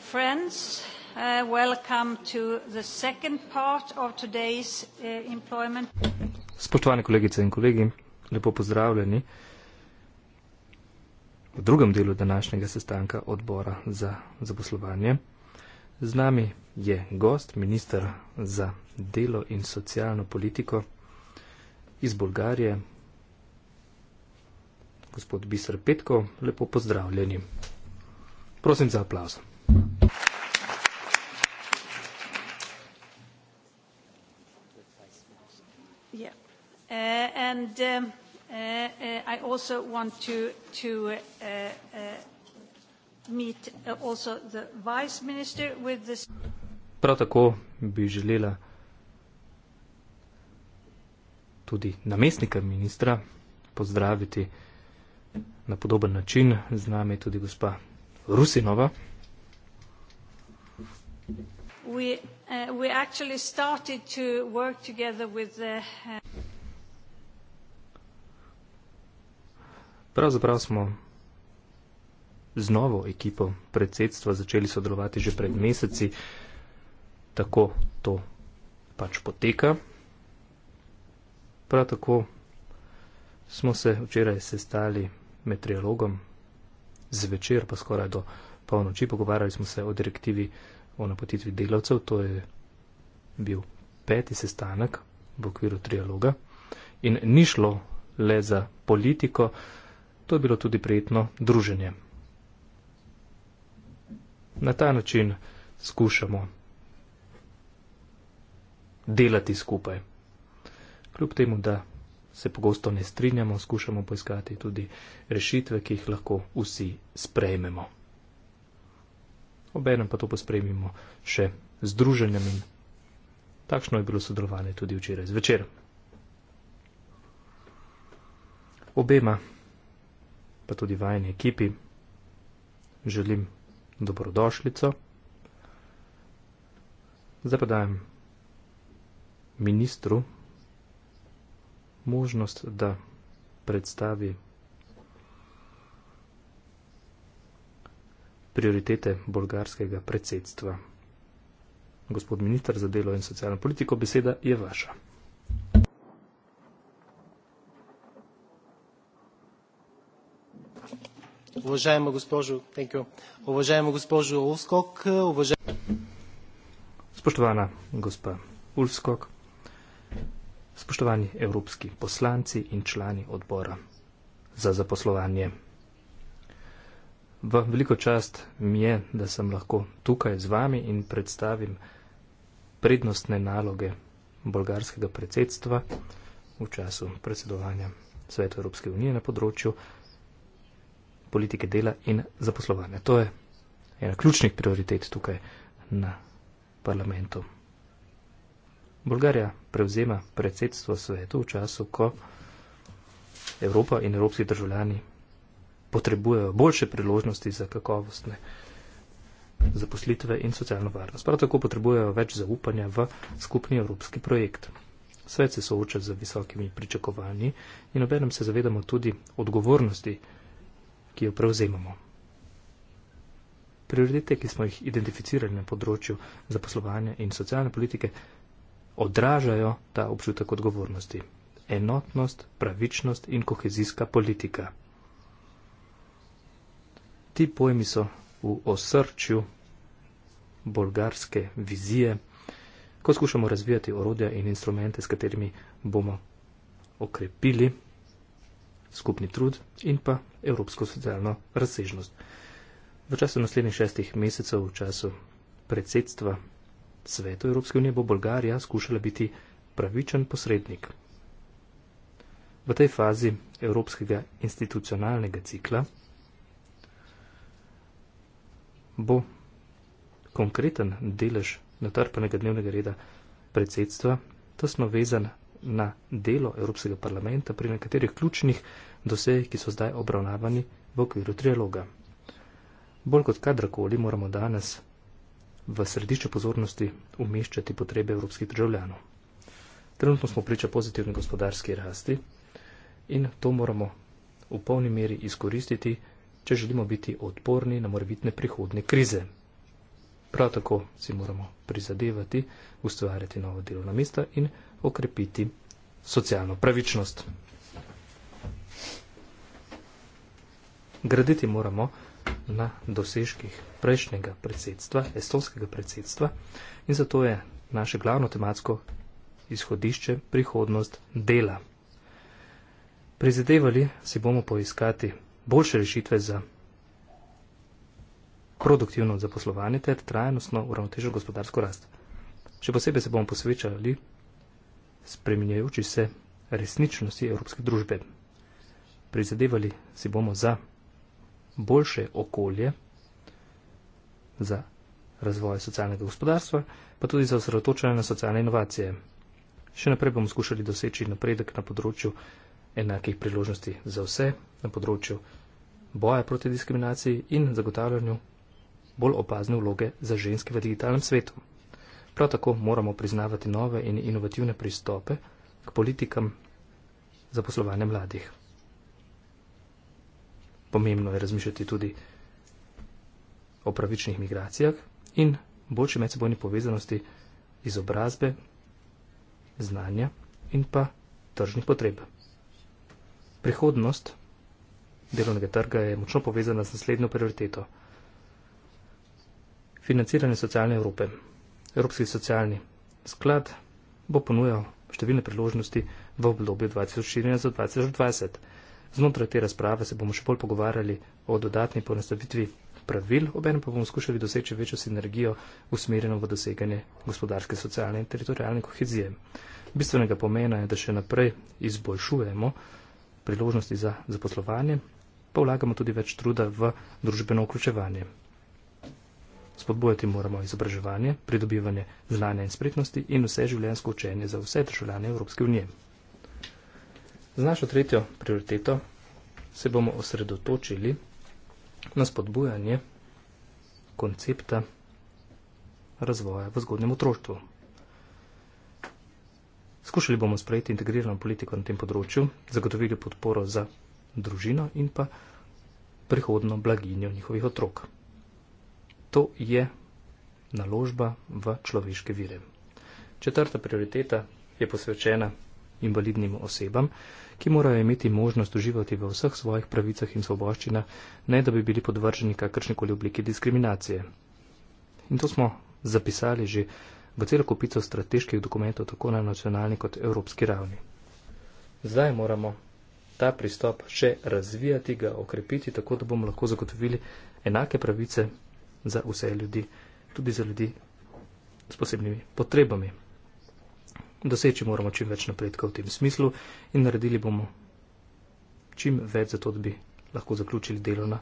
Friends, uh, welcome to the second part of today's uh, employment. Spoštovane kolegice in kolegi, lepo pozdravljeni v drugem delu današnjega sestanka odbora za zaposlovanje. Z nami je gost, ministr za delo in socialno politiko iz Bolgarije, gospod Biser Petko. Lepo pozdravljeni. Prosim za aplauz. Yeah. Uh, and um, uh, uh, I also want to to uh, uh, Uh, Prav tako bi želela tudi namestnika ministra pozdraviti na podoben način. Z nami je tudi gospa Rusinova. We, uh, we uh, Pravzaprav smo z novo ekipo predsedstva začeli sodelovati že pred meseci. Tako to pač poteka. Prav tako smo se včeraj sestali meteorologom zvečer, pa skoraj do polnoči. Pogovarjali smo se o direktivi o napotitvi delavcev. To je bil peti sestanek v okviru trialoga. In ni šlo le za politiko, to je bilo tudi prijetno druženje na ta način skušamo delati skupaj. Kljub temu, da se pogosto ne strinjamo, skušamo poiskati tudi rešitve, ki jih lahko vsi sprejmemo. Obenem pa to pospremimo še z druženjem in takšno je bilo sodelovanje tudi včeraj zvečer. Obema, pa tudi vajni ekipi, želim dobrodošljico. Zdaj pa dajem ministru možnost, da predstavi prioritete bolgarskega predsedstva. Gospod ministr za delo in socialno politiko, beseda je vaša. Уважаема госпожо, thank you. Уважаема госпожо Улскок, уважаема... Споштована госпа Улскок, spoštovani evropski poslanci in člani odbora za zaposlovanje. V veliko čast mi je, da sem lahko tukaj z vami in predstavim prednostne naloge bolgarskega predsedstva v času predsedovanja Sveta Evropske unije na področju politike dela in zaposlovanja. To je ena ključnih prioritet tukaj na parlamentu. Bolgarija prevzema predsedstvo svetu v času, ko Evropa in evropski državljani potrebujejo boljše priložnosti za kakovostne zaposlitve in socialno varnost. Prav tako potrebujejo več zaupanja v skupni evropski projekt. Svet se sooča z visokimi pričakovanji in obenem se zavedamo tudi odgovornosti, ki jo prevzemamo. Prioritete, ki smo jih identificirali na področju zaposlovanja in socialne politike, odražajo ta občutek odgovornosti. Enotnost, pravičnost in kohezijska politika. Ti pojmi so v osrčju bolgarske vizije, ko skušamo razvijati orodja in instrumente, s katerimi bomo okrepili skupni trud in pa evropsko socialno razsežnost. V času naslednjih šestih mesecev, v času predsedstva Svetu Evropske unije, bo Bolgarija skušala biti pravičen posrednik. V tej fazi evropskega institucionalnega cikla bo konkreten delež natrpanega dnevnega reda predsedstva tesno vezan na delo Evropskega parlamenta pri nekaterih ključnih dosejih, ki so zdaj obravnavani v okviru trialoga. Bolj kot kadarkoli moramo danes v središče pozornosti umeščati potrebe evropskih državljanov. Trenutno smo priča pozitivni gospodarski rasti in to moramo v polni meri izkoristiti, če želimo biti odporni na morebitne prihodne krize. Prav tako si moramo prizadevati ustvarjati nove delovna mesta in okrepiti socialno pravičnost. Graditi moramo na dosežkih prejšnjega predsedstva, estonskega predsedstva in zato je naše glavno tematsko izhodišče prihodnost dela. Prizadevali si bomo poiskati boljše rešitve za produktivno zaposlovanje ter trajnostno uravnotežen gospodarsko rast. Še posebej se bomo posvečali spremenjajoči se resničnosti evropske družbe. Prizadevali si bomo za boljše okolje, za razvoj socialnega gospodarstva, pa tudi za osredotočanje na socialne inovacije. Še naprej bomo skušali doseči napredek na področju enakih priložnosti za vse, na področju boja proti diskriminaciji in zagotavljanju bolj opazne vloge za ženske v digitalnem svetu. Prav tako moramo priznavati nove in inovativne pristope k politikam za poslovanje mladih. Pomembno je razmišljati tudi o pravičnih migracijah in boljši medsebojni povezanosti izobrazbe, znanja in pa tržnih potreb. Prihodnost delovnega trga je močno povezana z naslednjo prioriteto. Financiranje socialne Evrope. Evropski socialni sklad bo ponujal številne priložnosti v obdobju 2014-2020. Znotraj te razprave se bomo še bolj pogovarjali o dodatni ponastavitvi pravil, obenem pa bomo skušali doseči večjo sinergijo usmerjeno v doseganje gospodarske, socialne in teritorijalne kohezije. Bistvenega pomena je, da še naprej izboljšujemo priložnosti za zaposlovanje, pa vlagamo tudi več truda v družbeno vključevanje. Spodbujati moramo izobraževanje, pridobivanje znanja in spretnosti in vse življenjsko učenje za vse državljane Evropske unije. Z našo tretjo prioriteto se bomo osredotočili na spodbujanje koncepta razvoja v zgodnjem otroštvu. Skušali bomo sprejeti integrirano politiko na tem področju, zagotovili podporo za družino in pa prihodno blaginjo njihovih otrok to je naložba v človeške vire. Četrta prioriteta je posvečena invalidnim osebam, ki morajo imeti možnost uživati v vseh svojih pravicah in svoboščinah, ne da bi bili podvrženi kakršnekoli obliki diskriminacije. In to smo zapisali že v celo kupico strateških dokumentov tako na nacionalni kot evropski ravni. Zdaj moramo ta pristop še razvijati, ga okrepiti, tako da bomo lahko zagotovili enake pravice za vse ljudi, tudi za ljudi s posebnimi potrebami. Doseči moramo čim več napredka v tem smislu in naredili bomo čim več za to, da bi lahko zaključili delo na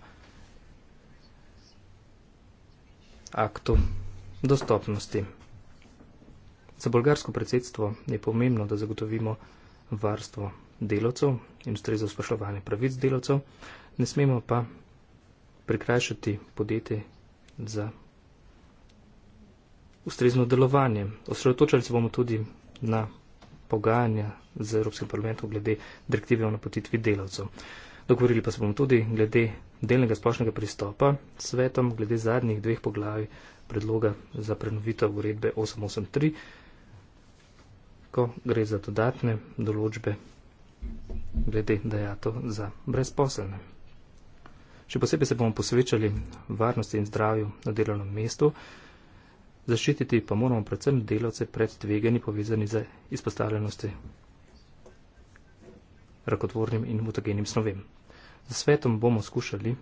aktu dostopnosti. Za bolgarsko predsedstvo je pomembno, da zagotovimo varstvo delavcev in ustrezo spoštovanje pravic delavcev, ne smemo pa prikrajšati podjetje za ustrezno delovanje. Osredotočali se bomo tudi na pogajanja z Evropskim parlamentom glede direktive o napotitvi delavcev. Dogovorili pa se bomo tudi glede delnega splošnega pristopa svetom, glede zadnjih dveh poglavij predloga za prenovitev uredbe 883, ko gre za dodatne določbe glede dejato za brezposelne. Še posebej se bomo posvečali varnosti in zdravju na delovnem mestu. Zaščititi pa moramo predvsem delavce pred tvegani povezani z izpostavljenosti rakotvornim in mutagenim snovem. Za svetom bomo skušali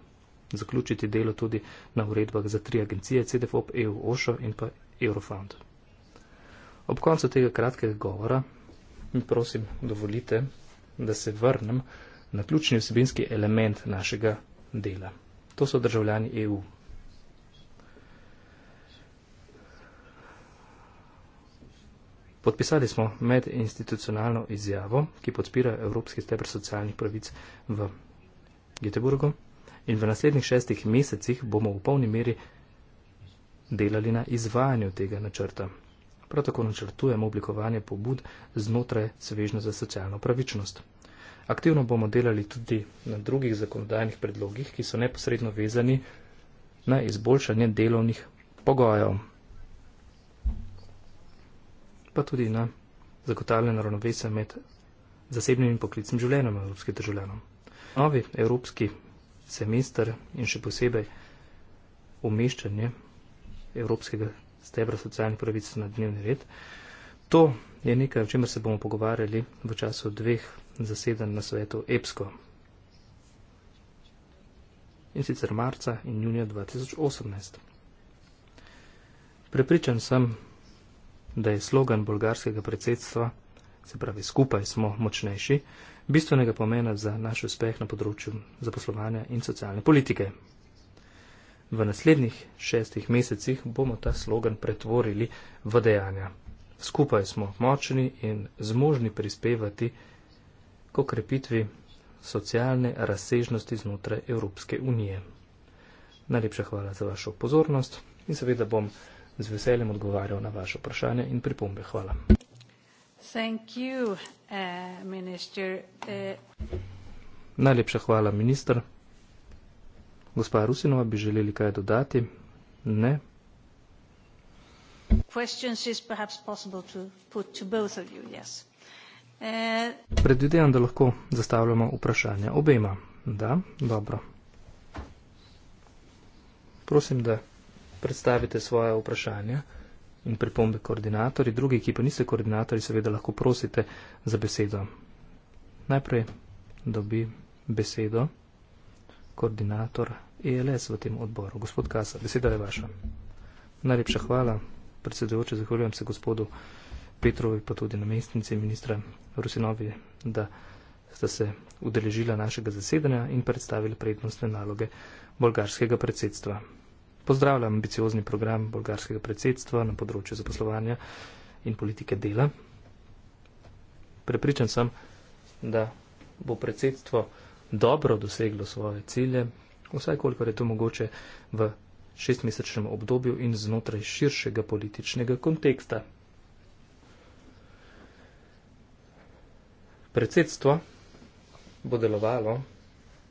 zaključiti delo tudi na uredbah za tri agencije CDFOP, EU, OŠO in pa Eurofound. Ob koncu tega kratkega govora mi prosim dovolite, da se vrnem na ključni vsebinski element našega dela. To so državljani EU. Podpisali smo medinstitucionalno izjavo, ki podpira Evropski stebr socialnih pravic v Göteborgu in v naslednjih šestih mesecih bomo v polni meri delali na izvajanju tega načrta. Prav tako načrtujemo oblikovanje pobud znotraj svežnja za socialno pravičnost. Aktivno bomo delali tudi na drugih zakonodajnih predlogih, ki so neposredno vezani na izboljšanje delovnih pogojev, pa tudi na zagotavljanje ravnovesja med zasebnim in poklicnim življenjem evropskih državljanov. Novi evropski semester in še posebej umeščanje evropskega stebra socialnih pravic na dnevni red. To je nekaj, o čemer se bomo pogovarjali v času dveh zaseden na svetu EPSKO. In sicer marca in junija 2018. Prepričan sem, da je slogan bolgarskega predsedstva, se pravi skupaj smo močnejši, bistvenega pomena za naš uspeh na področju zaposlovanja in socialne politike. V naslednjih šestih mesecih bomo ta slogan pretvorili v dejanja. Skupaj smo močni in zmožni prispevati k okrepitvi socialne razsežnosti znotraj Evropske unije. Najlepša hvala za vašo pozornost in seveda bom z veseljem odgovarjal na vaše vprašanje in pripombe. Hvala. Thank you, uh, minister, uh... Najlepša hvala, minister. Gospa Rusinova, bi želeli kaj dodati? Ne. Questions is perhaps possible to put to both of you, yes. Eh, Predvidevam, da lahko zastavljamo vprašanja obema. Da, dobro. Prosim, da predstavite svoje vprašanja in pripombe koordinatorji. Drugi, ki pa niste koordinatorji, seveda lahko prosite za besedo. Najprej dobi besedo koordinator ELS v tem odboru. Gospod Kasa, beseda je vaša. Najlepša hvala, predsedujoče, zahvaljujem se gospodu. Petrovi, pa tudi namestnici ministra Rusinovi, da sta se udeležila našega zasedanja in predstavili prednostne naloge bolgarskega predsedstva. Pozdravljam ambiciozni program bolgarskega predsedstva na področju zaposlovanja in politike dela. Prepričan sem, da bo predsedstvo dobro doseglo svoje cilje, vsaj koliko je to mogoče v šestmesečnem obdobju in znotraj širšega političnega konteksta. Predsedstvo bo delovalo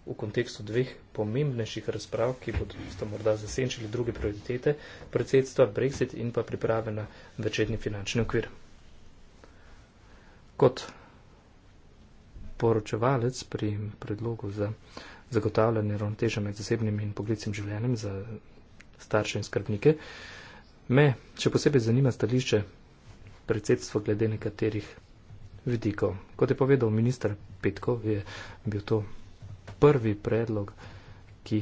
v kontekstu dveh pomembnejših razprav, ki bodo morda zasenčili druge prioritete predsedstva, Brexit in pa priprave na večetni finančni okvir. Kot poročevalec pri predlogu za zagotavljanje ravnoteža med zasebnim in poklicnim življenjem za starše in skrbnike, me še posebej zanima stališče predsedstva glede nekaterih vidikov. Kot je povedal ministr Petkov, je bil to prvi predlog, ki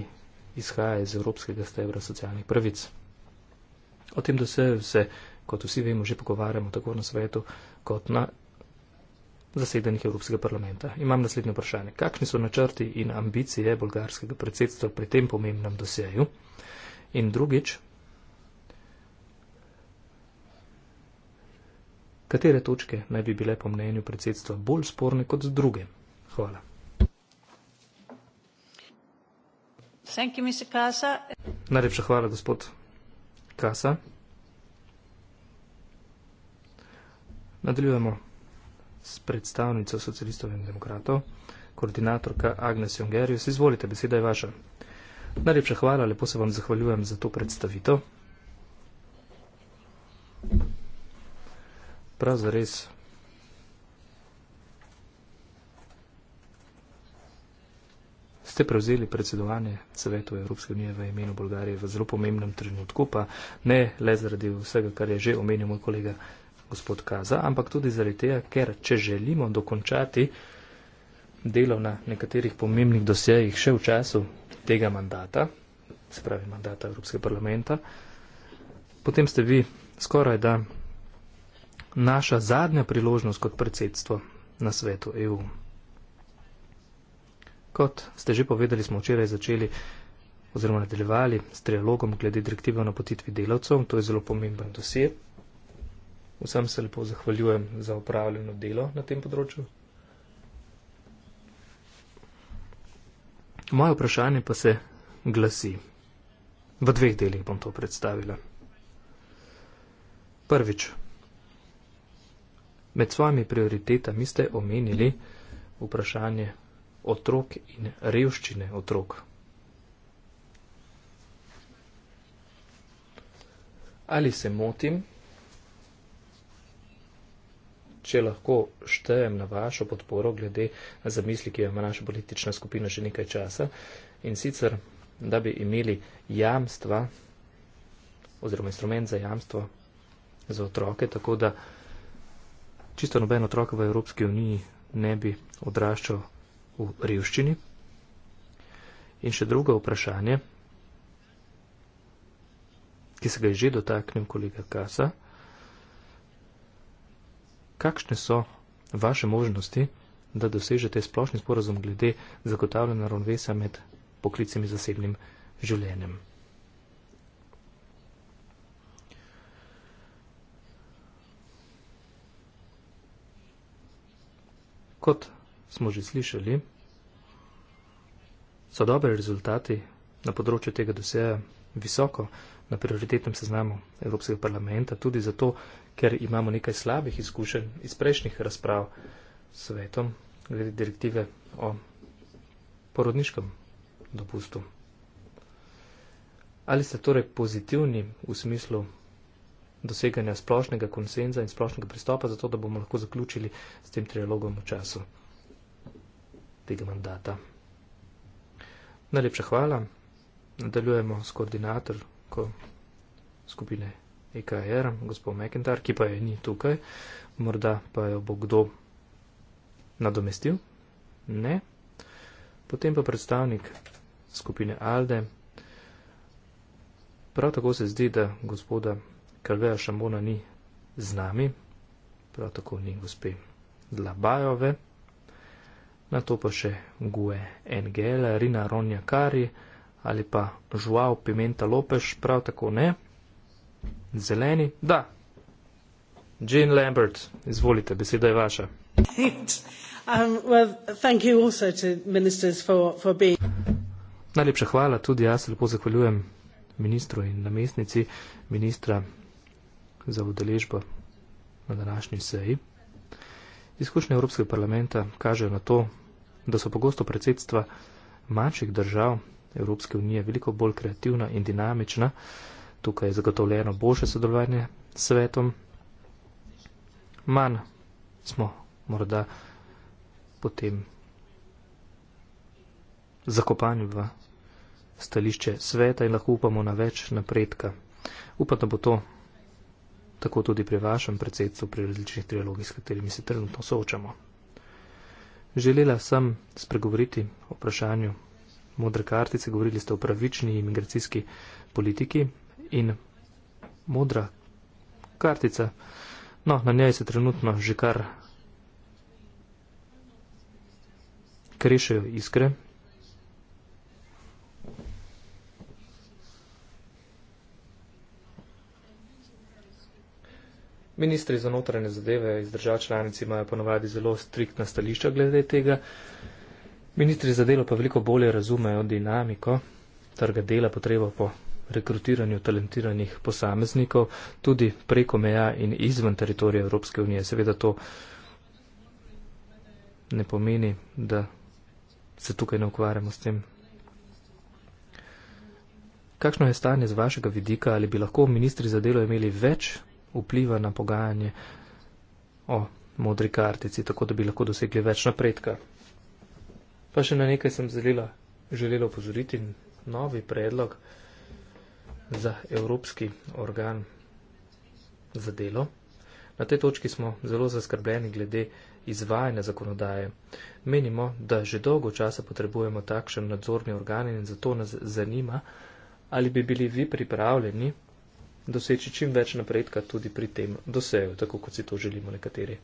izhaja iz Evropskega stebra socialnih pravic. O tem, da se vse, kot vsi vemo, že pogovarjamo tako na svetu, kot na zasedanjih Evropskega parlamenta. Imam naslednje vprašanje. Kakšni so načrti in ambicije bolgarskega predsedstva pri tem pomembnem doseju? In drugič, Katere točke naj bi bile po mnenju predsedstva bolj sporne kot druge? Hvala. Najlepša hvala, gospod Kasa. Nadaljujemo s predstavnico socialistov in demokratov, koordinatorka Agnes Jongerius. Izvolite, beseda je vaša. Najlepša hvala, lepo se vam zahvaljujem za to predstavitev. Prav zares. Ste prevzeli predsedovanje Svetu Evropske unije v imenu Bolgarije v zelo pomembnem trenutku, pa ne le zaradi vsega, kar je že omenil moj kolega gospod Kaza, ampak tudi zaradi tega, ker če želimo dokončati delo na nekaterih pomembnih dosjejih še v času tega mandata, se pravi mandata Evropske parlamenta, potem ste vi skoraj da naša zadnja priložnost kot predsedstvo na svetu EU. Kot ste že povedali, smo včeraj začeli oziroma nadaljevali s trialogom glede direktive o napotitvi delavcev. To je zelo pomemben dosje. Vsem se lepo zahvaljujem za upravljeno delo na tem področju. Moje vprašanje pa se glasi. V dveh delih bom to predstavila. Prvič, Med svojimi prioritetami ste omenili vprašanje otrok in revščine otrok. Ali se motim, če lahko štejem na vašo podporo glede na zamisli, ki jo ima naša politična skupina že nekaj časa in sicer, da bi imeli jamstva oziroma instrument za jamstvo za otroke, tako da čisto noben otrok v Evropski uniji ne bi odraščal v revščini. In še drugo vprašanje, ki se ga je že dotaknil kolega Kasa. Kakšne so vaše možnosti, da dosežete splošni sporazum glede zagotavljanja ravnovesja med poklicem in zasebnim življenjem? Kot smo že slišali, so dobre rezultati na področju tega doseja visoko na prioritetnem seznamu Evropskega parlamenta, tudi zato, ker imamo nekaj slabih izkušenj iz prejšnjih razprav s svetom glede direktive o porodniškem dopustu. Ali ste torej pozitivni v smislu doseganja splošnega konsenza in splošnega pristopa, zato da bomo lahko zaključili s tem trialogom v času tega mandata. Najlepša hvala. Nadaljujemo s koordinatorko skupine EKR, gospod Mekendar, ki pa je ni tukaj. Morda pa jo bo kdo nadomestil? Ne. Potem pa predstavnik skupine ALDE. Prav tako se zdi, da gospoda Kalveja Šambona ni z nami, prav tako ni gospe Dlabajove, na to pa še Gue NGL, Rina Ronja Kari ali pa Žuav Pimenta Lopeš, prav tako ne. Zeleni, da. Jean Lambert, izvolite, beseda je vaša. Um, well, for, for being... Najlepša hvala tudi jaz, lepo zahvaljujem ministru in namestnici ministra za udeležbo na današnji seji. Izkušnje Evropskega parlamenta kažejo na to, da so pogosto predsedstva manjših držav Evropske unije veliko bolj kreativna in dinamična. Tukaj je zagotovljeno boljše sodelovanje s svetom. Manj smo morda potem zakopani v stališče sveta in lahko upamo na več napredka. Upam, da bo to tako tudi pri vašem predsedstvu pri različnih trialogih, s katerimi se trenutno soočamo. Želela sem spregovoriti o vprašanju modre kartice, govorili ste o pravični imigracijski politiki in modra kartica, no, na njej se trenutno že kar krešejo iskre Ministri za notranje zadeve iz držav članic imajo ponovadi zelo striktna stališča glede tega. Ministri za delo pa veliko bolje razumejo dinamiko trga dela, potrebo po rekrutiranju talentiranih posameznikov, tudi preko meja in izven teritorija Evropske unije. Seveda to ne pomeni, da se tukaj ne ukvarjamo s tem. Kakšno je stanje z vašega vidika, ali bi lahko ministri za delo imeli več vpliva na pogajanje o modri kartici, tako da bi lahko dosegli več napredka. Pa še na nekaj sem zelila, želela upozoriti. Novi predlog za Evropski organ za delo. Na tej točki smo zelo zaskrbljeni glede izvajanja zakonodaje. Menimo, da že dolgo časa potrebujemo takšen nadzorni organ in zato nas zanima, ali bi bili vi pripravljeni doseči čim več napredka tudi pri tem doseju, tako kot si to želimo nekateri.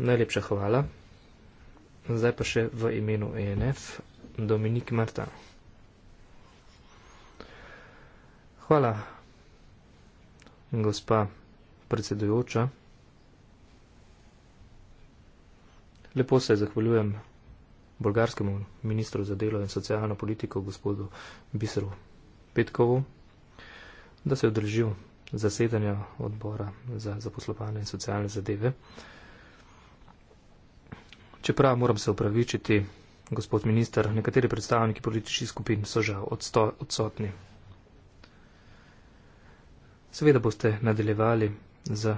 Najlepša hvala. Zdaj pa še v imenu ENF Dominik Marta. Hvala, gospa predsedujoča. Lepo se zahvaljujem bolgarskemu ministru za delo in socialno politiko, gospodu Biseru Petkovu da se je odrežil zasedanja odbora za zaposlovanje in socialne zadeve. Čeprav moram se upravičiti, gospod minister, nekateri predstavniki političnih skupin so žal odsto, odsotni. Seveda boste nadaljevali z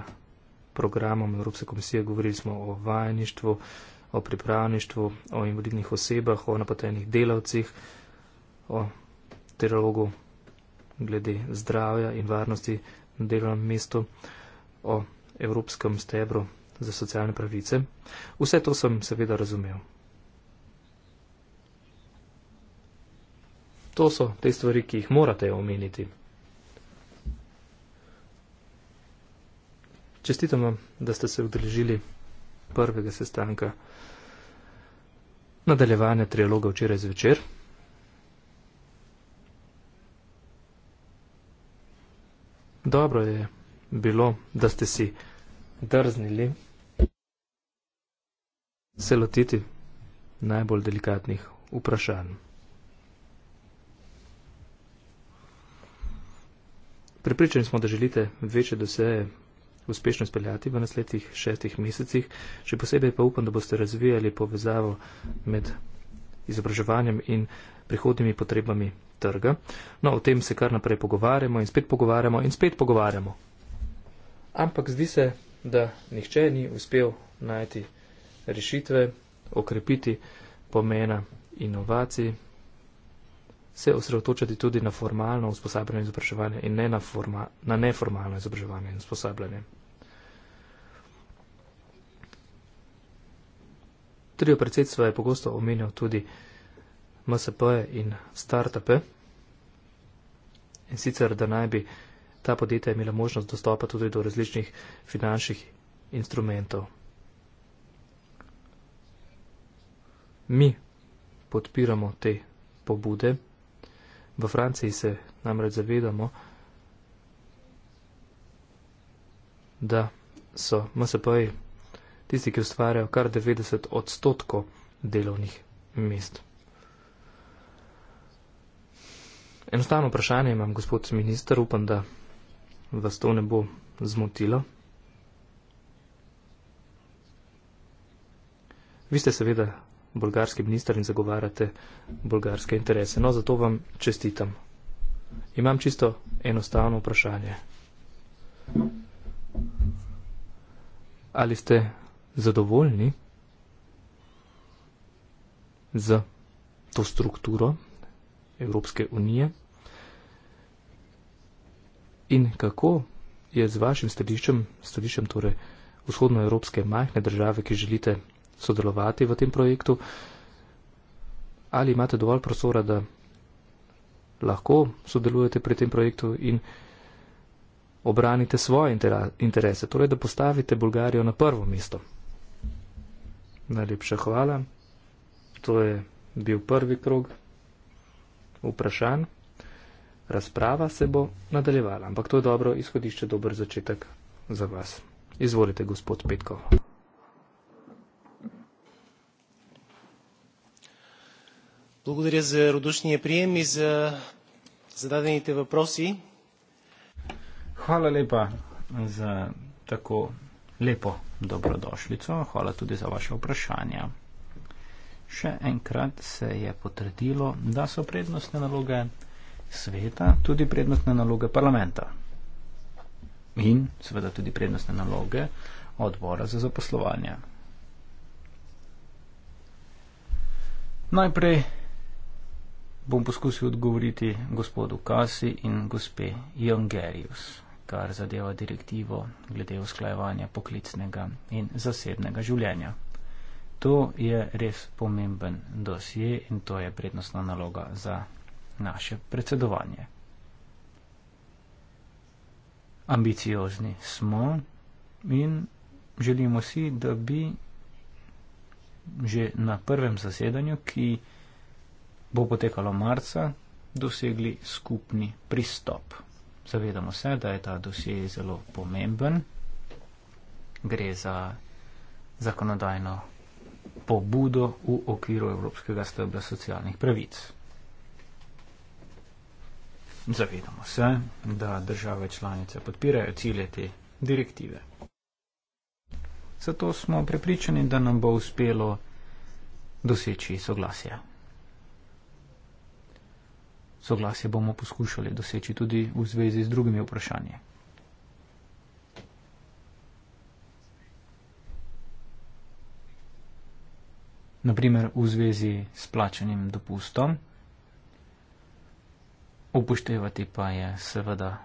programom Evropske komisije, govorili smo o vajništvu, o pripravništvu, o invalidnih osebah, o napotenih delavcih, o dialogu glede zdravja in varnosti na delovnem mestu, o evropskem stebru za socialne pravice. Vse to sem seveda razumel. To so te stvari, ki jih morate omeniti. Čestitam vam, da ste se udeležili prvega sestanka nadaljevanja trialoga včeraj zvečer. Dobro je bilo, da ste si drznili se lotiti najbolj delikatnih vprašanj. Pripričani smo, da želite večje doseje uspešno izpeljati v naslednjih šestih mesecih, še posebej pa upam, da boste razvijali povezavo med izobraževanjem in prihodnimi potrebami trga. No, o tem se kar naprej pogovarjamo in spet pogovarjamo in spet pogovarjamo. Ampak zdi se, da nihče ni uspel najti rešitve, okrepiti pomena inovacij, se osredotočati tudi na formalno usposabljanje in izobraževanje in ne na, forma, na neformalno izobraževanje in usposabljanje. Trio predsedstva je pogosto omenjal tudi MSP-je in startupe. In sicer, da naj bi ta podjetja imela možnost dostopa tudi do različnih finančnih instrumentov. Mi podpiramo te pobude. V Franciji se namreč zavedamo, da so MSP-ji tisti, ki ustvarjajo kar 90 odstotkov delovnih mest. Enostavno vprašanje imam, gospod minister, upam, da vas to ne bo zmotilo. Vi ste seveda bolgarski minister in zagovarjate bolgarske interese. No, zato vam čestitam. Imam čisto enostavno vprašanje. Ali ste zadovoljni z to strukturo Evropske unije? In kako je z vašim stališčem, stališčem torej vzhodnoevropske majhne države, ki želite sodelovati v tem projektu, ali imate dovolj prostora, da lahko sodelujete pri tem projektu in obranite svoje interese, torej da postavite Bolgarijo na prvo mesto. Najlepša hvala. To je bil prvi krog vprašanj razprava se bo nadaljevala. Ampak to je dobro izhodišče, dober začetek za vas. Izvolite, gospod Petkov. Благодаря за родушния прием и за зададените въпроси. Хвала лепа за тако лепо добродошлицо. Хвала туди за ваше опрашание. Ше енкрат се е потредило да са предностни налога sveta, tudi prednostne naloge parlamenta in seveda tudi prednostne naloge odbora za zaposlovanje. Najprej bom poskusil odgovoriti gospodu Kasi in gospe Jongerius, kar zadeva direktivo glede usklajevanja poklicnega in zasebnega življenja. To je res pomemben dosje in to je prednostna naloga za naše predsedovanje. Ambiciozni smo in želimo si, da bi že na prvem zasedanju, ki bo potekalo marca, dosegli skupni pristop. Zavedamo se, da je ta dosje zelo pomemben. Gre za zakonodajno pobudo v okviru Evropskega stebra socialnih pravic. Zavedamo se, da države članice podpirajo cilje te direktive. Zato smo prepričani, da nam bo uspelo doseči soglasje. Soglasje bomo poskušali doseči tudi v zvezi z drugimi vprašanji. Naprimer v zvezi s plačanim dopustom. Upoštevati pa je seveda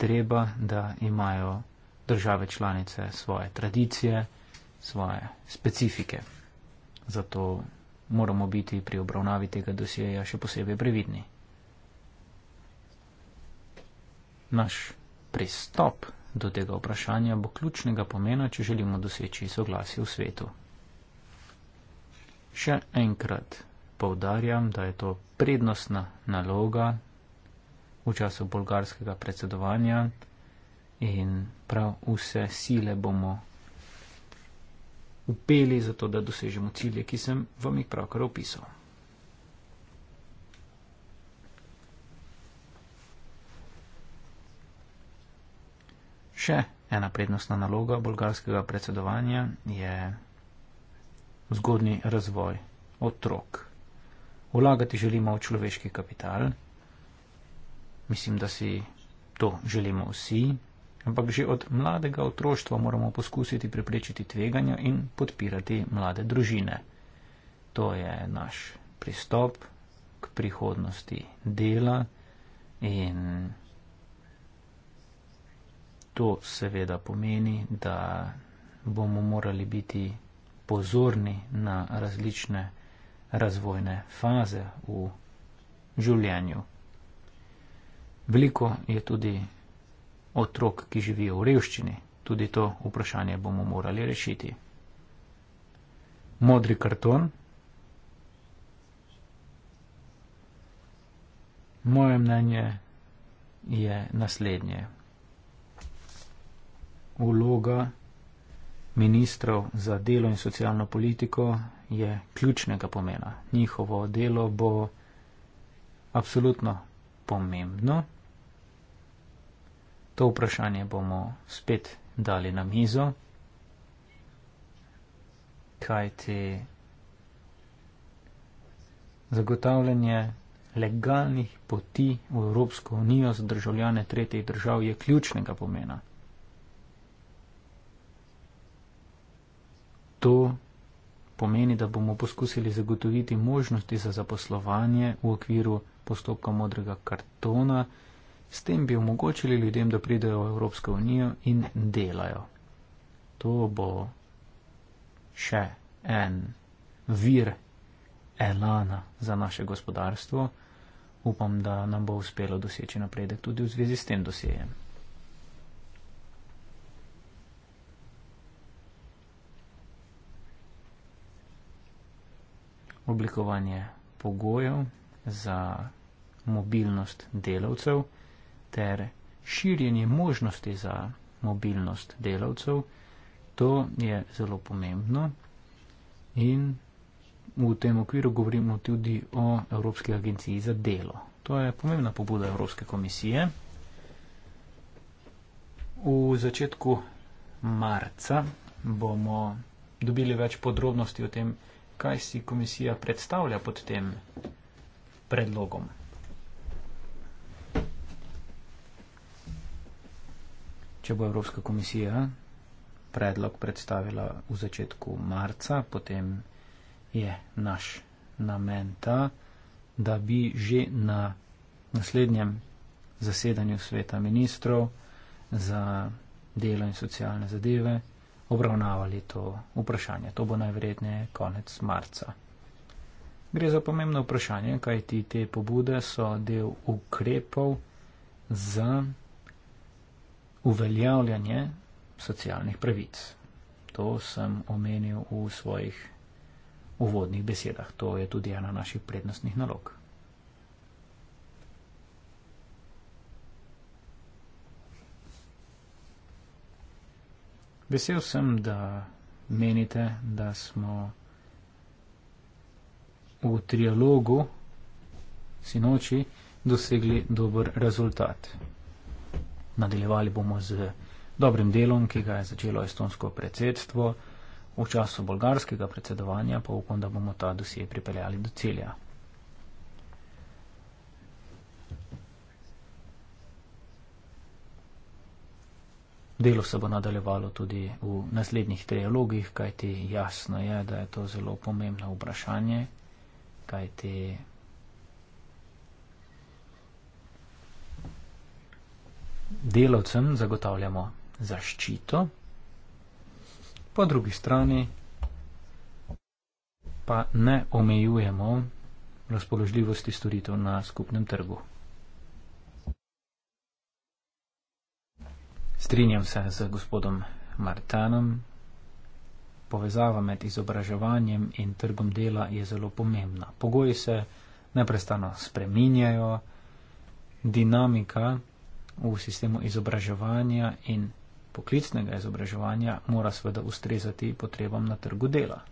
treba, da imajo države članice svoje tradicije, svoje specifike. Zato moramo biti pri obravnavi tega dosjeja še posebej previdni. Naš pristop do tega vprašanja bo ključnega pomena, če želimo doseči soglasje v svetu. Še enkrat povdarjam, da je to prednostna naloga v času bolgarskega predsedovanja in prav vse sile bomo upeli za to, da dosežemo cilje, ki sem vam jih pravkar opisal. Še ena prednostna naloga bolgarskega predsedovanja je zgodni razvoj otrok. Vlagati želimo v človeški kapital. Mislim, da si to želimo vsi, ampak že od mladega otroštva moramo poskusiti preprečiti tveganja in podpirati mlade družine. To je naš pristop k prihodnosti dela in to seveda pomeni, da bomo morali biti pozorni na različne razvojne faze v življenju. Veliko je tudi otrok, ki živijo v revščini. Tudi to vprašanje bomo morali rešiti. Modri karton. Moje mnenje je naslednje. Uloga ministrov za delo in socialno politiko je ključnega pomena. Njihovo delo bo absolutno pomembno? To vprašanje bomo spet dali na mizo, kajti zagotavljanje legalnih poti v Evropsko unijo za državljane tretjih držav je ključnega pomena. To pomeni, da bomo poskusili zagotoviti možnosti za zaposlovanje v okviru postopka modrega kartona, s tem bi omogočili ljudem, da pridejo v Evropsko unijo in delajo. To bo še en vir elana za naše gospodarstvo. Upam, da nam bo uspelo doseči napredek tudi v zvezi s tem dosejem. Oblikovanje pogojev za mobilnost delavcev ter širjenje možnosti za mobilnost delavcev. To je zelo pomembno in v tem okviru govorimo tudi o Evropski agenciji za delo. To je pomembna pobuda Evropske komisije. V začetku marca bomo dobili več podrobnosti o tem, kaj si komisija predstavlja pod tem predlogom. Če bo Evropska komisija predlog predstavila v začetku marca, potem je naš namen ta, da bi že na naslednjem zasedanju sveta ministrov za delo in socialne zadeve obravnavali to vprašanje. To bo najverjetneje konec marca. Gre za pomembno vprašanje, kaj ti te pobude so del ukrepov za uveljavljanje socialnih pravic. To sem omenil v svojih uvodnih besedah. To je tudi ena naših prednostnih nalog. Vesel sem, da menite, da smo v trialogu sinoči dosegli dober rezultat. Nadaljevali bomo z dobrim delom, ki ga je začelo estonsko predsedstvo v času bolgarskega predsedovanja, pa upam, da bomo ta dosje pripeljali do celja. Delo se bo nadaljevalo tudi v naslednjih trialogih, kajti jasno je, da je to zelo pomembno vprašanje, kajti delavcem zagotavljamo zaščito, po drugi strani pa ne omejujemo razpoložljivosti storitev na skupnem trgu. Strinjam se z gospodom Martanom povezava med izobraževanjem in trgom dela je zelo pomembna. Pogoji se neprestano spreminjajo, dinamika v sistemu izobraževanja in poklicnega izobraževanja mora seveda ustrezati potrebam na trgu dela.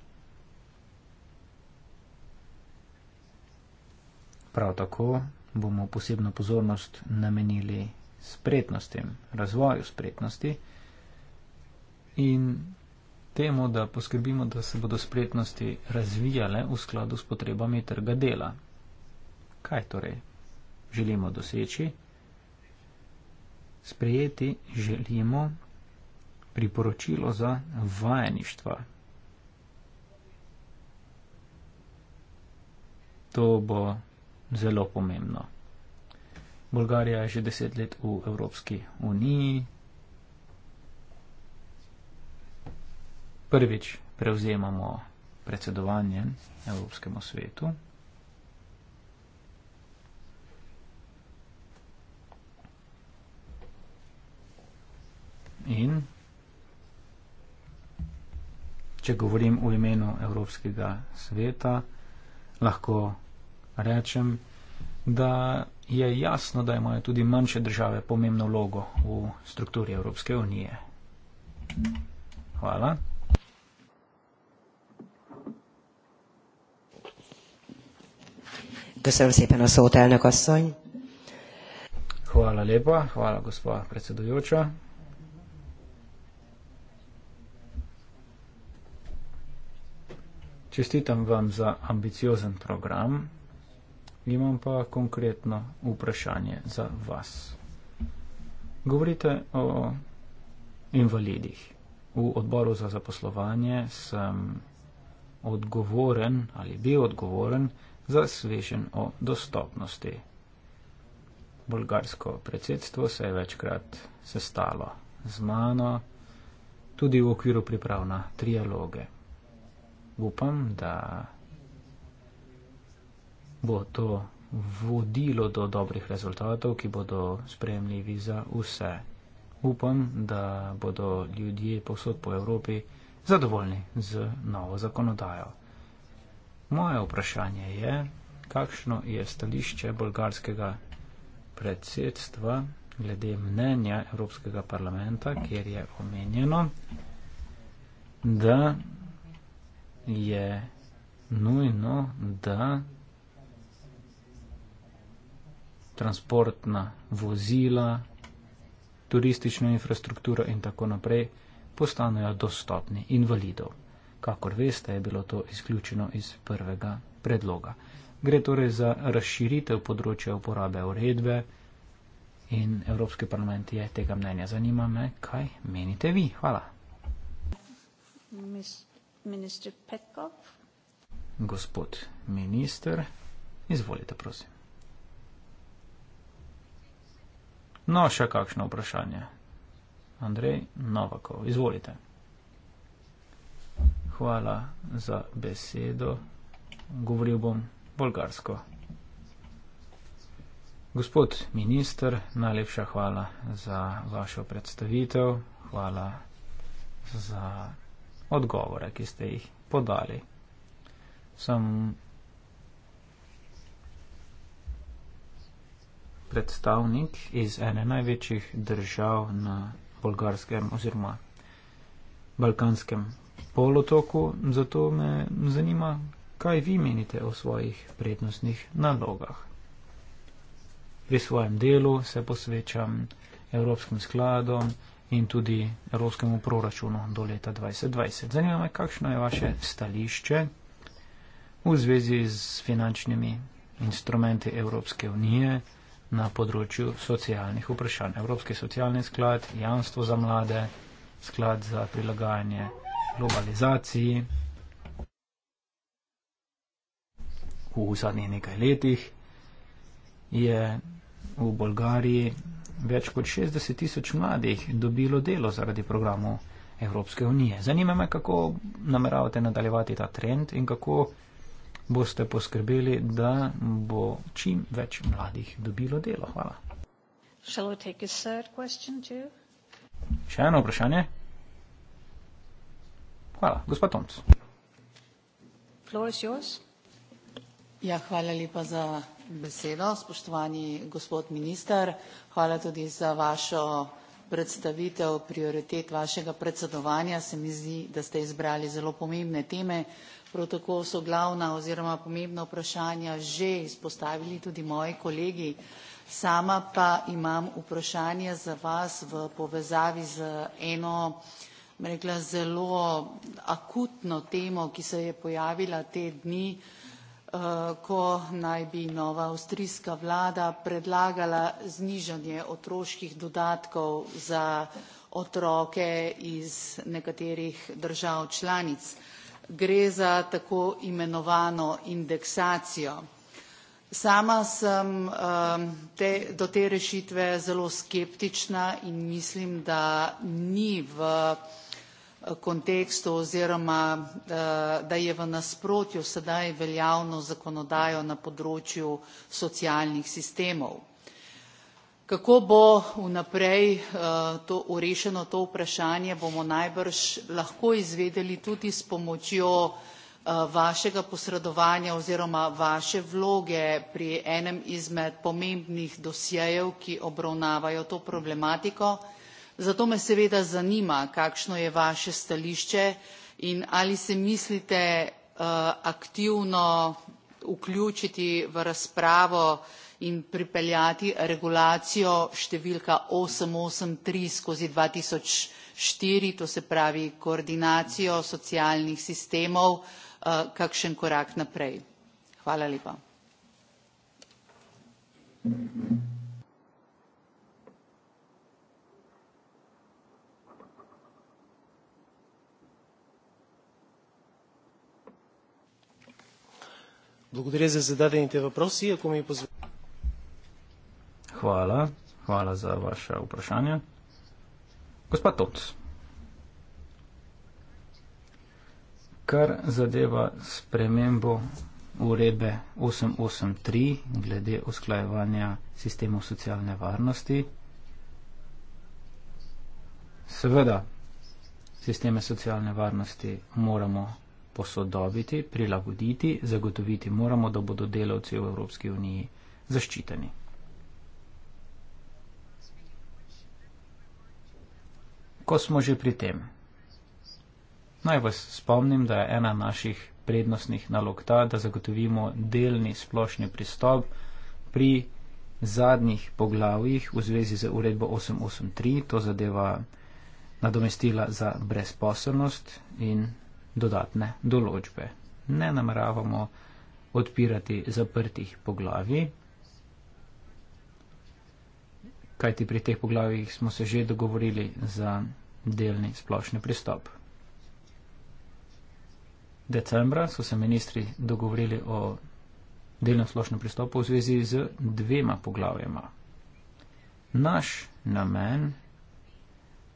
Prav tako bomo posebno pozornost namenili spretnostim, razvoju spretnosti in temu, da poskrbimo, da se bodo spretnosti razvijale v skladu s potrebami trga dela. Kaj torej želimo doseči? Sprejeti želimo priporočilo za vajeništva. To bo zelo pomembno. Bolgarija je že deset let v Evropski uniji, prvič prevzemamo predsedovanje Evropskemu svetu. In če govorim v imenu Evropskega sveta, lahko rečem, da je jasno, da imajo tudi manjše države pomembno vlogo v strukturi Evropske unije. Hvala. Köszönöm szépen a szót, elnök asszony. Hvala lepa, hvala gospa predsedujoča. Čestitam vam za ambiciozen program. Imam pa konkretno vprašanje za vas. Govorite o invalidih. V odboru za zaposlovanje sem odgovoren ali bi odgovoren, za svežen o dostopnosti. Bolgarsko predsedstvo se je večkrat sestalo z mano, tudi v okviru priprav na trialoge. Upam, da bo to vodilo do dobrih rezultatov, ki bodo spremljivi za vse. Upam, da bodo ljudje povsod po Evropi zadovoljni z novo zakonodajo. Moje vprašanje je, kakšno je stališče bolgarskega predsedstva glede mnenja Evropskega parlamenta, kjer je omenjeno, da je nujno, da transportna vozila, turistična infrastruktura in tako naprej postanejo dostopni invalidov. Kakor veste, je bilo to izključeno iz prvega predloga. Gre torej za razširitev področja uporabe uredbe in Evropski parlament je tega mnenja. Zanima me, kaj menite vi. Hvala. Minister Petkov. Gospod minister, izvolite, prosim. No, še kakšno vprašanje. Andrej Novakov, izvolite hvala za besedo. Govoril bom bolgarsko. Gospod minister, najlepša hvala za vašo predstavitev, hvala za odgovore, ki ste jih podali. Sem predstavnik iz ene največjih držav na bolgarskem oziroma balkanskem polotoku, zato me zanima, kaj vi menite o svojih prednostnih nalogah. Pri svojem delu se posvečam Evropskim skladom in tudi Evropskemu proračunu do leta 2020. Zanima me, kakšno je vaše stališče v zvezi z finančnimi instrumenti Evropske unije na področju socialnih vprašanj. Evropski socialni sklad, jamstvo za mlade, sklad za prilagajanje globalizaciji, v zadnjih nekaj letih je v Bolgariji več kot 60 tisoč mladih dobilo delo zaradi programu Evropske unije. Zanima me, kako nameravate nadaljevati ta trend in kako boste poskrbeli, da bo čim več mladih dobilo delo. Hvala. Shall we take a third question too? Še eno vprašanje? Hvala. Gospa Tomc. Floor is yours. Ja, hvala lepa za besedo, spoštovani gospod minister. Hvala tudi za vašo predstavitev prioritet vašega predsedovanja. Se mi zdi, da ste izbrali zelo pomembne teme. Prav tako so glavna oziroma pomembna vprašanja že izpostavili tudi moji kolegi. Sama pa imam vprašanje za vas v povezavi z eno rekla, zelo akutno temo, ki se je pojavila te dni, eh, ko naj bi nova avstrijska vlada predlagala znižanje otroških dodatkov za otroke iz nekaterih držav članic. Gre za tako imenovano indeksacijo. Sama sem eh, te, do te rešitve zelo skeptična in mislim, da ni v Eh, kontekstu oziroma eh, da je v nasprotju s sedaj veljavno zakonodajo na področju socialnih sistemov. Kako bo vnaprej eh, to urešeno to vprašanje, bomo najbrž lahko izvedeli tudi s pomočjo vašega posredovanja oziroma vaše vloge pri enem izmed pomembnih dosjejev, ki obravnavajo to problematiko zato me seveda zanima kakšno je vaše stališče in ali se mislite uh, aktivno vključiti v razpravo in pripeljati regulacijo številka osem osem tri skozi dva tisoč štiri to se pravi koordinacijo socialnih sistemov uh, kakšen korak naprej. hvala lepa. Благодаря за зададените въпроси. Ако ми позволите. Хвала. Хвала за ваше упрашание. Господ Тот. Kar zadeva spremembo urebe 883 glede usklajevanja sistemov socialne varnosti, seveda sisteme socialne varnosti moramo posodobiti, prilagoditi, zagotoviti moramo, da bodo delavci v Evropski uniji zaščiteni. Ko smo že pri tem, naj vas spomnim, da je ena naših prednostnih nalog ta, da zagotovimo delni splošni pristop pri zadnjih poglavjih v zvezi z uredbo 883, to zadeva nadomestila za brezposobnost in dodatne določbe. Ne nameravamo odpirati zaprtih poglavi, kajti pri teh poglavjih smo se že dogovorili za delni splošni pristop. Decembra so se ministri dogovorili o delnem splošnem pristopu v zvezi z dvema poglavjema. Naš namen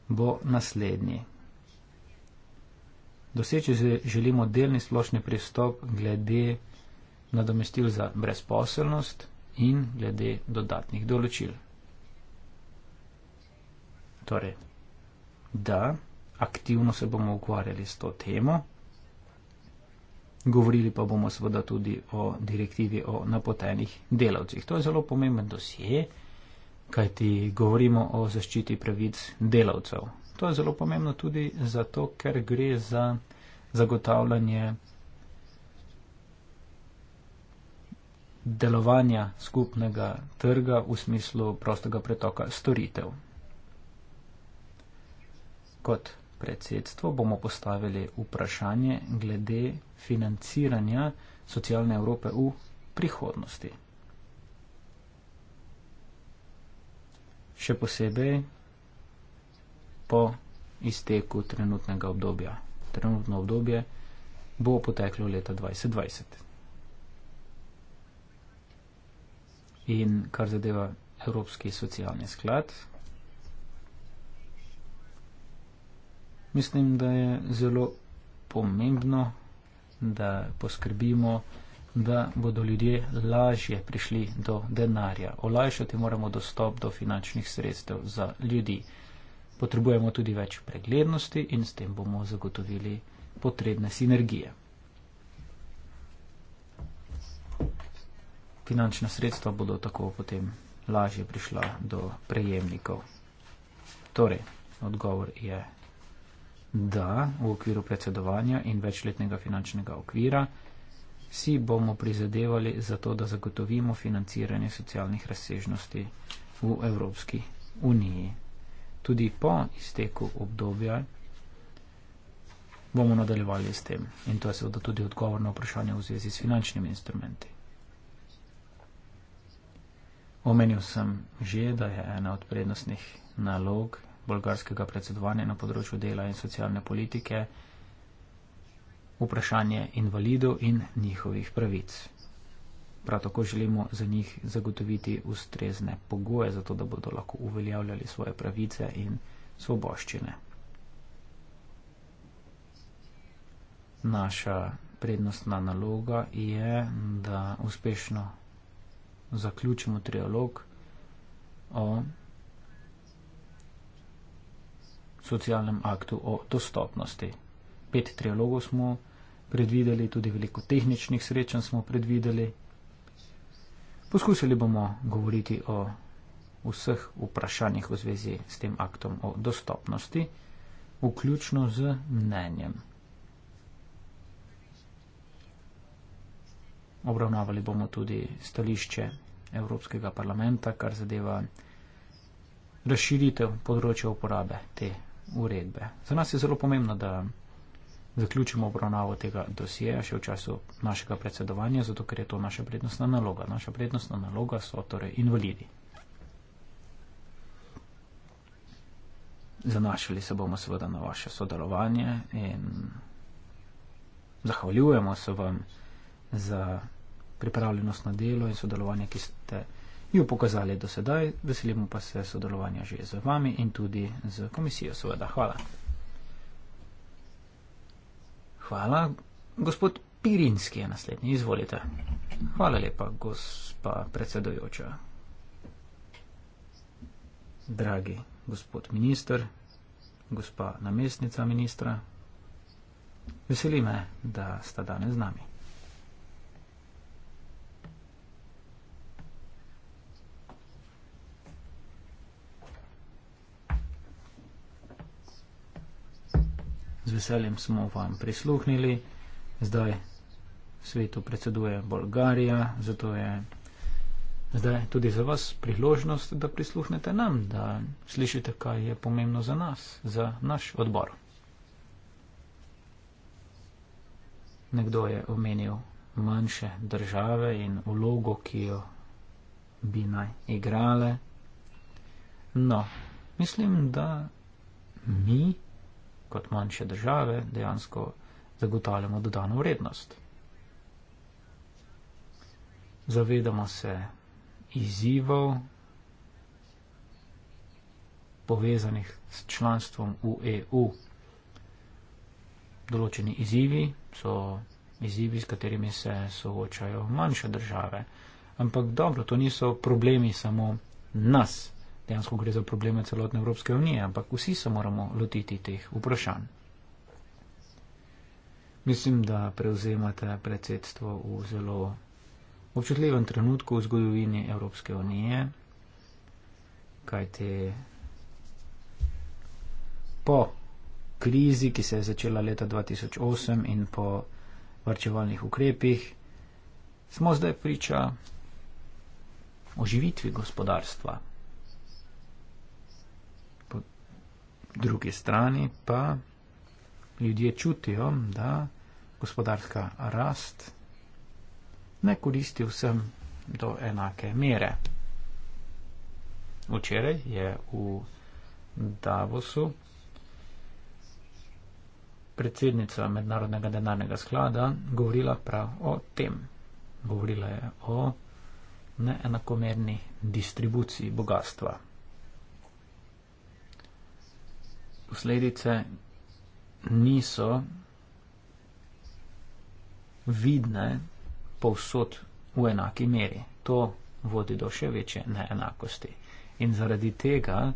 bo naslednji. Doseči želimo delni splošni pristop glede nadomestil za brezposelnost in glede dodatnih določil. Torej, da, aktivno se bomo ukvarjali s to temo, govorili pa bomo seveda tudi o direktivi o napotenih delavcih. To je zelo pomemben dosje, kajti govorimo o zaščiti pravic delavcev, To je zelo pomembno tudi zato, ker gre za zagotavljanje delovanja skupnega trga v smislu prostega pretoka storitev. Kot predsedstvo bomo postavili vprašanje glede financiranja socialne Evrope v prihodnosti. Še posebej po izteku trenutnega obdobja. Trenutno obdobje bo poteklo leta 2020. In kar zadeva Evropski socialni sklad, mislim, da je zelo pomembno, da poskrbimo, da bodo ljudje lažje prišli do denarja. Olajšati moramo dostop do finančnih sredstev za ljudi potrebujemo tudi več preglednosti in s tem bomo zagotovili potrebne sinergije. Finančna sredstva bodo tako potem lažje prišla do prejemnikov. Torej, odgovor je da v okviru predsedovanja in večletnega finančnega okvira si bomo prizadevali za to, da zagotovimo financiranje socialnih razsežnosti v Evropski uniji tudi po izteku obdobja, bomo nadaljevali s tem. In to je seveda tudi odgovor na vprašanje v zvezi s finančnimi instrumenti. Omenil sem že, da je ena od prednostnih nalog bolgarskega predsedovanja na področju dela in socialne politike vprašanje invalidov in njihovih pravic prav tako želimo za njih zagotoviti ustrezne pogoje, zato da bodo lahko uveljavljali svoje pravice in svoboščine. Naša prednostna naloga je, da uspešno zaključimo trialog o socialnem aktu o dostopnosti. Pet trialogov smo predvideli, tudi veliko tehničnih srečanj smo predvideli. Poskušali bomo govoriti o vseh vprašanjih v zvezi s tem aktom o dostopnosti, vključno z mnenjem. Obravnavali bomo tudi stališče Evropskega parlamenta, kar zadeva razširitev področja uporabe te uredbe. Za nas je zelo pomembno, da zaključimo obravnavo tega dosjeja še v času našega predsedovanja, zato ker je to naša prednostna naloga. Naša prednostna naloga so torej invalidi. Zanašali se bomo seveda na vaše sodelovanje in zahvaljujemo se vam za pripravljenost na delo in sodelovanje, ki ste jo pokazali do sedaj. Veselimo pa se sodelovanja že z vami in tudi z komisijo. Seveda, hvala. Hvala. Gospod Pirinski je naslednji, izvolite. Hvala lepa, gospa predsedojoča. Dragi gospod minister, gospa namestnica ministra, veseli me, da sta danes z nami. Z veseljem smo vam prisluhnili. Zdaj svetu predseduje Bolgarija, zato je zdaj tudi za vas priložnost, da prisluhnete nam, da slišite, kaj je pomembno za nas, za naš odbor. Nekdo je omenil manjše države in vlogo, ki jo bi naj igrale. No, mislim, da mi kot manjše države dejansko zagotavljamo dodano vrednost. Zavedamo se izzivov povezanih s članstvom v EU. Določeni izzivi so izzivi, s katerimi se soočajo manjše države. Ampak dobro, to niso problemi samo nas, dejansko gre za probleme celotne Evropske unije, ampak vsi se moramo lotiti teh vprašanj. Mislim, da prevzemate predsedstvo v zelo občutljivem trenutku v zgodovini Evropske unije, kajte po krizi, ki se je začela leta 2008 in po varčevalnih ukrepih, smo zdaj priča oživitvi gospodarstva. drugi strani pa ljudje čutijo, da gospodarska rast ne koristi vsem do enake mere. Včeraj je v Davosu predsednica Mednarodnega denarnega sklada govorila prav o tem. Govorila je o neenakomerni distribuciji bogatstva. posledice niso vidne povsod v enaki meri. To vodi do še večje neenakosti. In zaradi tega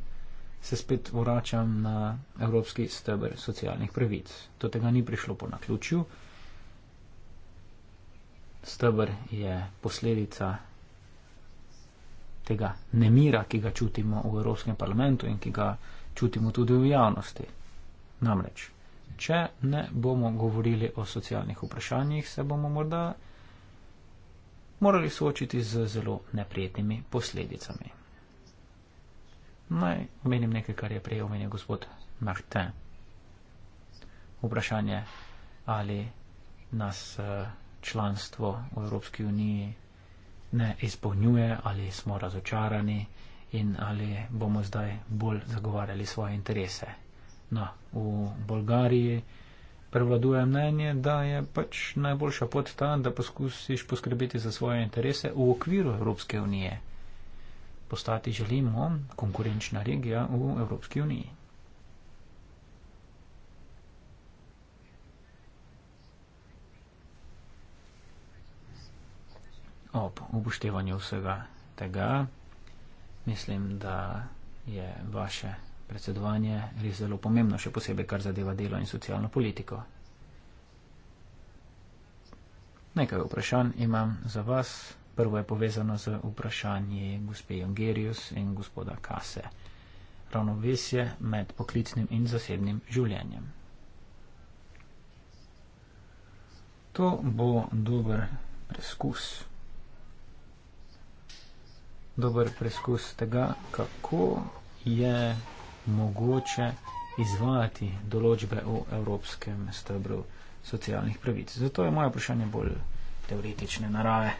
se spet vračam na evropski stebr socialnih pravic. Do tega ni prišlo po naključju. Stebr je posledica tega nemira, ki ga čutimo v Evropskem parlamentu in ki ga čutimo tudi v javnosti. Namreč, če ne bomo govorili o socialnih vprašanjih, se bomo morda morali soočiti z zelo neprijetnimi posledicami. Naj omenim nekaj, kar je prej omenil gospod Martin. Vprašanje, ali nas eh, članstvo v Evropski uniji ne izpolnjuje, ali smo razočarani, in ali bomo zdaj bolj zagovarjali svoje interese. No, v Bolgariji prevladuje mnenje, da je pač najboljša pot ta, da poskusiš poskrbeti za svoje interese v okviru Evropske unije. Postati želimo konkurenčna regija v Evropski uniji. Ob upoštevanju vsega tega mislim, da je vaše predsedovanje res zelo pomembno, še posebej, kar zadeva delo in socialno politiko. Nekaj vprašanj imam za vas. Prvo je povezano z vprašanji gospe Jongerius in gospoda Kase. Ravnovesje med poklicnim in zasebnim življenjem. To bo dober preskus dober preizkus tega, kako je mogoče izvajati določbe v evropskem stebru socialnih pravic. Zato je moje vprašanje bolj teoretične narave.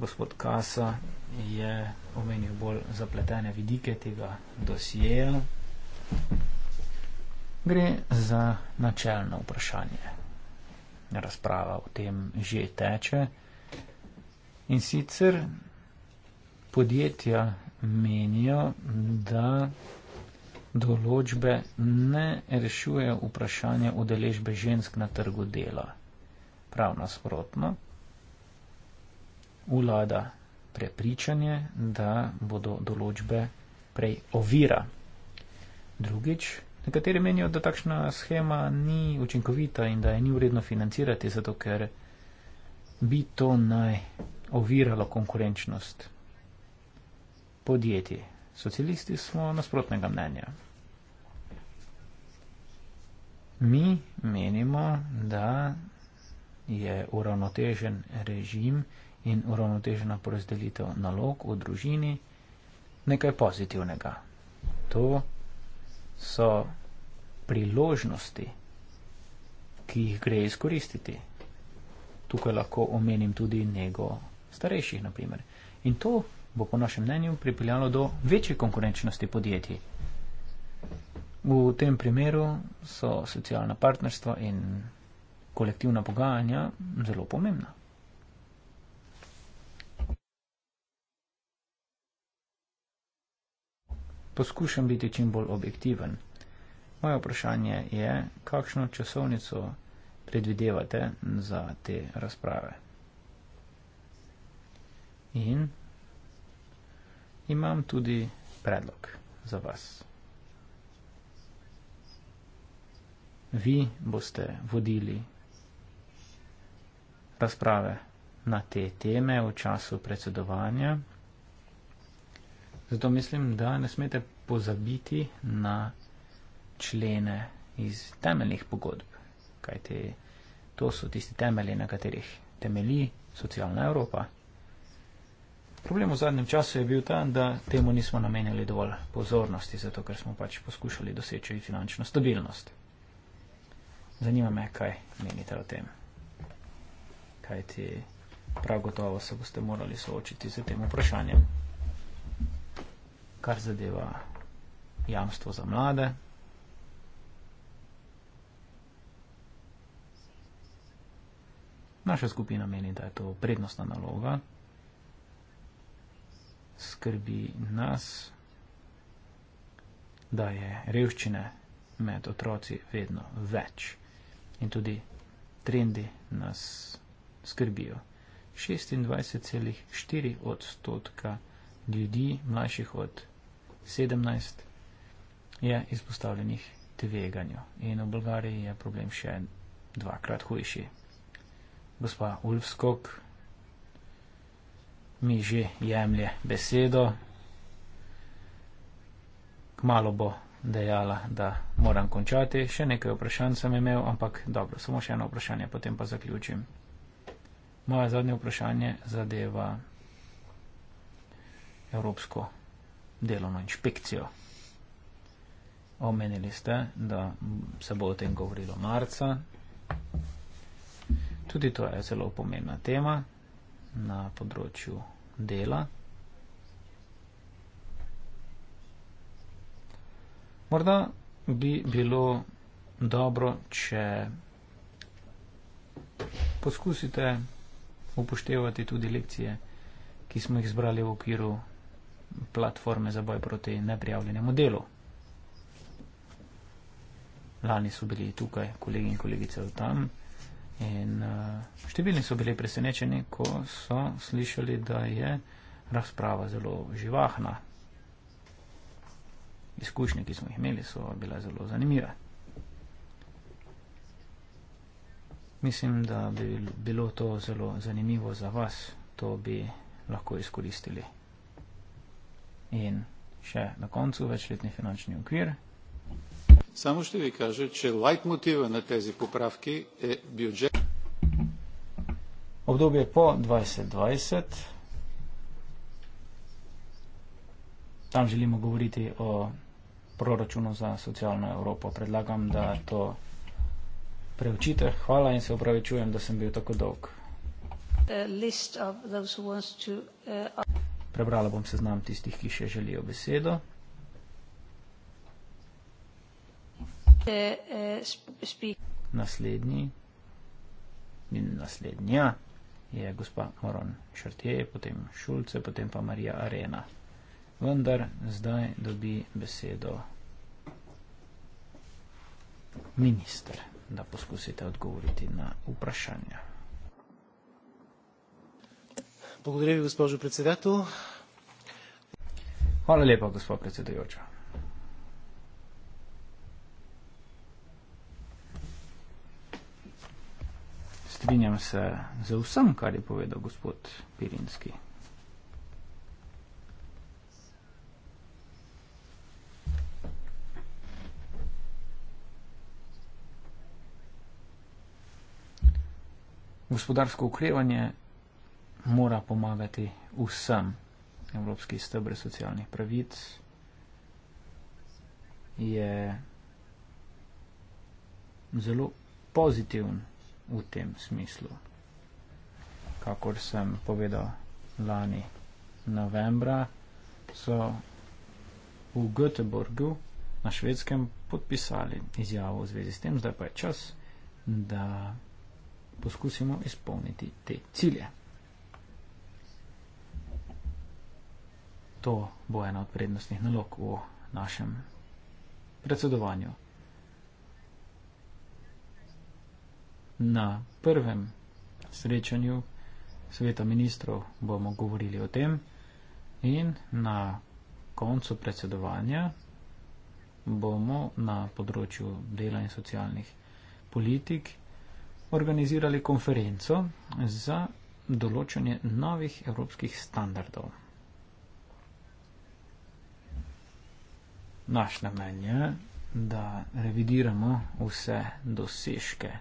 Gospod Kasa je omenil bolj zapletene vidike tega dosjeja. Gre za načelno vprašanje. Razprava o tem že teče. In sicer podjetja menijo, da določbe ne rešujejo vprašanja udeležbe žensk na trgu dela. Prav nasprotno, vlada prepričanje, da bodo določbe prej ovira. Drugič, nekateri menijo, da takšna schema ni učinkovita in da je ni vredno financirati, zato ker bi to naj oviralo konkurenčnost podjetij. Socialisti smo nasprotnega mnenja. Mi menimo, da je uravnotežen režim in uravnotežena porazdelitev nalog v družini nekaj pozitivnega. To so priložnosti, ki jih gre izkoristiti. Tukaj lahko omenim tudi njegovo starejših, naprimer. In to bo po našem mnenju pripeljalo do večje konkurenčnosti podjetij. V tem primeru so socialna partnerstva in kolektivna pogajanja zelo pomembna. Poskušam biti čim bolj objektiven. Moje vprašanje je, kakšno časovnico predvidevate za te razprave. In imam tudi predlog za vas. Vi boste vodili razprave na te teme v času predsedovanja. Zato mislim, da ne smete pozabiti na člene iz temeljnih pogodb, kajti to so tisti temelji, na katerih temelji socialna Evropa. Problem v zadnjem času je bil ta, da temu nismo namenjali dovolj pozornosti, zato ker smo pač poskušali doseči finančno stabilnost. Zanima me, kaj menite o tem. Kaj ti prav gotovo se boste morali soočiti z tem vprašanjem, kar zadeva jamstvo za mlade. Naša skupina meni, da je to prednostna naloga, skrbi nas, da je revščine med otroci vedno več. In tudi trendi nas skrbijo. 26,4 odstotka ljudi mlajših od 17 je izpostavljenih tveganju. In v Bolgariji je problem še dvakrat hujši. Gospa Ulfskog mi že jemlje besedo. Kmalo bo dejala, da moram končati. Še nekaj vprašanj sem imel, ampak dobro, samo še eno vprašanje, potem pa zaključim. Moje zadnje vprašanje zadeva Evropsko delovno inšpekcijo. Omenili ste, da se bo o tem govorilo marca. Tudi to je zelo pomembna tema na področju dela. Morda bi bilo dobro, če poskusite upoštevati tudi lekcije, ki smo jih zbrali v okviru platforme za boj proti neprijavljenemu delu. Lani so bili tukaj kolegi in kolegice od tam. In uh, številni so bili presenečeni, ko so slišali, da je razprava zelo živahna. Izkušnje, ki smo jih imeli, so bile zelo zanimive. Mislim, da bi bilo to zelo zanimivo za vas, to bi lahko izkoristili. In še na koncu večletni finančni ukvir 2014-2020. Samo ще ви кажа, че лайтмотива на тези поправки е бюджет. Обдобие по 2020. Там желимо говорити о proračunu za socialno Evropo. Predlagam, da to preučite. Hvala in se opravičujem, da sem bil tako dolg. Prebrala bom seznam tistih, ki še želijo besedo. Naslednji in naslednja je gospa Moron Šrtje, potem Šulce, potem pa Marija Arena. Vendar zdaj dobi besedo minister, da poskusite odgovoriti na vprašanja. Pogodrevi, gospod predsedatelj. Hvala lepa, gospod predsedujoča. strinjam se z vsem, kar je povedal gospod Pirinski. Gospodarsko ukrevanje mora pomagati vsem. Evropski stebr socialnih pravic je zelo pozitiven v tem smislu. Kakor sem povedal lani novembra, so v Göteborgu na švedskem podpisali izjavo v zvezi s tem, zdaj pa je čas, da poskusimo izpolniti te cilje. To bo ena od prednostnih nalog v našem predsedovanju. na prvem srečanju sveta ministrov bomo govorili o tem in na koncu predsedovanja bomo na področju dela in socialnih politik organizirali konferenco za določanje novih evropskih standardov. Naš namen je, da revidiramo vse dosežke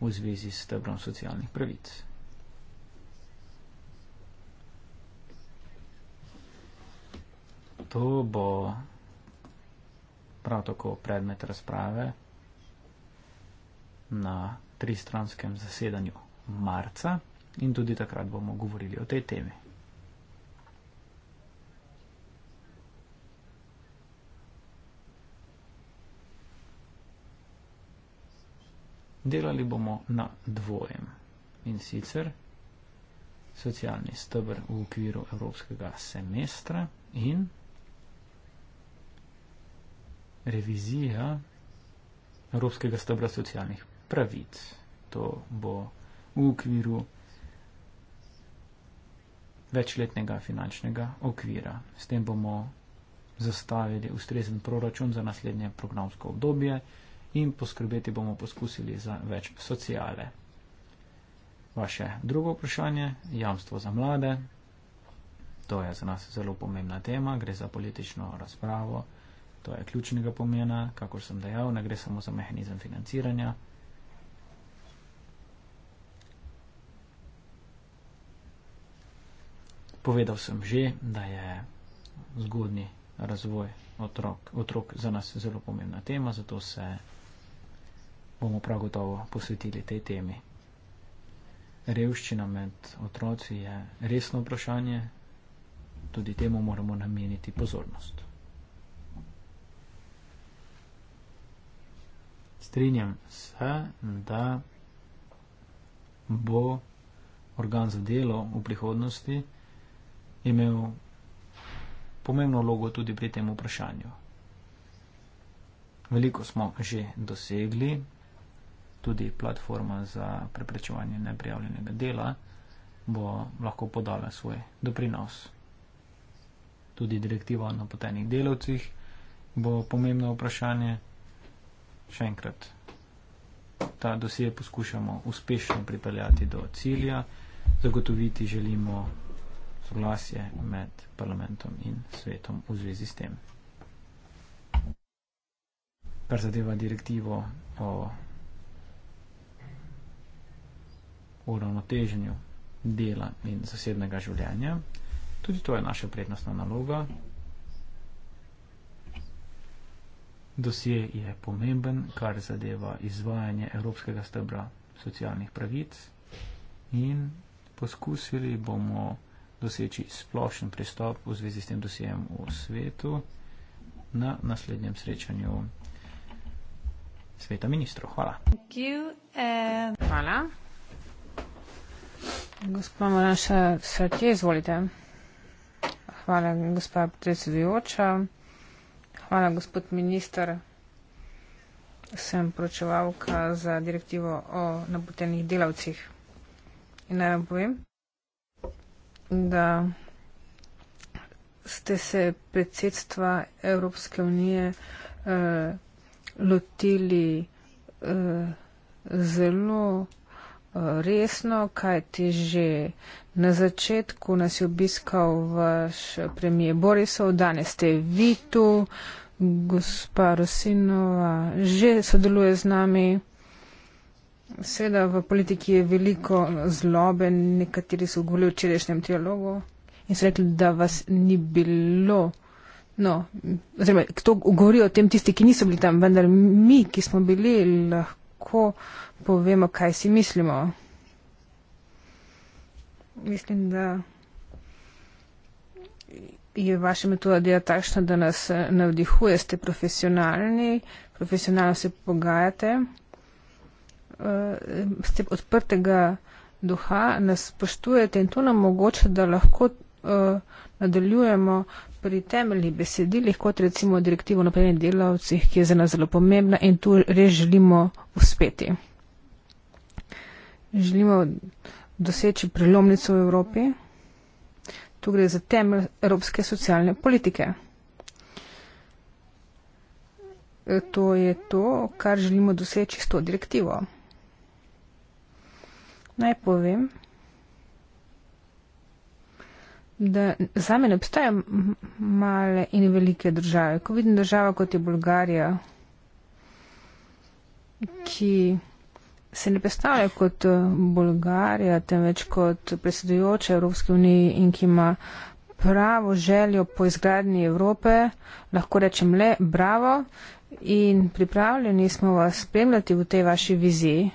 v zvezi s stebrom socialnih pravic. To bo prav tako predmet razprave na tristranskem zasedanju marca in tudi takrat bomo govorili o tej temi. delali bomo na dvojem. In sicer socialni stebr v okviru evropskega semestra in revizija evropskega stebra socialnih pravic. To bo v okviru večletnega finančnega okvira. S tem bomo zastavili ustrezen proračun za naslednje programsko obdobje in poskrbeti bomo poskusili za več sociale. Vaše drugo vprašanje, jamstvo za mlade. To je za nas zelo pomembna tema, gre za politično razpravo, to je ključnega pomena, kako sem dejal, ne gre samo za mehanizem financiranja. Povedal sem že, da je zgodni razvoj otrok, otrok za nas zelo pomembna tema, zato se bomo prav gotovo posvetili tej temi. Revščina med otroci je resno vprašanje, tudi temu moramo nameniti pozornost. Strinjam se, da bo organ za delo v prihodnosti imel pomembno vlogo tudi pri tem vprašanju. Veliko smo že dosegli, tudi platforma za preprečevanje neprijavljenega dela, bo lahko podala svoj doprinos. Tudi direktiva o napotenih delavcih bo pomembno vprašanje. Še enkrat, ta dosije poskušamo uspešno pripeljati do cilja, zagotoviti želimo soglasje med parlamentom in svetom v zvezi s tem. Kar zadeva direktivo o uravnoteženju dela in zasebnega življenja. Tudi to je naša prednostna naloga. Dosje je pomemben, kar zadeva izvajanje Evropskega stebra socialnih pravic in poskusili bomo doseči splošen pristop v zvezi s tem dosjem v svetu na naslednjem srečanju sveta ministrov. Hvala. Thank you, uh... Hvala. Gospa Maraša Svetje, izvolite. Hvala, gospa predsedujoča. Hvala, gospod minister. Sem poročevalka za direktivo o napotenih delavcih. In naj vam povem, da ste se predsedstva Evropske unije eh, lotili eh, zelo resno, kaj ti že na začetku nas je obiskal vaš premije Borisov, danes ste vi tu, gospa Rosinova že sodeluje z nami. Seveda v politiki je veliko zlobe, nekateri so govorili v čerešnjem dialogu in so rekli, da vas ni bilo. No, oziroma, kdo govori o tem, tisti, ki niso bili tam, vendar mi, ki smo bili, lahko lahko povemo, kaj si mislimo. Mislim, da je vaša metoda dela takšna, da nas eh, navdihuje, ste profesionalni, profesionalno se pogajate, eh, ste odprtega duha, nas spoštujete in to nam mogoče, da lahko eh, nadaljujemo pri temeljnih besedilih, kot recimo direktivo na premijer delavcih, ki je za nas zelo pomembna in tu res želimo uspeti. Želimo doseči prelomnico v Evropi. Tu gre za temelj evropske socialne politike. E, to je to, kar želimo doseči s to direktivo. Naj povem, da za me ne obstajajo male in velike države. Ko vidim država kot je Bolgarija, ki se ne predstavlja kot eh, Bolgarija, temveč kot predsedujoča Evropske unije in ki ima pravo željo po izgradnji Evrope, lahko rečem le bravo in pripravljeni smo vas spremljati v tej vaši viziji.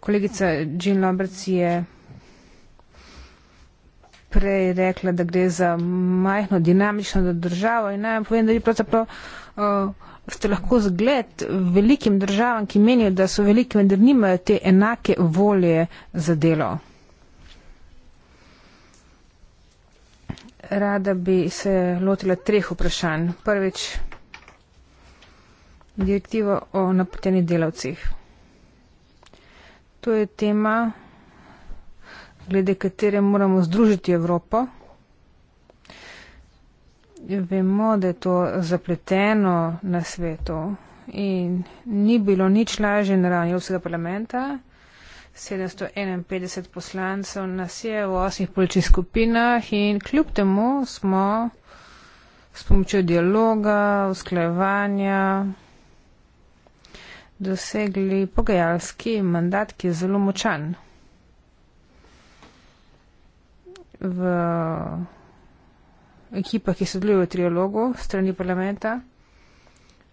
Kolegica Jean Lamberts je prej rekla, da gre za majhno dinamično državo in naj vam povem, da je pravzaprav uh, ste lahko zgled velikim državam, ki menijo, da so veliki, vendar nimajo te enake volje za delo. Rada bi se lotila treh vprašanj. Prvič, direktiva o napotenih delavcih. To je tema glede katere moramo združiti Evropo. Vemo, da je to zapleteno na svetu in ni bilo nič lažje na ravni Evropskega parlamenta. 751 poslancev nas je v osmih poličnih skupinah in kljub temu smo s pomočjo dialoga, usklajevanja dosegli pogajalski mandat, ki je zelo močan. v ekipah, ki sodelujejo v trialogu strani parlamenta.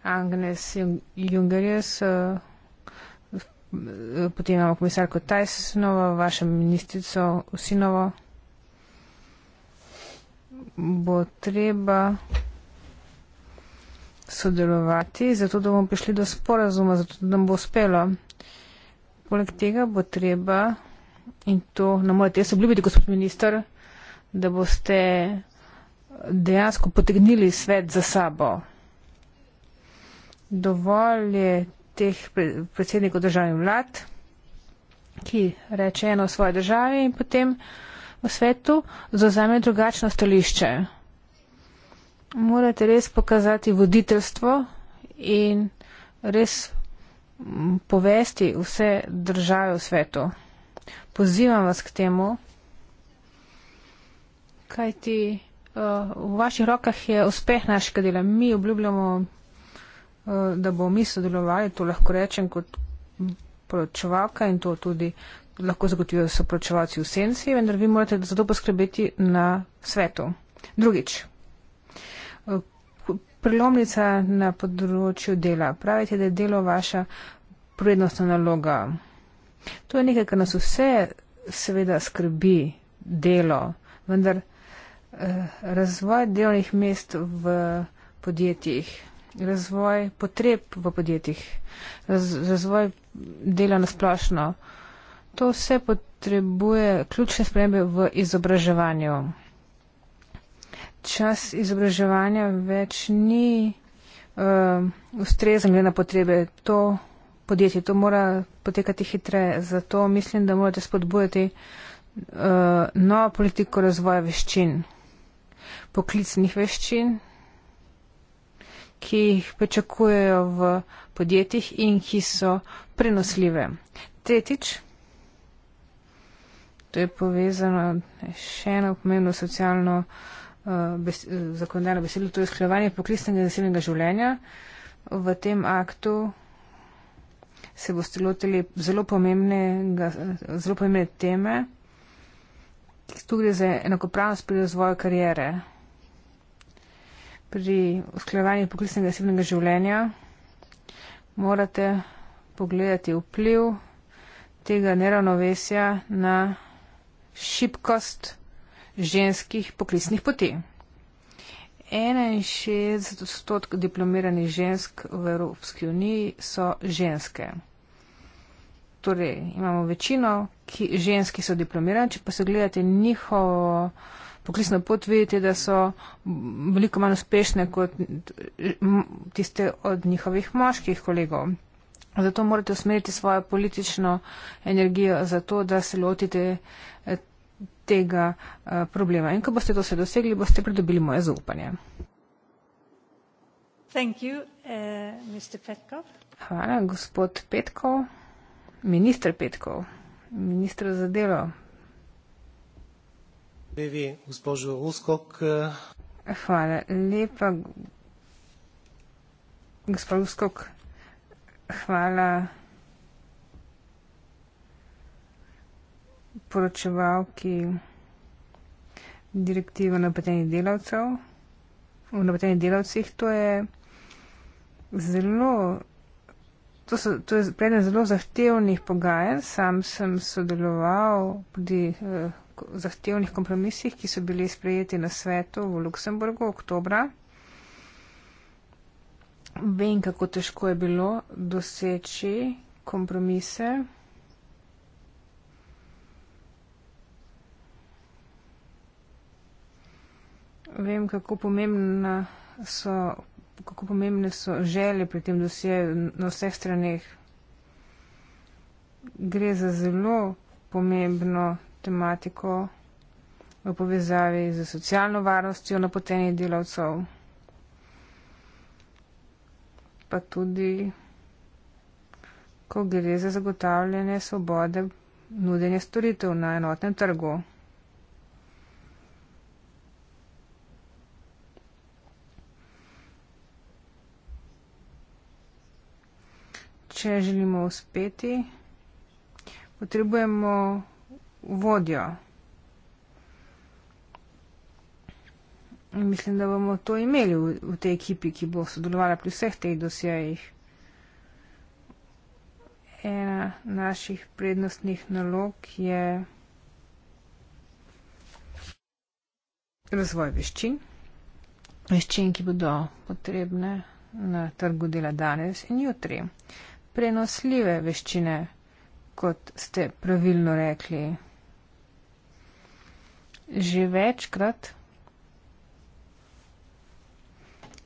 Agnes Jungerjes, eh, potem imamo komisarko Tajsnova, vašo ministrico Usinovo. Bo treba sodelovati, zato da bomo prišli do sporazuma, zato da nam bo uspelo. Poleg tega bo treba, in to nam morate jaz obljubiti, gospod ministr, da boste dejansko potegnili svet za sabo. Dovolj je teh predsednikov državnih vlad, ki reče eno v svoji državi in potem v svetu zauzame drugačno stališče. Morate res pokazati voditeljstvo in res povesti vse države v svetu. Pozivam vas k temu kaj ti uh, eh, v vaših rokah je uspeh našega dela. Mi obljubljamo, uh, da bomo mi sodelovali, to lahko rečem kot poročevalka in to tudi lahko zagotovijo so poročevalci v senci, vendar vi morate za to poskrbeti na svetu. Drugič. Eh, prelomnica na področju dela. Pravite, da je delo vaša prednostna naloga. To je nekaj, kar nas vse seveda skrbi, delo, vendar Eh, razvoj delovnih mest v podjetjih, razvoj potreb v podjetjih, raz, razvoj dela na splošno. To vse potrebuje ključne spremembe v izobraževanju. Čas izobraževanja več ni uh, ustrezen glede na potrebe. To podjetje, to mora potekati hitreje. Zato mislim, da morate spodbujati uh, novo politiko razvoja veščin poklicnih veščin, ki jih pričakujejo v podjetjih in ki so prenosljive. Tretjič, to je povezano še eno pomembno socialno uh, bes zakonodajno besedilo, to je sklevanje poklicnega in zasebnega življenja. V tem aktu se boste lotili zelo, zelo pomembne teme. Tu gre za enakopravnost pri razvoju karijere pri usklajevanju poklicnega osebnega življenja morate pogledati vpliv tega neravnovesja na šibkost ženskih poklicnih poti. 61 odstotkov diplomiranih žensk v Evropski uniji so ženske. Torej, imamo večino, ki ženski so diplomirani, če pa se gledate njihovo uh, poklicno pot, vidite, da so veliko manj uspešne kot tiste od njihovih moških kolegov. Zato morate usmeriti svojo politično energijo za to, da se lotite eh, tega eh, problema. In ko boste to se dosegli, boste pridobili moje zaupanje. You, uh, Hvala, gospod Petkov, ministr Petkov, ministr za delo, Levi, gospožu Uskok. Eh. Hvala lepa, gospod Uskok. Hvala poročevalki direktive o napetenih delavcev. V napetenih delavcih to je zelo. To, so, to je predmet zelo zahtevnih pogajanj. Sam sem sodeloval pri eh, zahtevnih kompromisih, ki so bili sprejeti na svetu v Luksemburgu oktobra. Vem, kako težko je bilo doseči kompromise. Vem, kako pomembna so. Kako pomembne so želje pri tem, da se na vseh straneh gre za zelo pomembno tematiko v povezavi z socialno varnostjo napotenih delavcev, pa tudi, ko gre za zagotavljanje svobode nudenja storitev na enotnem trgu. Če želimo uspeti, potrebujemo vodjo. In mislim, da bomo to imeli v, v tej ekipi, ki bo sodelovala pri vseh teh dosjejih. Ena naših prednostnih nalog je razvoj veščin, veščin, ki bodo potrebne na trgu dela danes in jutri. Prenosljive veščine, kot ste pravilno rekli že večkrat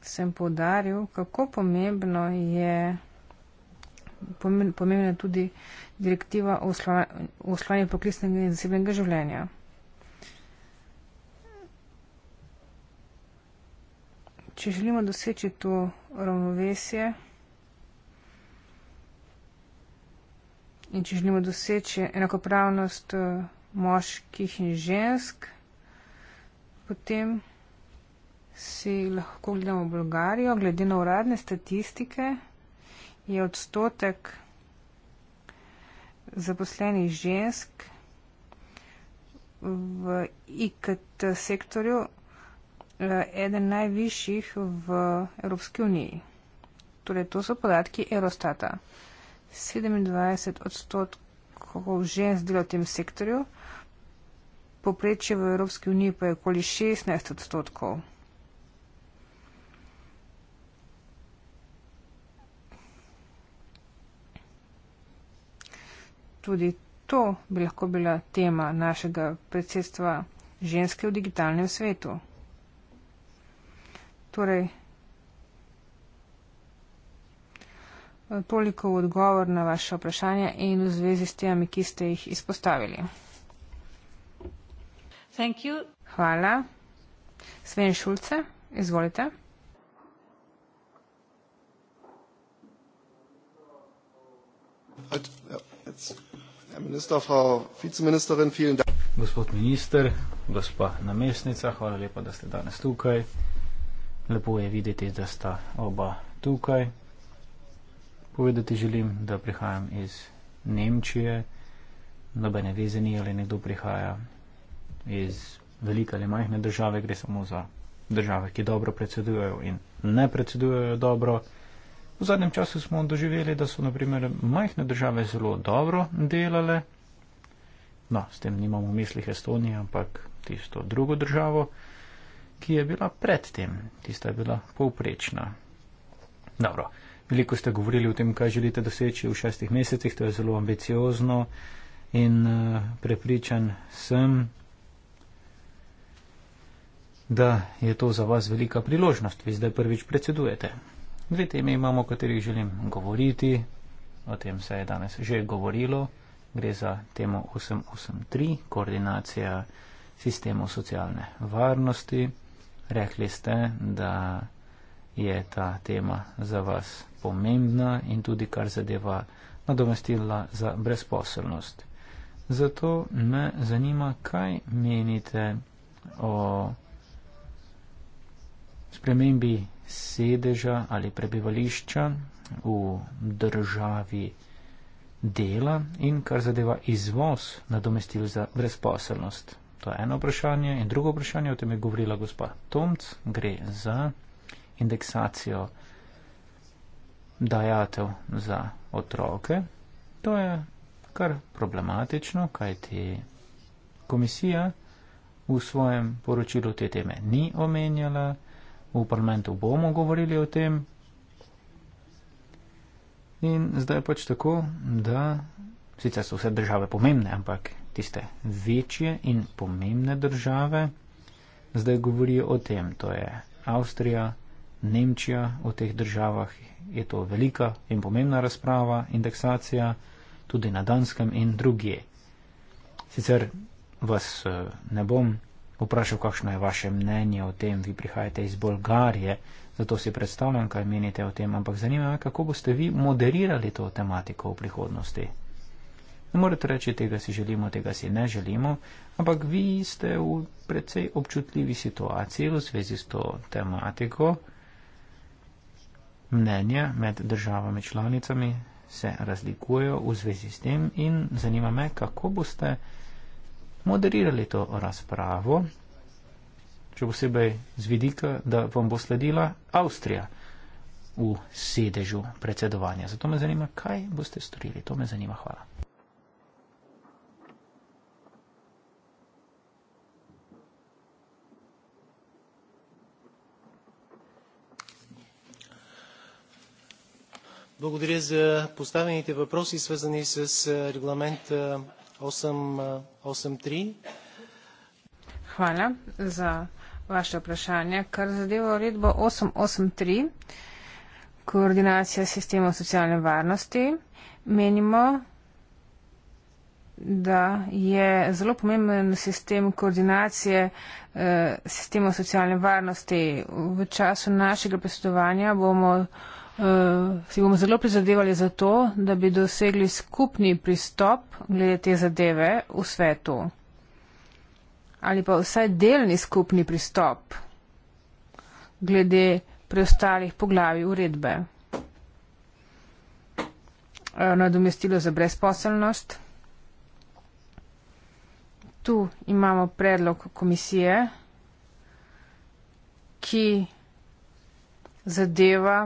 sem podaril, kako pomembno je, pomembna je tudi direktiva o uslovanju poklicnega in zasebnega življenja. Če želimo doseči to ravnovesje in če želimo doseči enakopravnost eh, moških in žensk, potem si lahko gledamo Bolgarijo. Glede na uradne statistike je odstotek zaposlenih žensk v IKT sektorju eh, eden najvišjih v Evropski uniji. Torej, to so podatki Eurostata. 27 odstotkov žensk dela v tem sektorju poprečje v Evropski uniji pa je okoli 16 odstotkov. Tudi to bi lahko bila tema našega predsedstva ženske v digitalnem svetu. Torej, toliko v odgovor na vaše vprašanje in v zvezi s temi, ki ste jih izpostavili. Hvala. Sven Šulce, izvolite. Ja, Gospod minister, gospa namestnica, hvala lepa, da ste danes tukaj. Lepo je videti, da sta oba tukaj. Povedati želim, da prihajam iz Nemčije. Nobene vize ni, ali nekdo prihaja iz velike ali majhne države, gre samo za države, ki dobro predsedujejo in ne predsedujejo dobro. V zadnjem času smo doživeli, da so naprimer majhne države zelo dobro delale, no, s tem nimamo v mislih Estonije, ampak tisto drugo državo, ki je bila predtem, tista je bila povprečna. Dobro, veliko ste govorili o tem, kaj želite doseči v šestih mesecih, to je zelo ambiciozno in eh, prepričan sem, da je to za vas velika priložnost, vi zdaj prvič predsedujete. Dve teme imamo, o katerih želim govoriti, o tem se je danes že govorilo, gre za temo 883, koordinacija sistemov socialne varnosti. Rekli ste, da je ta tema za vas pomembna in tudi kar zadeva nadomestila za brezposelnost. Zato me zanima, kaj menite o spremembi sedeža ali prebivališča v državi dela in kar zadeva izvoz nadomestil za brezposelnost. To je eno vprašanje. In drugo vprašanje, o tem je govorila gospa Tomc, gre za indeksacijo dajatev za otroke. To je kar problematično, kajti komisija v svojem poročilu te teme ni omenjala v parlamentu bomo govorili o tem. In zdaj je pač tako, da sicer so vse države pomembne, ampak tiste večje in pomembne države zdaj govorijo o tem. To je Avstrija, Nemčija, o teh državah je to velika in pomembna razprava, indeksacija, tudi na Danskem in drugje. Sicer vas eh, ne bom vprašal, kakšno je vaše mnenje o tem, vi prihajate iz Bolgarije, zato si predstavljam, kaj menite o tem, ampak zanima me, kako boste vi moderirali to tematiko v prihodnosti. Ne morete reči, tega si želimo, tega si ne želimo, ampak vi ste v precej občutljivi situaciji v zvezi s to tematiko. Mnenje med državami članicami se razlikujejo v zvezi s tem in zanima me, kako boste moderirali to razpravo, še posebej z vidika, da vam bo sledila Avstrija v sedežu predsedovanja. Zato me zanima, kaj boste storili. To me zanima. Hvala. Благодаря за поставените въпроси, свързани с регламент 883. Hvala za vaše vprašanje. Kar zadeva uredbo 883, koordinacija sistemov socialne varnosti, menimo, da je zelo pomemben sistem koordinacije eh, sistemov socialne varnosti. V času našega predsedovanja bomo uh, si bomo zelo prizadevali za to, da bi dosegli skupni pristop glede te zadeve v svetu. Ali pa vsaj delni skupni pristop glede preostalih poglavi uredbe. Uh, nadomestilo za brezposelnost. Tu imamo predlog komisije, ki zadeva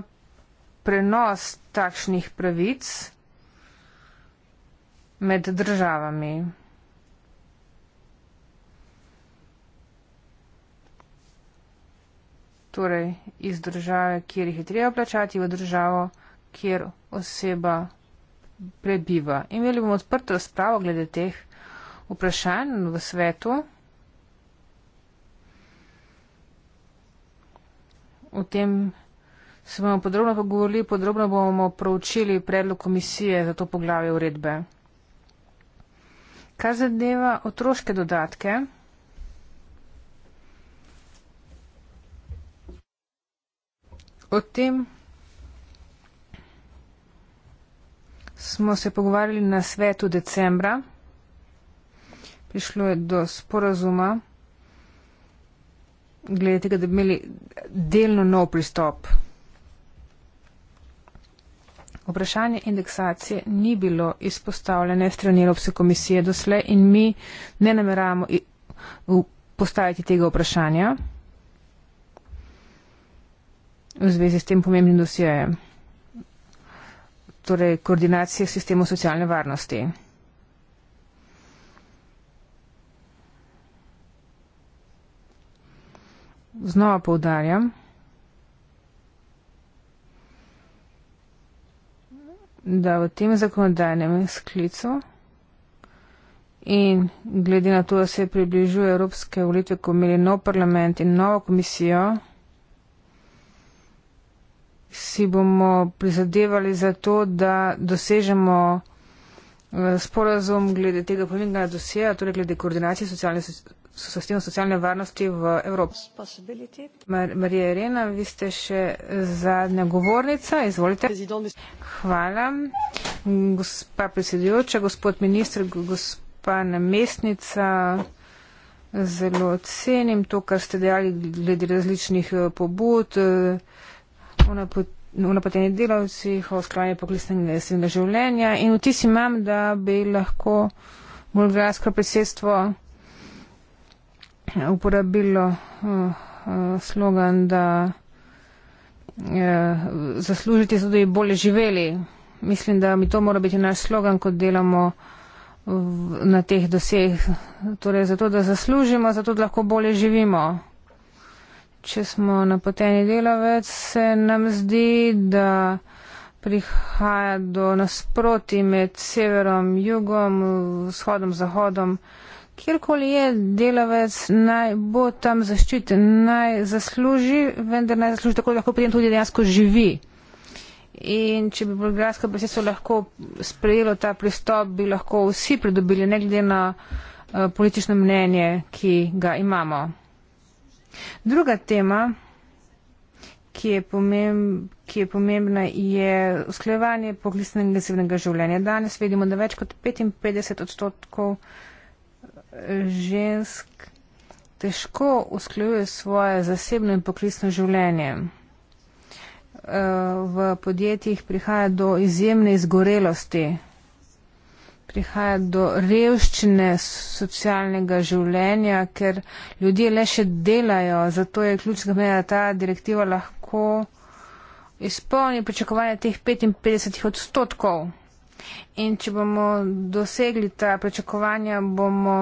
prenos takšnih pravic med državami. Torej, iz države, kjer jih je treba plačati, v državo, kjer oseba prebiva. Imeli bomo odprto razpravo glede teh vprašanj v svetu. V tem Se bomo podrobno pogovorili, podrobno bomo proučili predlog komisije za to poglavje uredbe. Kar zadeva otroške dodatke. O tem smo se pogovarjali na svetu decembra. Prišlo je do sporazuma, glede tega, da bi imeli delno nov pristop. Vprašanje indeksacije ni bilo izpostavljene strani Evropske komisije doslej in mi ne nameravamo postaviti tega vprašanja v zvezi s tem pomembnim dosjejem, torej koordinacije sistemov socialne varnosti. Znova poudarjam. da v tem zakonodajnem sklicu in glede na to, da se približuje Evropske volitve, ko imeli nov parlament in novo komisijo, si bomo prizadevali za to, da dosežemo eh, sporazum glede tega pomembnega dosjeja, torej glede koordinacije socialne sistem socialne varnosti v Evropi. Mar Marija Irena, vi ste še zadnja govornica. Izvolite. Hvala. Gospa predsedujoča, gospod ministr, gospa namestnica. Zelo cenim to, kar ste dejali glede različnih pobud, unapoteni delavcih, o skrajni poklicnega življenja in vtis imam, da bi lahko bolgarsko predsedstvo uporabilo uh, uh, slogan, da uh, zaslužiti se tudi bolje živeli. Mislim, da mi to mora biti naš slogan, ko delamo v, na teh doseh. Torej, zato, da zaslužimo, zato, da lahko bolje živimo. Če smo napoteni delavec, se nam zdi, da prihaja do nasproti med severom, jugom, vzhodom, zahodom kjerkoli je delavec, naj bo tam zaščiten, naj zasluži, vendar naj zasluži tako, da lahko potem tudi dejansko živi. In če bi bolgarsko predsedstvo lahko sprejelo ta pristop, bi lahko vsi pridobili, ne glede na eh, politično mnenje, ki ga imamo. Druga tema, ki je, pomemb, ki je pomembna, je usklejevanje poklicnega in civilnega življenja. Danes vidimo, da več kot 55 odstotkov žensk težko usklajuje svoje zasebno in poklicno življenje. Eh, v podjetjih prihaja do izjemne izgorelosti, prihaja do revščine socialnega življenja, ker ljudje le še delajo, zato je ključna meja, da ta direktiva lahko izpolni pričakovanja teh 55 odstotkov. In če bomo dosegli ta pričakovanja, bomo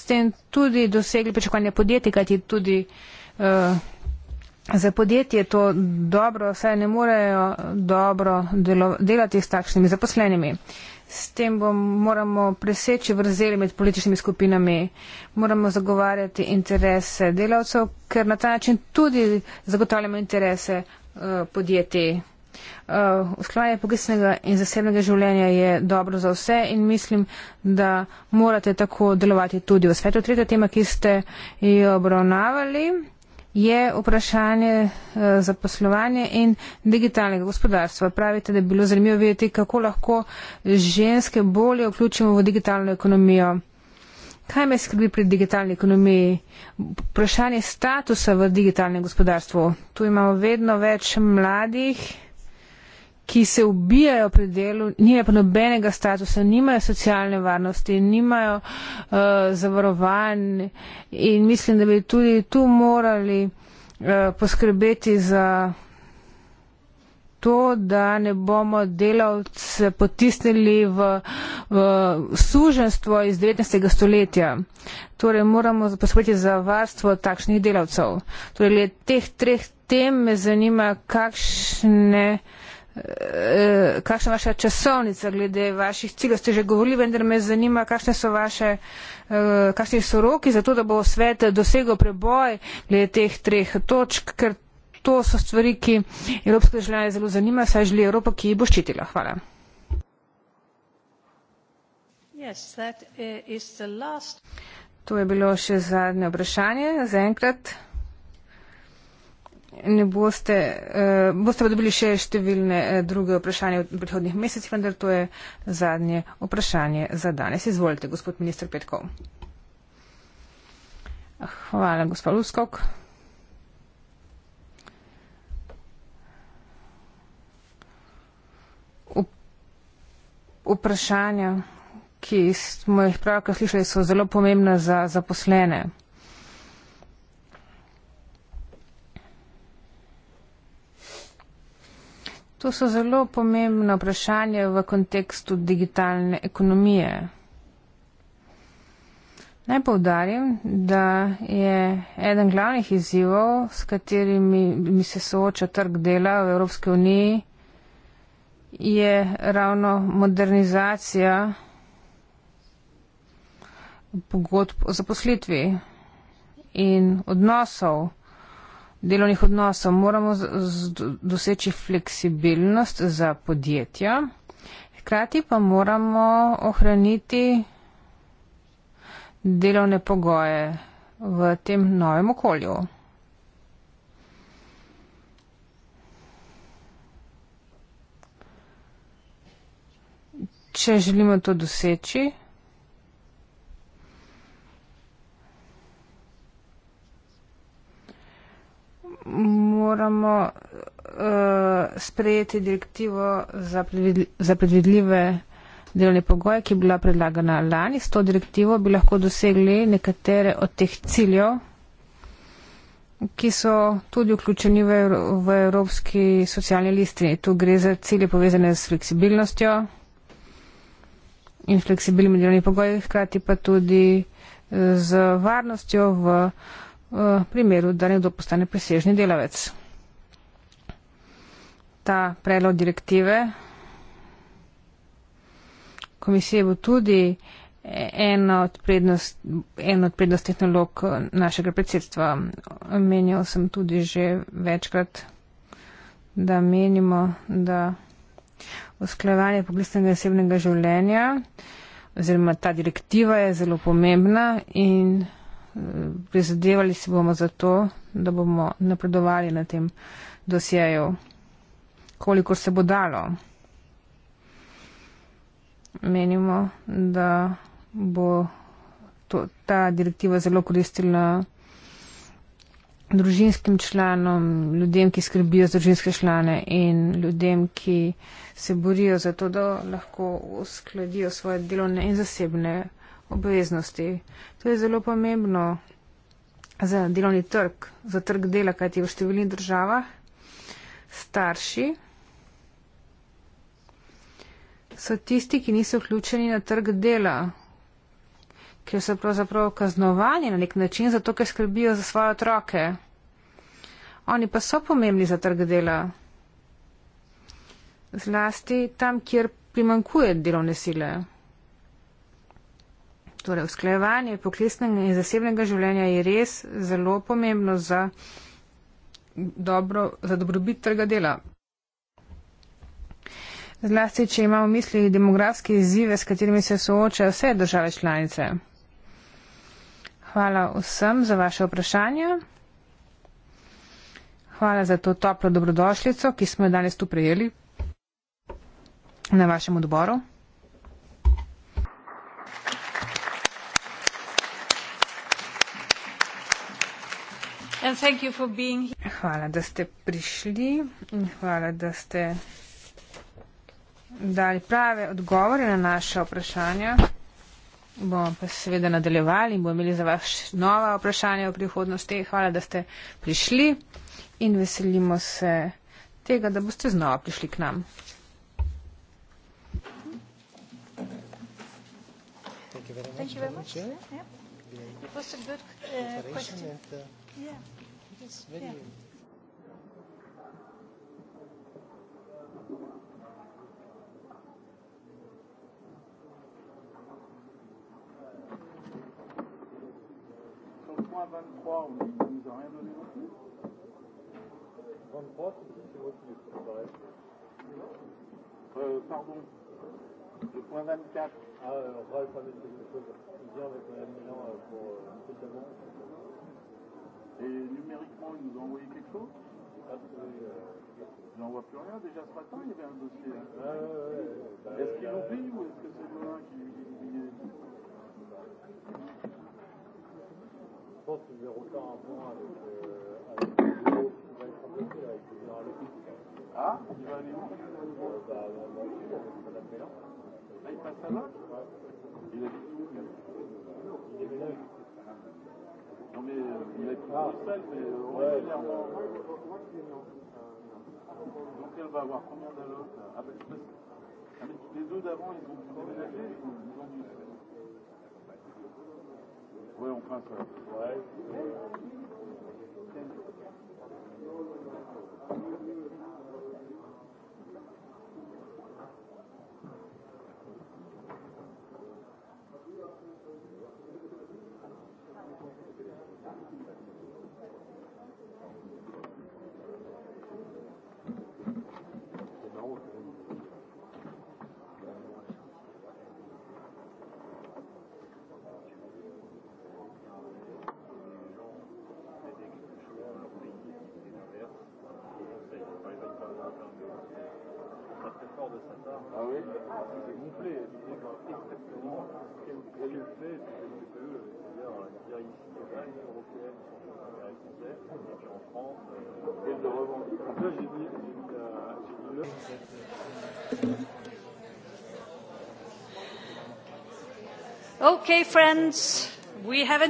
s tem tudi dosegli pričakovanja podjetij, kajti tudi uh, za podjetje je to dobro, saj ne morejo dobro delo, delati s takšnimi zaposlenimi. S tem bom, moramo preseči vrzeli med političnimi skupinami, moramo zagovarjati interese delavcev, ker na ta način tudi zagotavljamo interese uh, podjetij. Uh, eh, Sklanje poklicnega in zasebnega življenja je dobro za vse in mislim, da morate tako delovati tudi v svetu. Tretja tema, ki ste jo obravnavali, je vprašanje uh, eh, zaposlovanja in digitalnega gospodarstva. Pravite, da bi bilo zanimivo videti, kako lahko ženske bolje vključimo v digitalno ekonomijo. Kaj me skrbi pri digitalni ekonomiji? Vprašanje statusa v digitalnem gospodarstvu. Tu imamo vedno več mladih ki se ubijajo pri delu, nimajo pa nobenega statusa, nimajo socialne varnosti, nimajo uh, zavarovanj in mislim, da bi tudi tu morali uh, poskrbeti za to, da ne bomo delavce potisnili v, v suženstvo iz 19. stoletja. Torej moramo poskrbeti za varstvo takšnih delavcev. Torej, le teh treh tem me zanima, kakšne uh, Eh, kakšna vaša časovnica glede vaših ciljev, ste že govorili, vendar me zanima, kakšne so vaše, eh, kakšni so roki za to, da bo svet dosegel preboj glede teh treh točk, ker to so stvari, ki evropske državljane zelo zanima, saj želi Evropa, ki jih bo ščitila. Hvala. Eh, to je bilo še zadnje vprašanje. Zaenkrat ne boste, uh, boste pa dobili še številne uh, druge vprašanja v prihodnih mesecih, vendar to je zadnje vprašanje za danes. Izvolite, gospod minister Petkov. Hvala, gospod Luskok. Vprašanja, ki smo jih pravkar slišali, so zelo pomembna za zaposlene. To so zelo pomembna vprašanja v kontekstu digitalne ekonomije. Naj povdarim, da je eden glavnih izzivov, s katerimi mi se sooča trg dela v Evropske uniji, je ravno modernizacija pogodb o zaposlitvi in odnosov delovnih odnosov, moramo doseči fleksibilnost za podjetja, hkrati pa moramo ohraniti delovne pogoje v tem novem okolju. Če želimo to doseči, moramo uh, sprejeti direktivo za, predvidli, za predvidljive delovne pogoje, ki je bila predlagana lani. S to direktivo bi lahko dosegli nekatere od teh ciljev, ki so tudi vključeni v, v Evropski socialni listini. Tu gre za cilje povezane s fleksibilnostjo in fleksibilnimi delovnimi pogoji, hkrati pa tudi eh, z varnostjo v v primeru, da nekdo postane presežni delavec. Ta predlog direktive komisije bo tudi ena od, prednost, od prednostnih nalog eh, našega predsedstva. Menjal sem tudi že večkrat, da menimo, da usklajevanje poklicnega in osebnega življenja oziroma ta direktiva je zelo pomembna in prizadevali si bomo za to, da bomo napredovali na tem dosjeju, kolikor se bo dalo. Menimo, da bo to, ta direktiva zelo koristila družinskim članom, ljudem, ki skrbijo za družinske člane in ljudem, ki se borijo za to, da lahko uskladijo svoje delovne in zasebne obveznosti. To je zelo pomembno za delovni trg, za trg dela, kajti v številnih državah starši so tisti, ki niso vključeni na trg dela, ki so pravzaprav kaznovani na nek način, zato ker skrbijo za svoje otroke. Oni pa so pomembni za trg dela. Zlasti tam, kjer primankuje delovne sile. Torej, usklajevanje poklesnega in zasebnega življenja je res zelo pomembno za, dobro, za dobrobit trga dela. Zlasti, če imamo v mislih demografske izzive, s katerimi se soočajo vse države članice. Hvala vsem za vaše vprašanje. Hvala za to toplo dobrodošljico, ki smo jo danes tu prejeli na vašem odboru. Hvala, da ste prišli in hvala, da ste dali prave odgovore na naše vprašanja. Bomo pa seveda nadaljevali in bomo imeli za vas nova vprašanja v prihodnosti. Hvala, da ste prišli in veselimo se tega, da boste znova prišli k nam. Thank you very much. Thank you very much. Yeah. It was a good uh, question. Uh, 24, c'est votre livre, pareil. Pardon. Le point 24. Ah, Ralph avait fait quelque chose. Il vient avec un euh, pour euh, tout le monde. Et numériquement, ils nous ont envoyé quelque chose euh, Je n'en vois plus rien. Déjà ce matin, il y avait un dossier. Est-ce qu'ils l'ont pris ou est-ce que c'est demain qui lui dit qu'il est Je pense qu'il y aura encore un point avec euh, le général Ah Il va aller où Là, il passe à l'autre Il a dit tout. Il est mais donc elle va avoir combien d'allocs avec euh, ah, parce que ah, les deux d'avant ils ont déménagé ils ont mis ouais enfin ça ouais.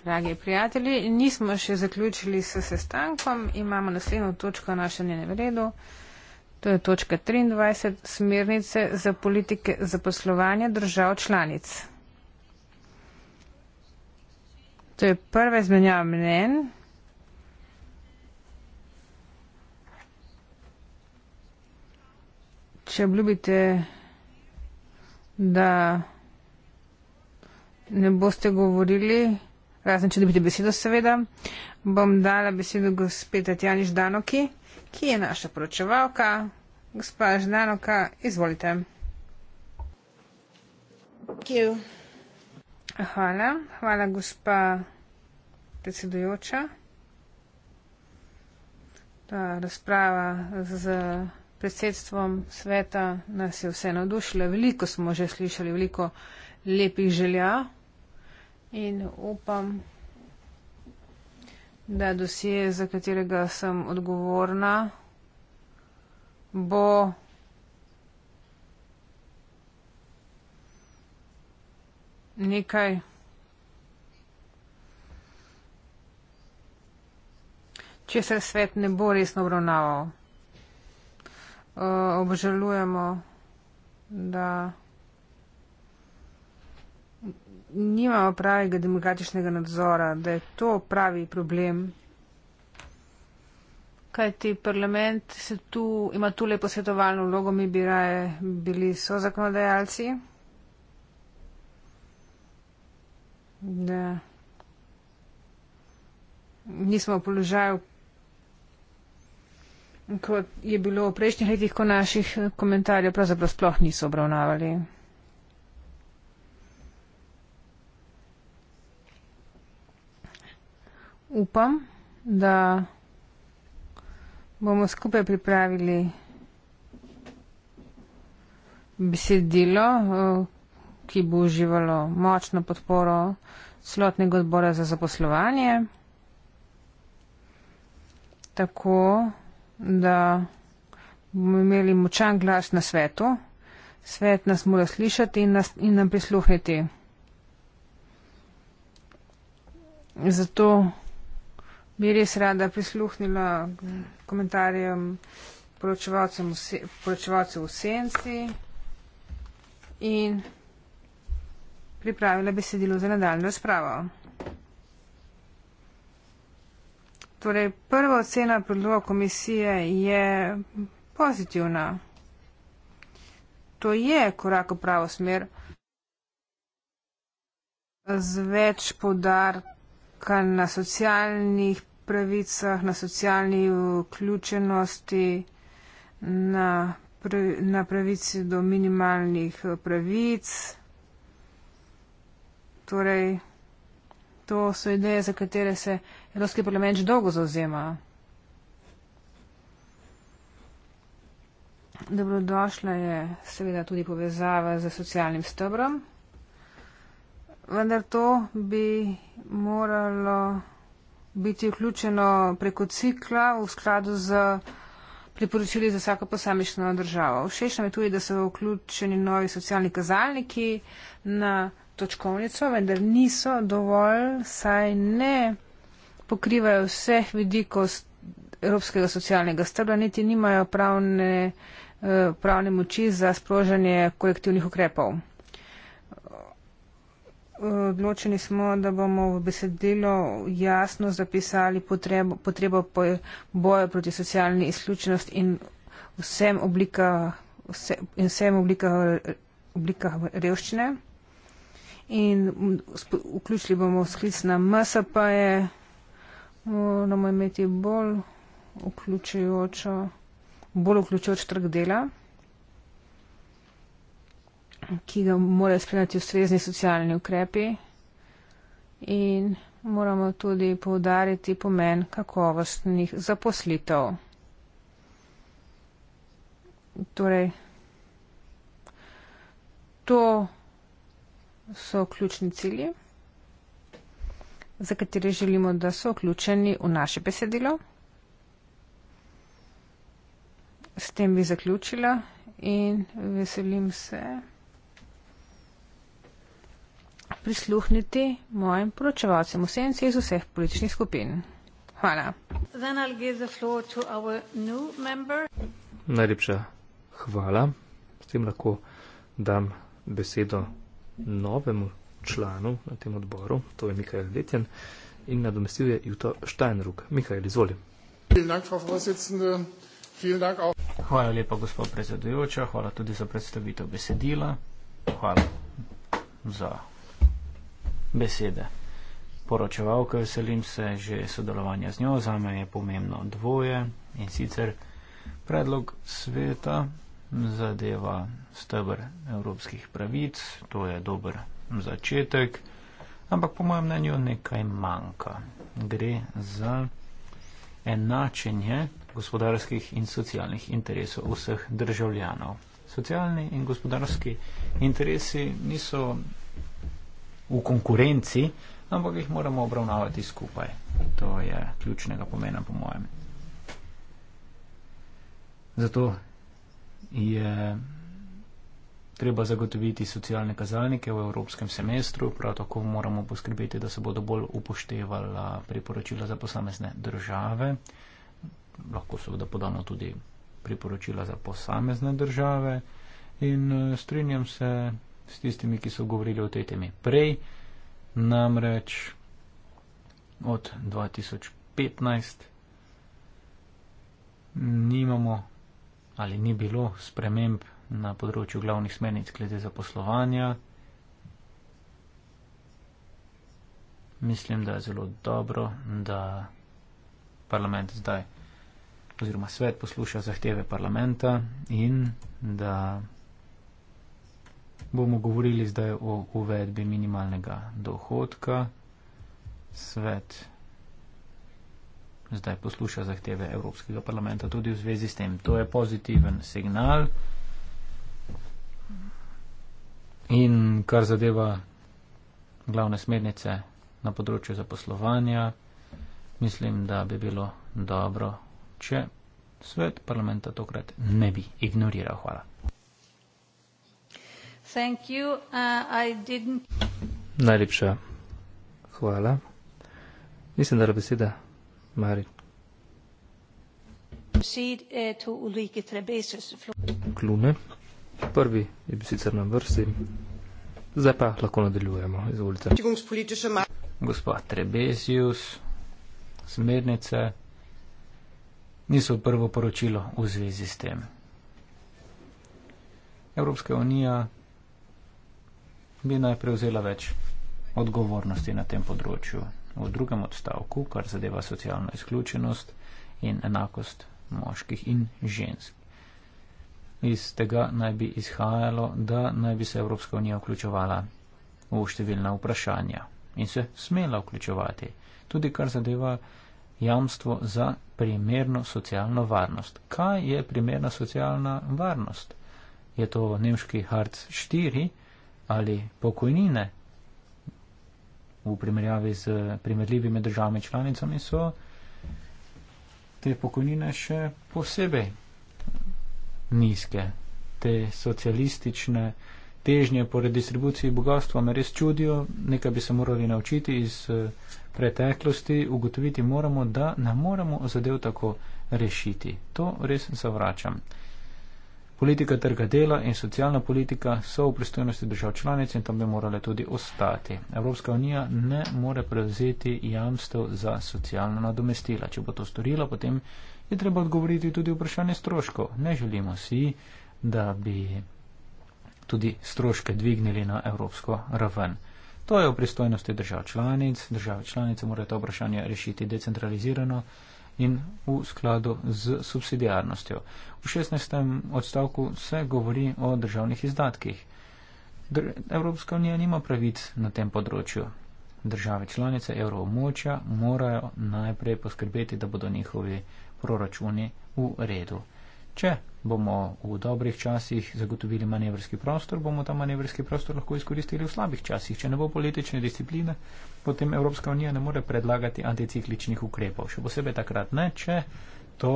Dragi prijatelji, nismo še zaključili s sestankom, imamo naslednjo točko našem njenem redu. To je točka 23, smernice za politike zaposlovanja držav članic. To je prva izmenjava mnen. Če obljubite, da ne boste govorili, razen če dobite besedo, seveda, bom dala besedo gospe Tatjani Ždanoki, ki je naša poročevalka. Gospa Ždanoka, izvolite. Thank you. Hvala. Hvala, gospa predsedujoča. Ta razprava z predsedstvom sveta nas je vse navdušila. Veliko smo že slišali, veliko lepih želja in upam, da dosije, za katerega sem odgovorna, bo nekaj. Če se svet ne bo resno obravnaval, uh, obžalujemo, da nimamo pravega demokratičnega nadzora, da je to pravi problem. Kaj ti parlament tu, ima tu le posvetovalno vlogo, mi bi raje bili sozakonodajalci. da nismo v položaju, kot je bilo v prejšnjih letih, ko naših eh, komentarjev pravzaprav sploh niso obravnavali. Upam, da bomo skupaj pripravili besedilo, eh, ki bo uživalo močno podporo celotnega odbora za zaposlovanje. Tako da bomo imeli močan glas na svetu. Svet nas mora slišati in, nas, in nam prisluhniti. Zato bi res rada prisluhnila komentarjem poročevalcev v senci in pripravila besedilo za nadaljno spravo. Torej, prva ocena predloga komisije je pozitivna. To je korak v pravo smer z več podarka na socialnih pravicah, na socialni vključenosti, na, pravi, na pravici do minimalnih pravic. Torej, to so ideje, za katere se Evropski parlament že dolgo zauzema. Dobrodošla je seveda tudi povezava z socialnim stebrom, vendar to bi moralo biti vključeno preko cikla v skladu z priporočili za vsako posamično državo. Všeč nam je tudi, da so vključeni novi socialni kazalniki na točkovnico, vendar niso dovolj, saj ne pokrivajo vseh vidikov Evropskega socialnega stebra, niti nimajo pravne, eh, pravne moči za sprožanje kolektivnih ukrepov. Odločeni smo, da bomo v besedilo jasno zapisali potrebo, potrebo po boju proti socialni izključenosti in vsem oblika, vse, in vsem oblika, oblika revščine in vključili bomo sklic na MSP-je, moramo imeti bolj vključujočo, bolj vključujoč trg dela, ki ga morajo spremljati ustrezni socialni ukrepi in moramo tudi poudariti pomen kakovostnih zaposlitev. Torej, to so ključni cilji, za katere želimo, da so vključeni v naše besedilo. S tem bi zaključila in veselim se prisluhniti mojim poročevalcem v senci iz vseh političnih skupin. Hvala. Najlepša hvala. S tem lahko dam besedo novemu članu na tem odboru, to je Mikael Letjen, in nadomestil je Juto Steinruck. Mikael, izvoli. Hvala lepa, gospod predsedujoča, hvala tudi za predstavitev besedila, hvala za besede. Poročevalka, veselim se že sodelovanja z njo, za me je pomembno dvoje in sicer predlog sveta zadeva stebr evropskih pravic, to je dober začetek, ampak po mojem mnenju nekaj manjka. Gre za enačenje gospodarskih in socialnih interesov vseh državljanov. Socialni in gospodarski interesi niso v konkurenci, ampak jih moramo obravnavati skupaj. To je ključnega pomena, po mojem. Zato je treba zagotoviti socialne kazalnike v evropskem semestru, prav tako moramo poskrbeti, da se bodo bolj upoštevala priporočila za posamezne države. Lahko seveda podamo tudi priporočila za posamezne države in eh, strinjam se s tistimi, ki so govorili o tej temi prej, namreč od 2015 nimamo ali ni bilo sprememb na področju glavnih smernic glede zaposlovanja. Mislim, da je zelo dobro, da parlament zdaj oziroma svet posluša zahteve parlamenta in da bomo govorili zdaj o uvedbi minimalnega dohodka. Svet zdaj posluša zahteve Evropskega parlamenta tudi v zvezi s tem. To je pozitiven signal. In kar zadeva glavne smernice na področju zaposlovanja, mislim, da bi bilo dobro, če svet parlamenta tokrat ne bi ignoriral. Hvala. Uh, Najlepša hvala. Mislim, da je beseda. Eh, Klune, prvi je bil sicer na vrsti, zdaj pa lahko nadaljujemo. Izvolite. Gospa Trebezius, smernice niso prvo poročilo v zvezi s tem. Evropska unija bi naj prevzela več odgovornosti na tem področju v drugem odstavku, kar zadeva socialno izključenost in enakost moških in žensk. Iz tega naj bi izhajalo, da naj bi se Evropska unija vključevala v številna vprašanja in se smela vključevati, tudi kar zadeva jamstvo za primerno socialno varnost. Kaj je primerna socialna varnost? Je to nemški Hartz IV ali pokojnine, v primerjavi z primerljivimi državami članicami so te pokojnine še posebej nizke. Te socialistične težnje po redistribuciji bogatstva me res čudijo, nekaj bi se morali naučiti iz eh, preteklosti, ugotoviti moramo, da ne moremo zadev tako rešiti. To res zavračam. Politika trga dela in socialna politika so v pristojnosti držav članic in tam bi morale tudi ostati. Evropska unija ne more prevzeti jamstev za socialna nadomestila. Če bo to storila, potem je treba odgovoriti tudi vprašanje stroškov. Ne želimo si, da bi tudi stroške dvignili na evropsko raven. To je v pristojnosti držav članic. Države članice morajo to vprašanje rešiti decentralizirano in v skladu z subsidijarnostjo. V 16. odstavku se govori o državnih izdatkih. Dr Evropska unija nima pravic na tem področju. Države članice evroomočja morajo najprej poskrbeti, da bodo njihovi proračuni v redu če bomo v dobrih časih zagotovili manevrski prostor, bomo ta manevrski prostor lahko izkoristili v slabih časih. Če ne bo politične discipline, potem Evropska unija ne more predlagati anticikličnih ukrepov. Še posebej takrat ne, če to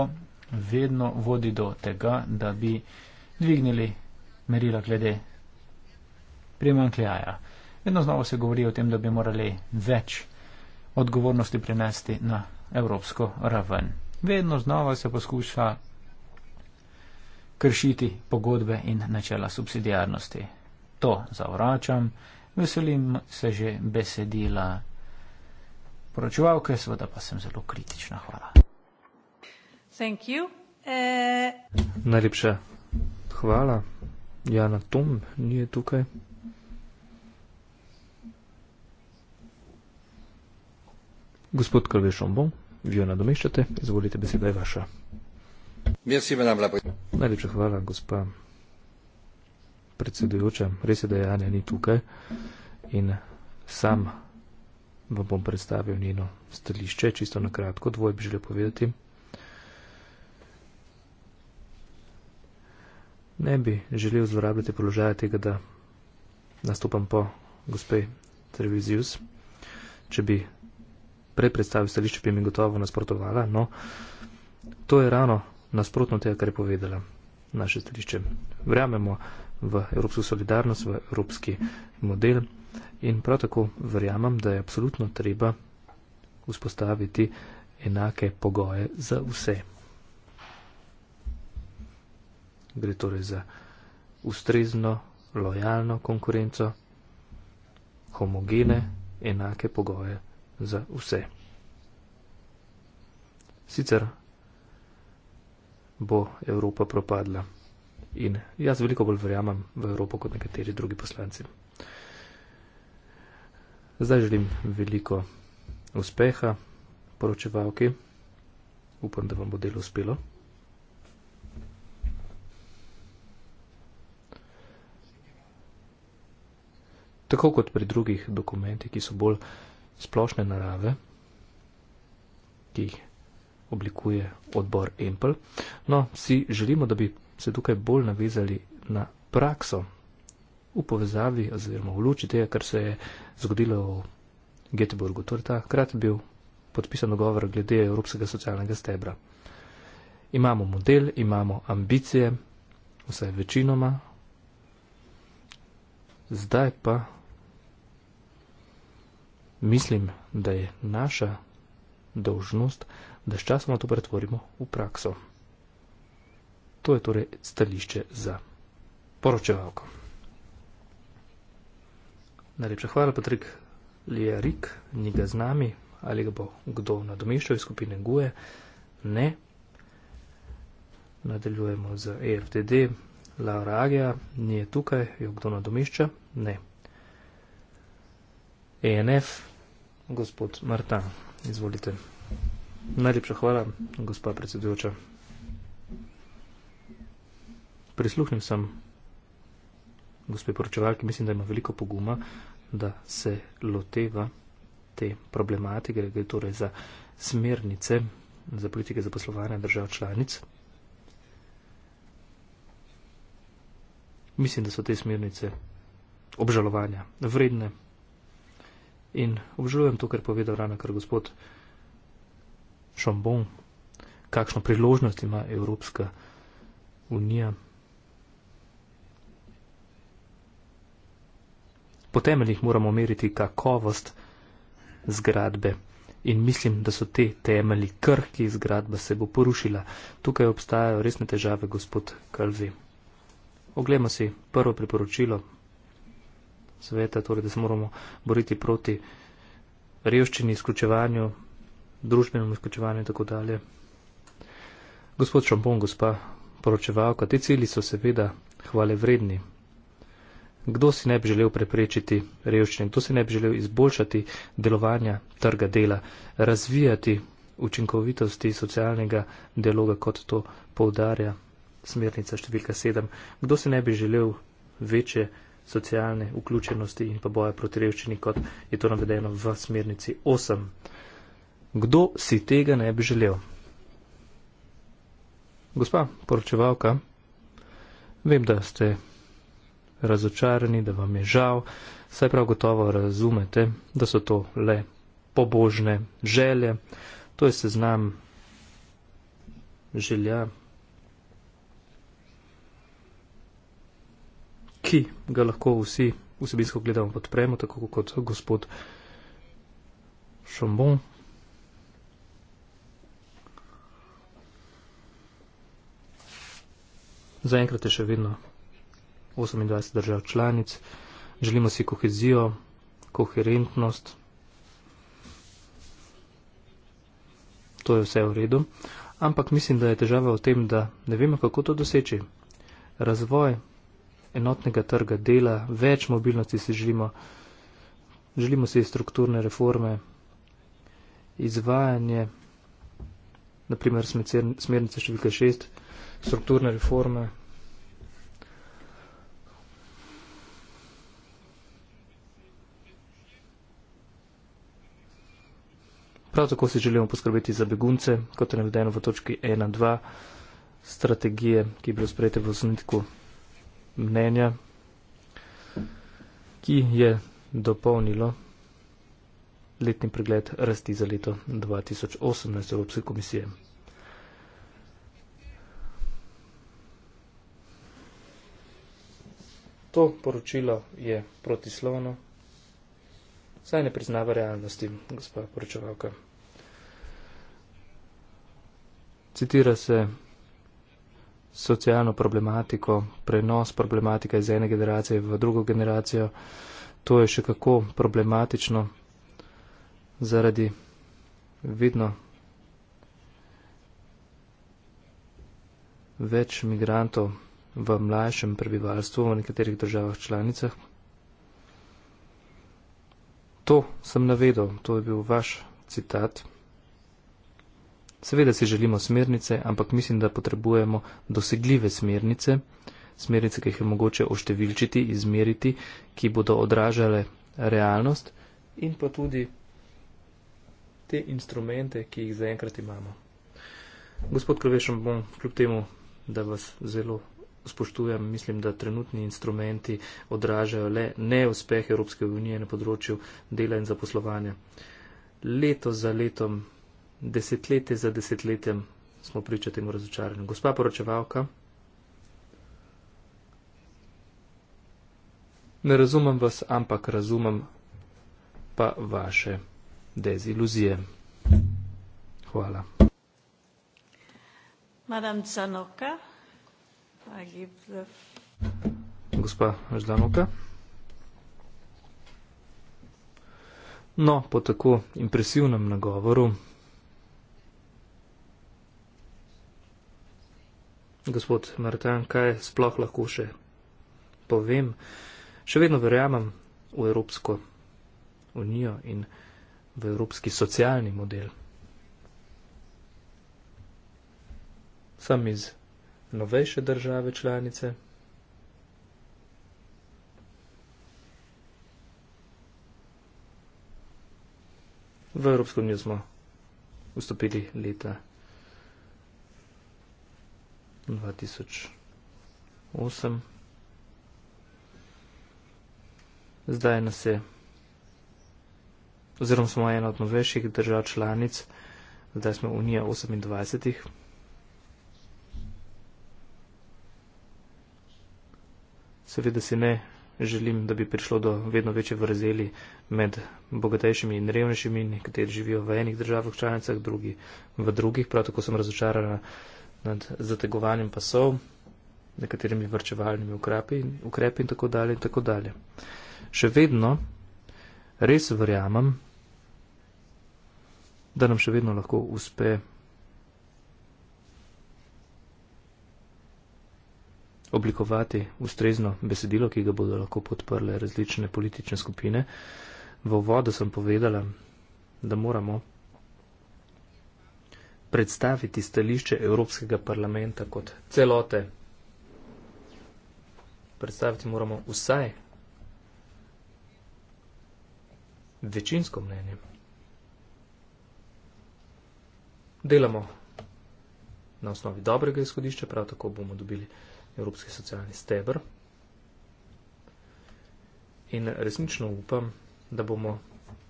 vedno vodi do tega, da bi dvignili merila glede primankljaja. Vedno znova se govori o tem, da bi morali več odgovornosti prenesti na evropsko raven. Vedno znova se poskuša kršiti pogodbe in načela subsidijarnosti. To zavračam, veselim se že besedila poročevalke, seveda pa sem zelo kritična. Hvala. Uh... Najlepša hvala. Jana Tom ni tukaj. Gospod Krvešombo, vi jo nadomeščate, izvolite, beseda je vaša. Merci, la... Najlepša hvala, gospa predsedujoča. Res je, da je Anja ni tukaj in sam vam bom predstavil njeno stališče, čisto na kratko, dvoj bi želel povedati. Ne bi želel zlorabljati položaja tega, da nastopam po gospe Trevizius. Če bi predpredstavil stališče, bi mi gotovo nasprotovala. No, to je ravno nasprotno tega, kar je povedala naše stališče. Verjamemo v evropsko solidarnost, v evropski model in prav tako verjamem, da je absolutno treba vzpostaviti enake pogoje za vse. Gre torej za ustrezno, lojalno konkurenco, homogene, enake pogoje za vse. Sicer bo Evropa propadla. In jaz veliko bolj verjamem v Evropo kot nekateri drugi poslanci. Zdaj želim veliko uspeha poročevalki. Upam, da vam bo delo uspelo. Tako kot pri drugih dokumentih, ki so bolj splošne narave, ki jih oblikuje odbor EMPL. No, si želimo, da bi se tukaj bolj navezali na prakso v povezavi oziroma v luči tega, kar se je zgodilo v Göteborgu. Torej, takrat je bil podpisan dogovor glede Evropskega socialnega stebra. Imamo model, imamo ambicije, vsaj večinoma. Zdaj pa mislim, da je naša dolžnost, da sčasoma to pretvorimo v prakso. To je torej stališče za poročevalko. Najlepša hvala, Patrik Ljerik, ni ga z nami, ali ga bo kdo nadomeščal iz skupine Guje. Ne. Nadaljujemo z EFDD, Laura Agija, ni je tukaj, jo kdo nadomešča? Ne. ENF, gospod Martin, izvolite. Najlepša hvala, gospa predsedujoča. Prisluhnil sem gospe poročevalki, mislim, da ima veliko poguma, da se loteva te problematike, gre torej za smernice za politike zaposlovanja držav članic. Mislim, da so te smernice obžalovanja vredne in obžalujem to, kar je povedal ravno kar gospod šambon, kakšno priložnost ima Evropska unija. Po temeljih moramo meriti kakovost zgradbe in mislim, da so te temelji krhki, zgradba se bo porušila. Tukaj obstajajo resne težave, gospod Kalvi. Oglejmo si prvo priporočilo sveta, torej, da se moramo boriti proti revščini, izključevanju, družbenem izključevanju in tako dalje. Gospod Šampon, gospa poročevalka, ti cilji so seveda hvale vredni. Kdo si ne bi želel preprečiti revščine, kdo si ne bi želel izboljšati delovanja trga dela, razvijati učinkovitosti socialnega dialoga, kot to poudarja smernica številka 7. Kdo si ne bi želel večje socialne vključenosti in pa boja proti revščini, kot je to navedeno v smernici 8. Kdo si tega ne bi želel? Gospa poročevalka, vem, da ste razočarani, da vam je žal, saj prav gotovo razumete, da so to le pobožne želje, to je seznam želja, ki ga lahko vsi vsebinsko gledamo podpremo, tako kot gospod Šombon Zaenkrat je še vedno 28 držav članic. Želimo si kohezijo, koherentnost. To je vse v redu. Ampak mislim, da je težava v tem, da ne vemo, kako to doseči. Razvoj enotnega trga dela, več mobilnosti si želimo, želimo si strukturne reforme, izvajanje, naprimer smernice številka 6 strukturne reforme. Prav tako si želimo poskrbeti za begunce, kot je navedeno v točki 1.2 strategije, ki je bilo sprejete v osnutku mnenja, ki je dopolnilo letni pregled rasti za leto 2018 Evropske komisije. To poročilo je protislovno, saj ne priznava realnosti, gospa poročevalka. Citira se socialno problematiko, prenos problematika iz ene generacije v drugo generacijo. To je še kako problematično zaradi vidno več migrantov v mlajšem prebivalstvu v nekaterih državah članicah. To sem navedel, to je bil vaš citat. Seveda si želimo smernice, ampak mislim, da potrebujemo dosegljive smernice, smernice, ki jih je mogoče oštevilčiti, izmeriti, ki bodo odražale realnost in pa tudi te instrumente, ki jih zaenkrat imamo. Gospod Krvešem, bom kljub temu, da vas zelo spoštujem, mislim, da trenutni instrumenti odražajo le neuspeh Evropske unije na področju dela in zaposlovanja. Leto za letom, desetletje za desetletjem smo priča temu razočaranju. Gospa poročevalka, ne razumem vas, ampak razumem pa vaše deziluzije. Hvala. Madame Zanoka. Gospa Ždanuka. No, po tako impresivnem nagovoru. Gospod Martin, kaj sploh lahko še povem? Še vedno verjamem v Evropsko unijo in v evropski socialni model. Sam iz novejše države članice. V Evropsko unijo smo vstopili leta 2008. Zdaj nas je, oziroma smo ena od novejših držav članic, zdaj smo Unija 28. Seveda si ne želim, da bi prišlo do vedno večje vrzeli med bogatejšimi in revnejšimi, nekateri živijo v enih državah članicah, drugi v drugih. Prav tako sem razočarana nad zategovanjem pasov, nekaterimi vrčevalnimi ukrepi, ukrepi in tako dalje in tako dalje. Še vedno res verjamem, da nam še vedno lahko uspe oblikovati ustrezno besedilo, ki ga bodo lahko podprle različne politične skupine. V uvodu sem povedala, da moramo predstaviti stališče Evropskega parlamenta kot celote. Predstaviti moramo vsaj večinsko mnenje. Delamo na osnovi dobrega izhodišča, prav tako bomo dobili Evropski socialni stebr. In resnično upam, da bomo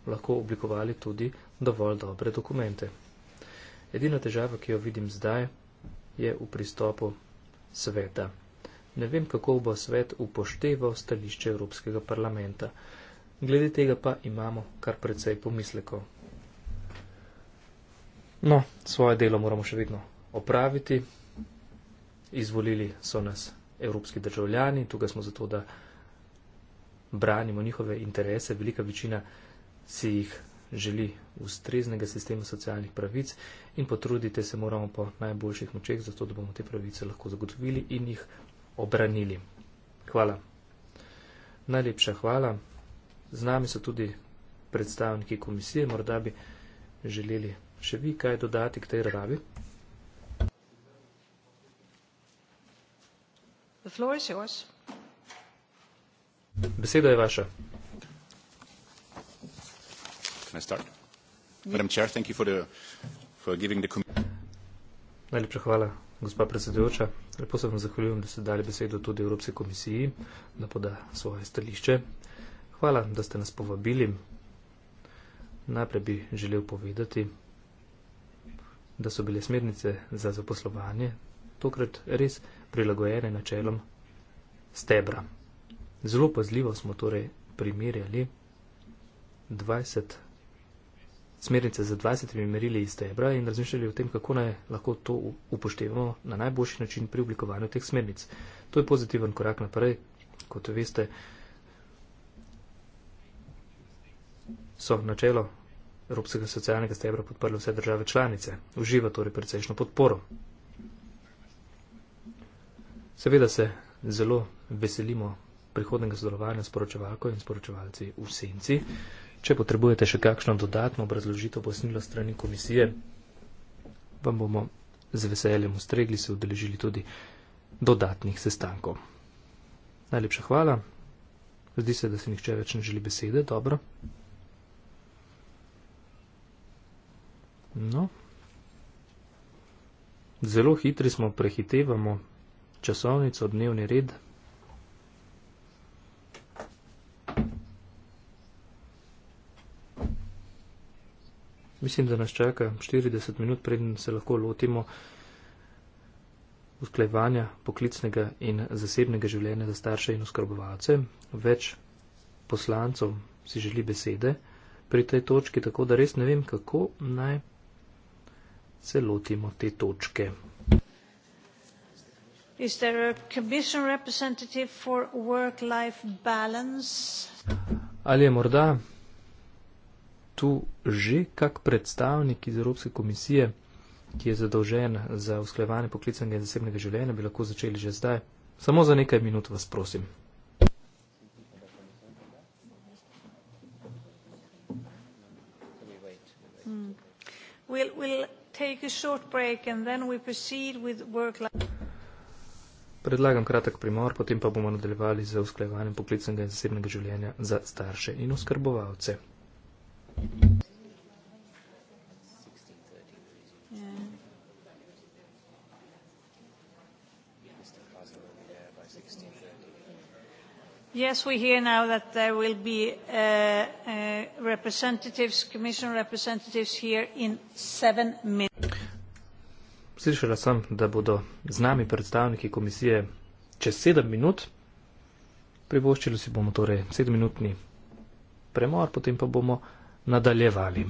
lahko oblikovali tudi dovolj dobre dokumente. Edina težava, ki jo vidim zdaj, je v pristopu sveta. Ne vem, kako bo svet upošteval stališče Evropskega parlamenta. Glede tega pa imamo kar precej pomislekov. No, svoje delo moramo še vedno opraviti izvolili so nas evropski državljani, tukaj smo zato, da branimo njihove interese. Velika večina si jih želi ustreznega sistema socialnih pravic in potrudite se moramo po najboljših močeh, zato da bomo te pravice lahko zagotovili in jih obranili. Hvala. Najlepša hvala. Z nami so tudi predstavniki komisije, morda bi želeli še vi kaj dodati k tej rabi. The floor is yours. Beseda je vaša. Can I start? Madam Chair, thank you for, the, for giving the Najlepša hvala, gospa predsedujoča. Lepo se vam zahvaljujem, da ste dali besedo tudi Evropske komisiji, da poda svoje stališče. Hvala, da ste nas povabili. Najprej bi želel povedati, da so bile smernice za zaposlovanje tokrat res prilagojene načelom stebra. Zelo pazljivo smo torej primerjali 20 smernice za 20 merili iz stebra in razmišljali o tem, kako naj lahko to upoštevamo na najboljši način pri oblikovanju teh smernic. To je pozitiven korak naprej, kot veste, so načelo Evropskega socialnega stebra podprli vse države članice, uživa torej precejšno podporo. Seveda se zelo veselimo prihodnega sodelovanja s poročevalko in sporočevalci v senci. Če potrebujete še kakšno dodatno obrazložitev posnilo strani komisije, vam bomo z veseljem ustregli se udeležili tudi dodatnih sestankov. Najlepša hvala. Zdi se, da se nihče več ne želi besede. Dobro. No. Zelo hitri smo, prehitevamo časovnico, dnevni red. Mislim, da nas čaka 40 minut, preden se lahko lotimo usklajevanja poklicnega in zasebnega življenja za starše in oskrbovalce. Več poslancov si želi besede pri tej točki, tako da res ne vem, kako naj se lotimo te točke. Is there a commission representative for work-life balance? Ali je morda tu že kak predstavnik iz Evropske komisije, ki je zadolžen za usklajevanje poklicanega in zasebnega življenja, bi lahko začeli že zdaj. Samo za nekaj minut vas prosim. Hmm. We'll, we'll take a short break and then we proceed with work-life. Predlagam kratek primor, potem pa bomo nadaljevali z usklajevanjem poklicnega in zasebnega življenja za starše in oskrbovalce. Yes, we hear now that there will be uh, uh, representatives, commission representatives here in seven minutes. Slišala sem, da bodo z nami predstavniki komisije čez sedem minut. Privoščili si bomo torej sedem minutni premor, potem pa bomo nadaljevali.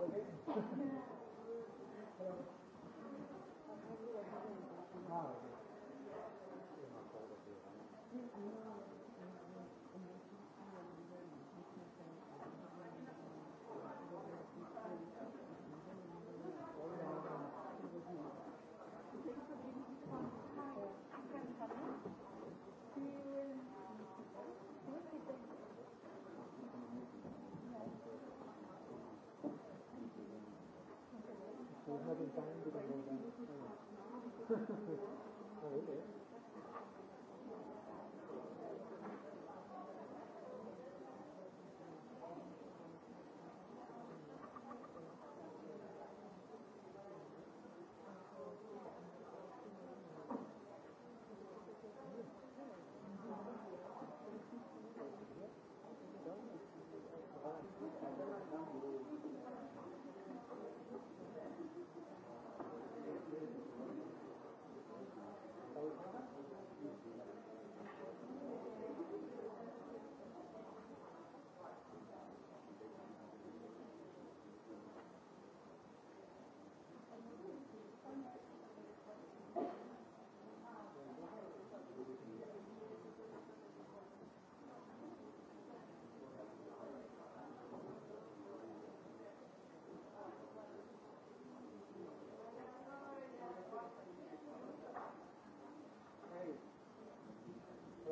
Thank you. Thank you.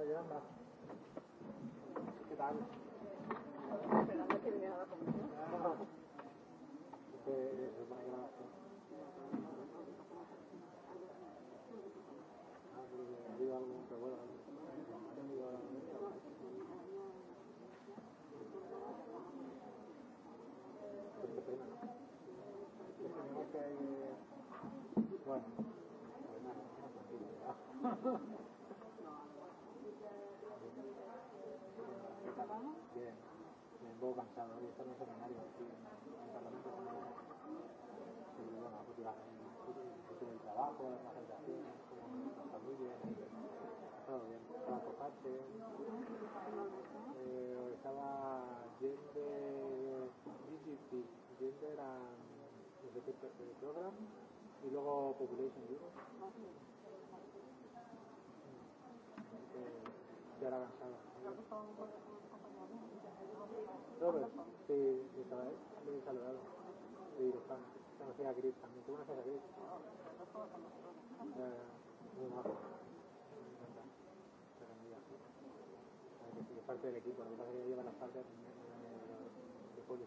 Gracias. poco cansado y esto no es un área así en Parlamento como era y bueno, pues la gente del trabajo, las agendaciones, las familias, todo bien, estaba por parte, eh, estaba gender DGP, gender and the program y luego population digo. Mm. Eh, ya era cansado. ¿sí? No, profesores. Sí, me estaba bien saludado. Y sí, está, conocí a Gris también. ¿Tú conoces a Gris? No, no, no, no, no, no. Eh, muy mal. Me encanta. Es parte del equipo. Lo que pasa es que lleva las partes de, de, de, de, de, de, de, de, de, de Julio.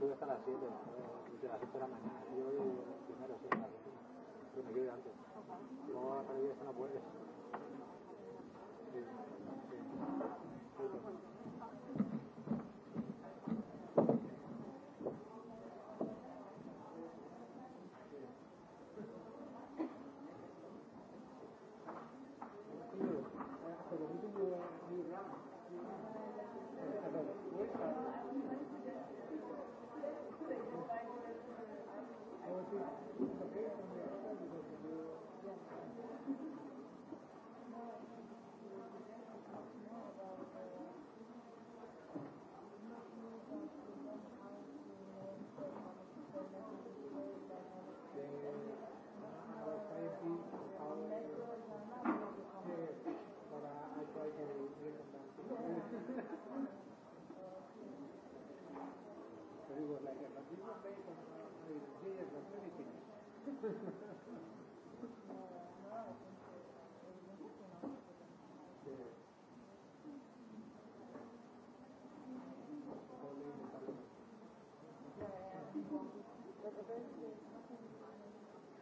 que voy a estar haciendo eh, desde las 7 de la mañana. Yo voy primero, sí, la Yo me quiero ir antes. Luego no, a la previa, esto no puedes. Sí.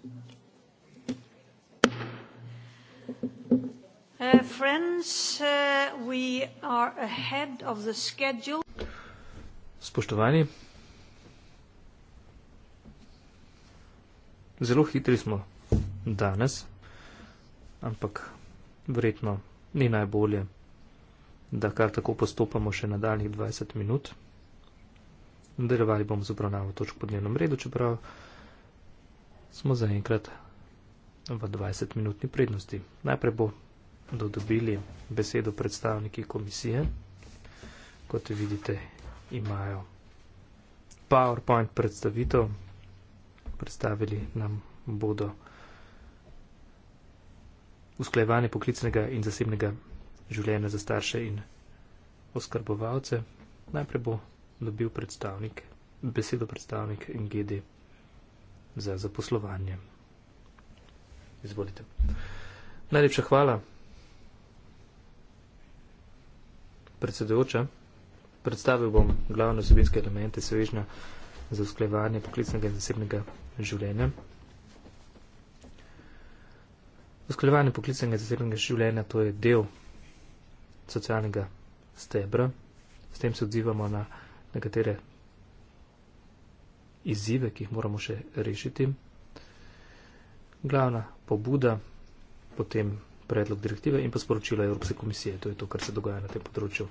Uh, uh, Spoštovani, zelo hitri smo danes, ampak verjetno ni najbolje, da kar tako postopamo še nadaljnih 20 minut. Nadaljevali bomo z obravnavo točk po dnevnem redu, čeprav smo zaenkrat v 20-minutni prednosti. Najprej bodo dobili besedo predstavniki komisije. Kot vidite, imajo PowerPoint predstavitev. Predstavili nam bodo usklajevanje poklicnega in zasebnega življenja za starše in oskrbovalce. Najprej bo dobil predstavnik, besedo predstavnik GD za zaposlovanje. Izvolite. Najlepša hvala. Predsedujoča, predstavil bom glavne osebinske elemente svežnja za usklajevanje poklicnega in zasebnega življenja. Usklajevanje poklicnega in zasebnega življenja to je del socialnega stebra. S tem se odzivamo na nekatere izzive, ki jih moramo še rešiti. Glavna pobuda, potem predlog direktive in pa sporočila Evropske komisije. To je to, kar se dogaja na tem področju.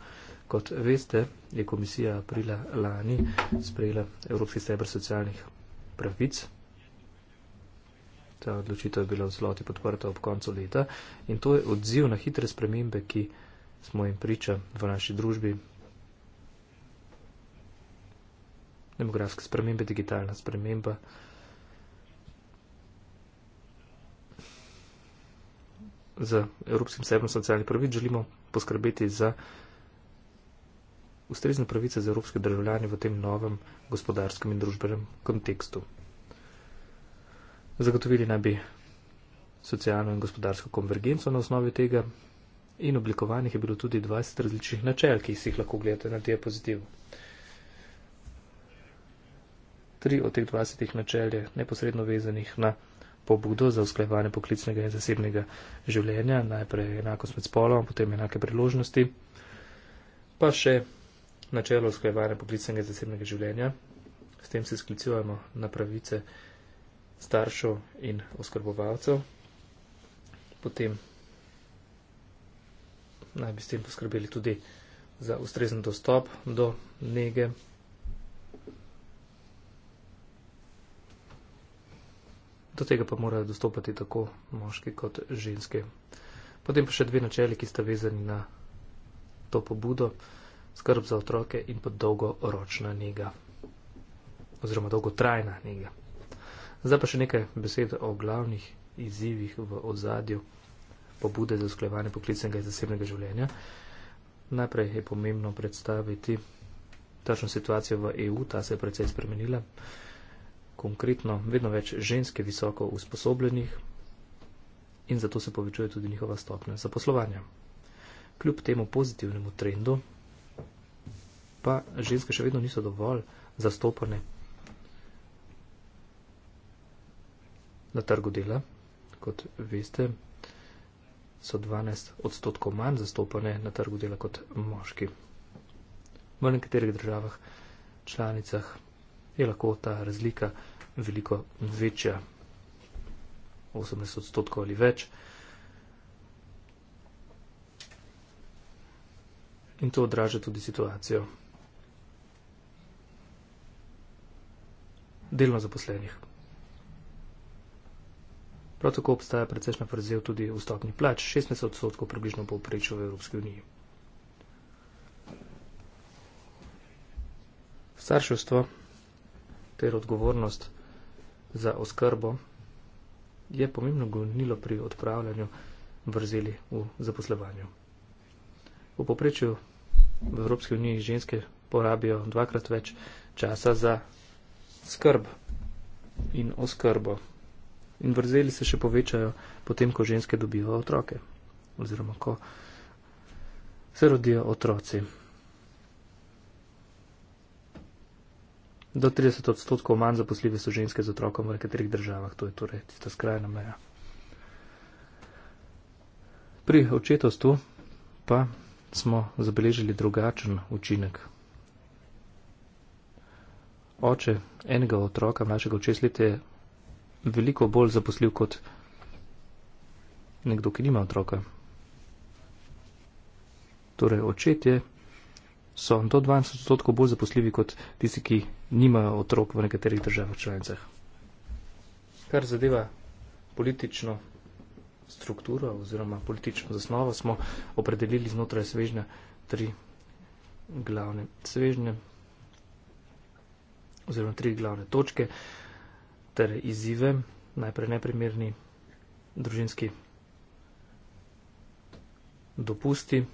Kot veste, je komisija aprila lani sprejela Evropski stebr socialnih pravic. Ta odločitev je bila v celoti podprta ob koncu leta in to je odziv na hitre spremembe, ki smo jim priča v naši družbi, demografske spremembe, digitalna sprememba. Z Evropskim sebrom socialnih pravic želimo poskrbeti za ustrezne pravice za evropske državljane v tem novem gospodarskem in družbenem kontekstu. Zagotovili naj bi socialno in gospodarsko konvergenco na osnovi tega in oblikovanih je bilo tudi 20 različnih načel, ki si jih lahko gledate na diapozitivu tri od teh dvajsetih načel je neposredno vezanih na pobudo za usklajevanje poklicnega in zasebnega življenja, najprej enakost med spolom, potem enake priložnosti, pa še načelo usklajevanja poklicnega in zasebnega življenja. S tem se sklicujemo na pravice staršev in oskrbovalcev. Potem naj bi s tem poskrbeli tudi za ustrezen dostop do nege Do tega pa morajo dostopati tako moški kot ženske. Potem pa še dve načeli, ki sta vezani na to pobudo, skrb za otroke in pa dolgoročna njega oziroma dolgotrajna njega. Zdaj pa še nekaj besed o glavnih izzivih v ozadju pobude za usklajevanje poklicnega in zasebnega življenja. Najprej je pomembno predstaviti tačno situacijo v EU, ta se je precej spremenila konkretno vedno več žensk je visoko usposobljenih in zato se povečuje tudi njihova stopnja zaposlovanja. Kljub temu pozitivnemu trendu pa ženske še vedno niso dovolj zastopane na trgu dela. Kot veste, so 12 odstotkov manj zastopane na trgu dela kot moški. V nekaterih državah članicah je lahko ta razlika veliko večja, 80 odstotkov ali več. In to odraža tudi situacijo delno zaposlenih. Prav tako obstaja precejšna prezev tudi v stopni plač, 16 odstotkov približno povprečju v Evropski uniji. Starševstvo ter odgovornost za oskrbo, je pomembno gonilo pri odpravljanju vrzeli v zaposlovanju. V poprečju v Evropski uniji ženske porabijo dvakrat več časa za skrb in oskrbo. In vrzeli se še povečajo potem, ko ženske dobijo otroke oziroma ko se rodijo otroci. Do 30 odstotkov manj zaposljive so ženske z otrokom v nekaterih državah, to je torej tista skrajna meja. Pri očetovstvu pa smo zabeležili drugačen učinek. Oče enega otroka, mlajšega očeslite, je veliko bolj zaposljiv kot nekdo, ki nima otroka. Torej, očetje so do 20 odstotkov bolj zaposljivi kot tisti, ki nimajo otrok v nekaterih državah članicah. Kar zadeva politično strukturo oziroma politično zasnovo, smo opredelili znotraj svežnja tri glavne svežnje oziroma tri glavne točke ter izzive, najprej neprimerni družinski dopusti,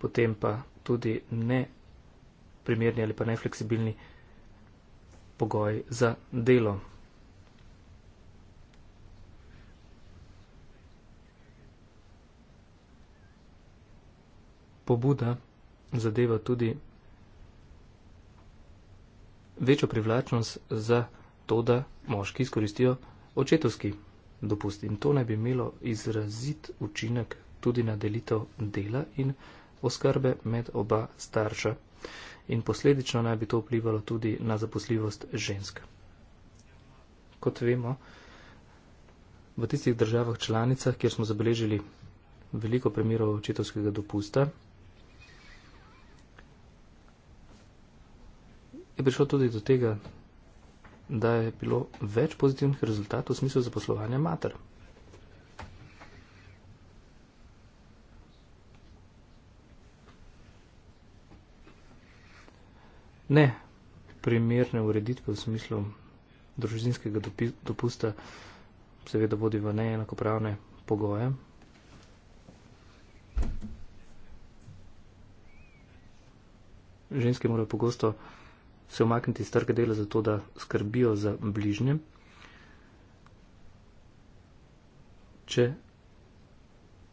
potem pa tudi ne primerni ali pa nefleksibilni pogoj za delo. Pobuda zadeva tudi večjo privlačnost za to, da moški izkoristijo očetovski dopust. In to naj bi imelo izrazit učinek tudi na delitev dela in oskrbe med oba starša in posledično naj bi to vplivalo tudi na zaposljivost žensk. Kot vemo, v tistih državah članicah, kjer smo zabeležili veliko primerov očetovskega dopusta, je prišlo tudi do tega, da je bilo več pozitivnih rezultatov v smislu zaposlovanja mater. ne primerne ureditve v smislu družinskega dopusta, seveda vodi v neenakopravne pogoje. Ženske morajo pogosto se omakniti iz trga dela zato, da skrbijo za bližnje. Če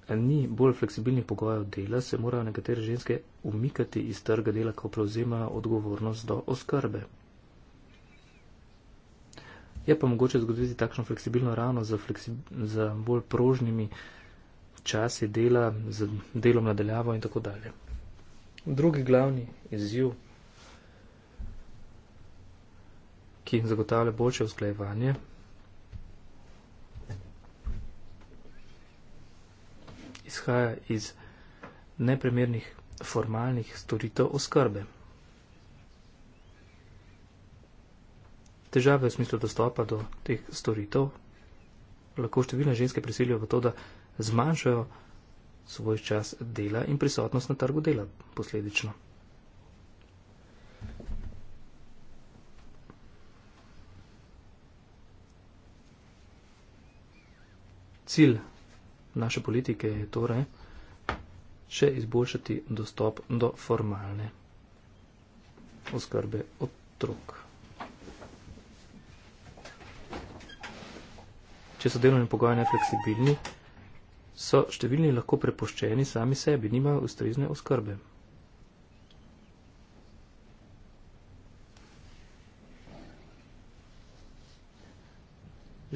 ni bolj fleksibilnih pogojev dela, se morajo nekatere ženske umikati iz trga dela, ko prevzemajo odgovornost do oskrbe. Je pa mogoče zgoditi takšno fleksibilno ravno za, fleksib za bolj prožnimi časi dela, z delom nadaljavo in tako dalje. Drugi glavni izziv, ki zagotavlja boljše usklajevanje izhaja iz nepremernih formalnih storitev oskrbe. Težave v smislu dostopa do teh storitev lahko številne ženske prisilijo v to, da zmanjšajo svoj čas dela in prisotnost na trgu dela posledično. Cilj naše politike je torej še izboljšati dostop do formalne oskrbe otrok. Če so delovni pogoji nefleksibilni, so številni lahko prepoščeni sami sebi, nimajo ustrezne oskrbe.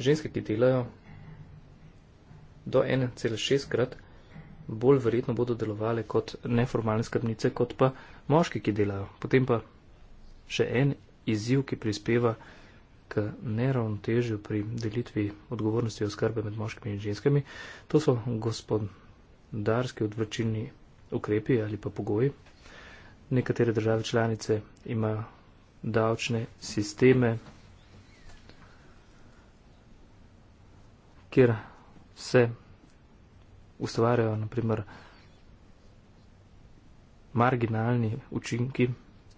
Ženske, ki delajo, do 1,6krat bolj verjetno bodo delovale kot neformalne skrbnice, kot pa moški, ki delajo. Potem pa še en izziv, ki prispeva k neravnotežju pri delitvi odgovornosti oskrbe med moškimi in ženskami. To so gospodarski odvračilni ukrepi ali pa pogoji. Nekatere države članice imajo davčne sisteme, kjer se ustvarjajo naprimer marginalni učinki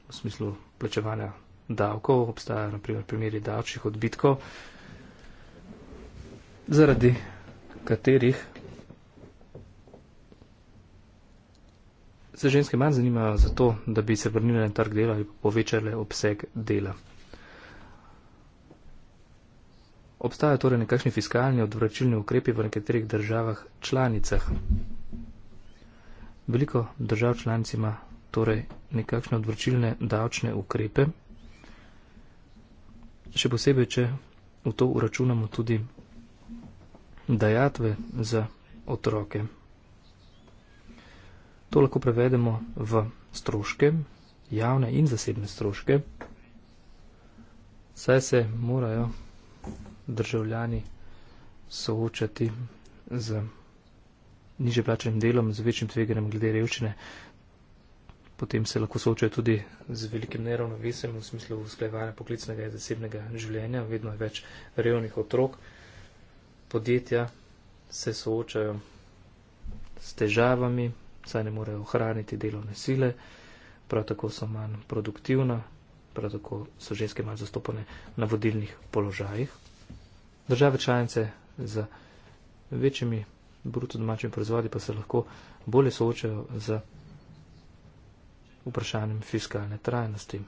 v smislu plačevanja davkov, obstajajo naprimer primeri davčnih odbitkov, zaradi katerih se ženske manj zanimajo za to, da bi se vrnile na trg dela ali povečale obseg dela. Obstajajo torej nekakšni fiskalni odvračilni ukrepi v nekaterih državah članicah. Veliko držav članic ima torej nekakšne odvračilne davčne ukrepe, še posebej, če v to uračunamo tudi dajatve za otroke. To lahko prevedemo v stroške, javne in zasebne stroške, saj se morajo državljani soočati z niže plačenim delom, z večjim tveganjem glede revščine, potem se lahko soočajo tudi z velikim neravnovesjem v smislu usklajevanja poklicnega in zasebnega življenja, vedno več revnih otrok, podjetja se soočajo s težavami, saj ne morejo ohraniti delovne sile, prav tako so manj produktivna, prav tako so ženske manj zastopane na vodilnih položajih države članice z večjimi brutodomačimi proizvodi pa se lahko bolje soočajo z vprašanjem fiskalne trajnosti.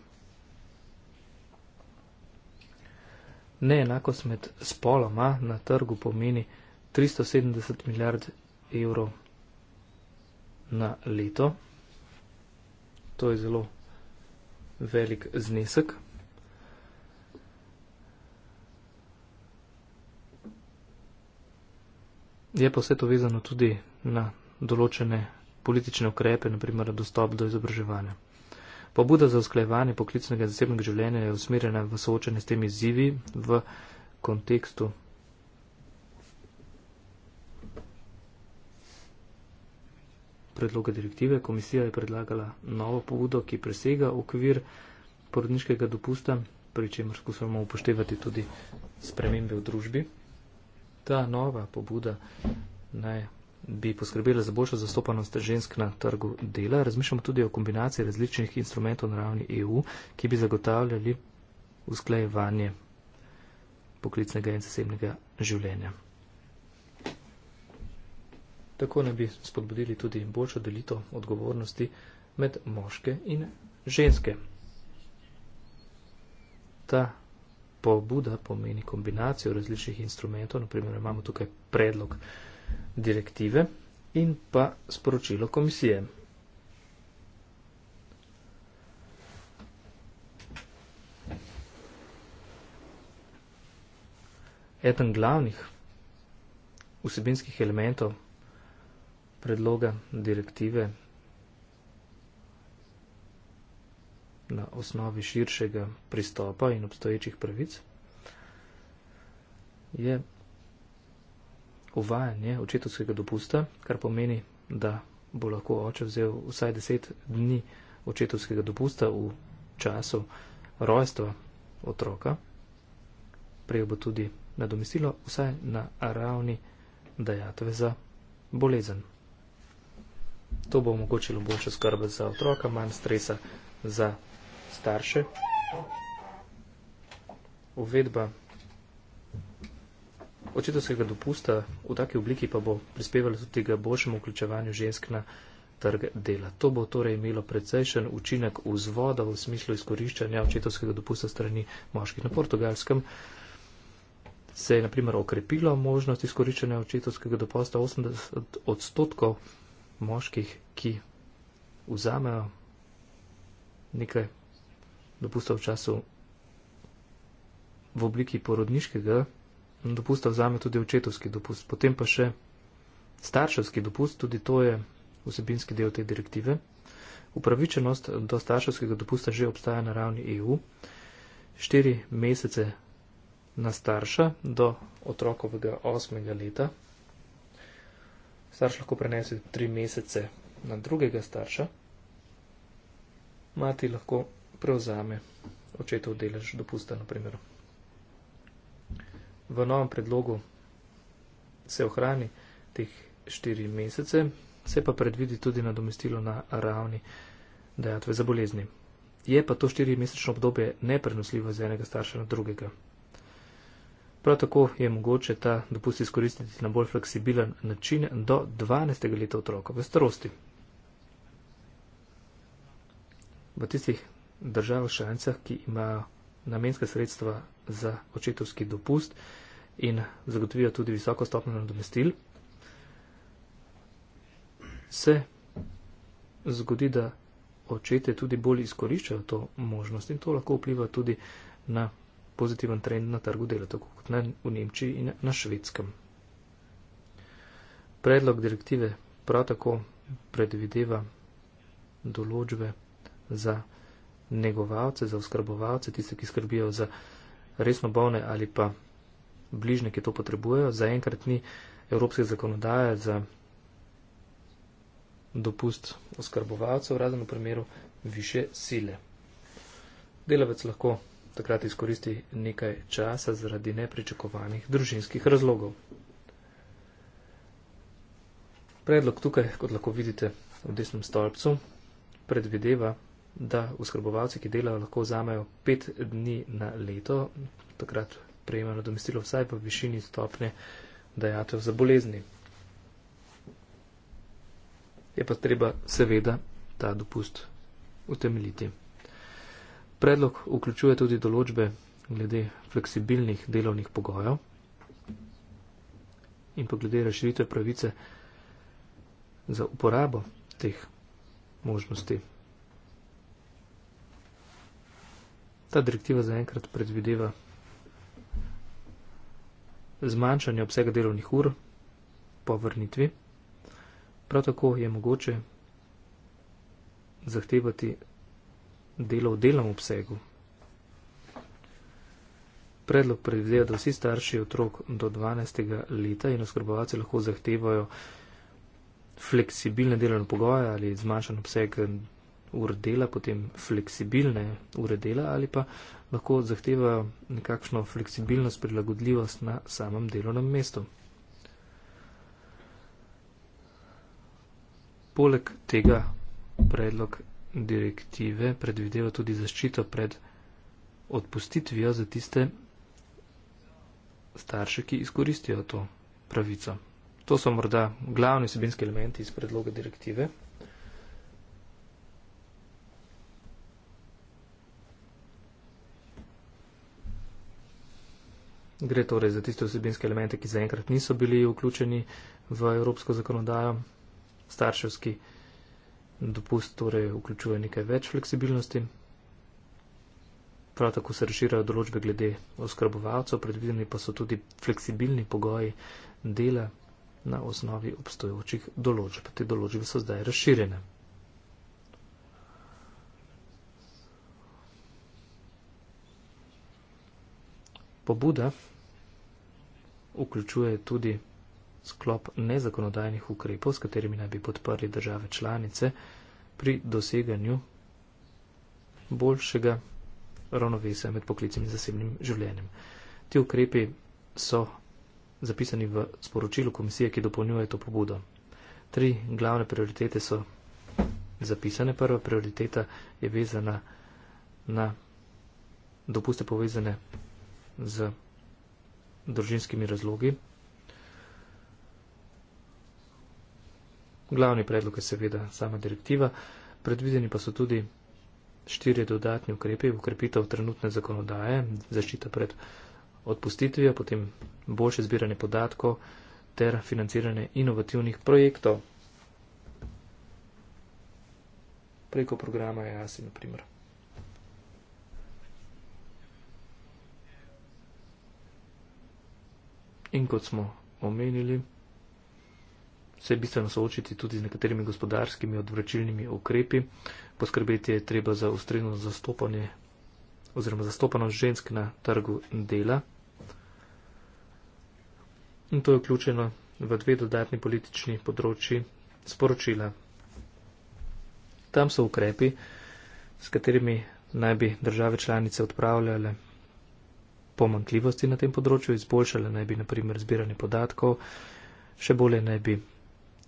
Neenakost med spoloma na trgu pomeni 370 milijard evrov na leto. To je zelo velik znesek. Je pa vse to vezano tudi na določene politične ukrepe, naprimer dostop do izobraževanja. Pobuda za usklajevanje poklicnega in zasebnega življenja je usmerjena v soočanje s temi izzivi v kontekstu. predloga direktive. Komisija je predlagala novo pobudo, ki presega okvir porodniškega dopusta, pri čemer skušamo upoštevati tudi spremembe v družbi ta nova pobuda naj bi poskrbela za boljšo zastopanost žensk na trgu dela. Razmišljamo tudi o kombinaciji različnih instrumentov na ravni EU, ki bi zagotavljali usklajevanje poklicnega in zasebnega življenja. Tako naj bi spodbudili tudi boljšo delitev odgovornosti med moške in ženske. Ta pobuda pomeni kombinacijo različnih instrumentov, naprimer imamo tukaj predlog direktive in pa sporočilo komisije. Eden glavnih vsebinskih elementov predloga direktive 2021-2021 na osnovi širšega pristopa in obstoječih pravic, je uvajanje očetovskega dopusta, kar pomeni, da bo lahko oče vzel vsaj deset dni očetovskega dopusta v času rojstva otroka, prejel bo tudi nadomestilo vsaj na ravni dajatve za bolezen. To bo omogočilo boljšo skrb za otroka, manj stresa za starše. Uvedba očetovskega dopusta v taki obliki pa bo prispevala tudi k boljšemu vključevanju žensk na trg dela. To bo torej imelo precejšen učinek vzvoda v smislu izkoriščanja očetovskega dopusta strani moških. Na portugalskem se je naprimer okrepilo možnost izkoriščanja očetovskega dopusta 80 odstotkov moških, ki vzamejo nekaj dopusta v času v obliki porodniškega, dopusta vzame tudi očetovski dopust, potem pa še starševski dopust, tudi to je vsebinski del te direktive. Upravičenost do starševskega dopusta že obstaja na ravni EU. Štiri mesece na starša do otrokovega osmega leta. Starš lahko prenese tri mesece na drugega starša. Mati lahko prevzame očetov delež dopusta, na primer. V novem predlogu se ohrani teh štiri mesece, se pa predvidi tudi nadomestilo na ravni dejatve za bolezni. Je pa to štiri mesečno obdobje neprenosljivo z enega starša na drugega. Prav tako je mogoče ta dopust izkoristiti na bolj fleksibilen način do 12. leta otroka v starosti. V tistih država članica, ki ima namenska sredstva za očetovski dopust in zagotovijo tudi visoko stopnjo nadomestil, se zgodi, da očete tudi bolj izkoriščajo to možnost in to lahko vpliva tudi na pozitiven trend na trgu dela, tako kot na, v Nemčiji in na švedskem. Predlog direktive prav tako predvideva določbe za negovalce, za oskrbovalce, tiste, ki skrbijo za resno bolne ali pa bližne, ki to potrebujejo. Zaenkrat ni evropske zakonodaje za dopust oskrbovalcev, razen v primeru više sile. Delavec lahko takrat izkoristi nekaj časa zaradi nepričakovanih družinskih razlogov. Predlog tukaj, kot lahko vidite v desnem stolpcu, predvideva da oskrbovalci, ki delajo, lahko vzamejo pet dni na leto, takrat prejemajo nadomestilo vsaj v višini stopne dajatev za bolezni. Je pa treba seveda ta dopust utemeljiti. Predlog vključuje tudi določbe glede fleksibilnih delovnih pogojev in pa glede razširitve pravice za uporabo teh možnosti ta direktiva zaenkrat predvideva zmanjšanje obsega delovnih ur po vrnitvi. Prav tako je mogoče zahtevati delo v delnem obsegu. Predlog predvideva, da vsi starši otrok do 12. leta in oskrbovalci lahko zahtevajo fleksibilne delovne pogoje ali zmanjšan obseg ur dela, potem fleksibilne ure dela ali pa lahko zahteva nekakšno fleksibilnost, prilagodljivost na samem delovnem mestu. Poleg tega predlog direktive predvideva tudi zaščito pred odpustitvijo za tiste starše, ki izkoristijo to pravico. To so morda glavni sebinski elementi iz predloga direktive. Gre torej za tiste vsebinske elemente, ki zaenkrat niso bili vključeni v evropsko zakonodajo. Starševski dopust torej vključuje nekaj več fleksibilnosti. Prav tako se reširajo določbe glede oskrbovalcev, predvideni pa so tudi fleksibilni pogoji dela na osnovi obstojočih določb. Te določbe so zdaj razširjene. Pobuda vključuje tudi sklop nezakonodajnih ukrepov, s katerimi naj bi podprli države članice pri doseganju boljšega ravnovesja med poklicem in zasebnim življenjem. Ti ukrepi so zapisani v sporočilu komisije, ki dopolnjuje to pobudo. Tri glavne prioritete so zapisane. Prva prioriteta je vezana na dopuste povezane z družinskimi razlogi. Glavni predlog je seveda sama direktiva, predvideni pa so tudi štiri dodatni ukrepi, ukrepitev trenutne zakonodaje, zaščita pred odpustitvijo, potem boljše zbiranje podatkov ter financiranje inovativnih projektov preko programa EASI, na primer. In kot smo omenili, se je bistveno soočiti tudi z nekaterimi gospodarskimi odvračilnimi ukrepi. Poskrbeti je treba za ustrezno zastopanje oziroma zastopanost žensk na trgu dela. In to je vključeno v dve dodatni politični področji sporočila. Tam so ukrepi, s katerimi naj bi države članice odpravljale pomankljivosti na tem področju, izboljšale naj bi naprimer zbiranje podatkov, še bolje naj bi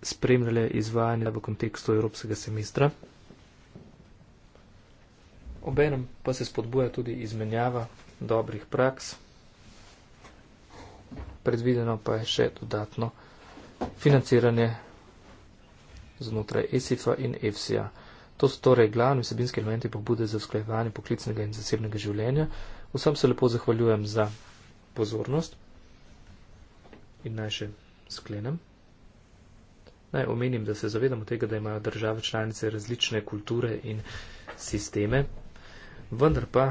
spremljale izvajanje v kontekstu evropskega semestra. Obenem pa se spodbuja tudi izmenjava dobrih praks, predvideno pa je še dodatno financiranje znotraj ESIF-a in EFSI-a. To so torej glavni vsebinski elementi pobude za usklajevanje poklicnega in zasebnega življenja, Vsem se lepo zahvaljujem za pozornost in naj še sklenem. Naj omenim, da se zavedamo tega, da imajo države članice različne kulture in sisteme, vendar pa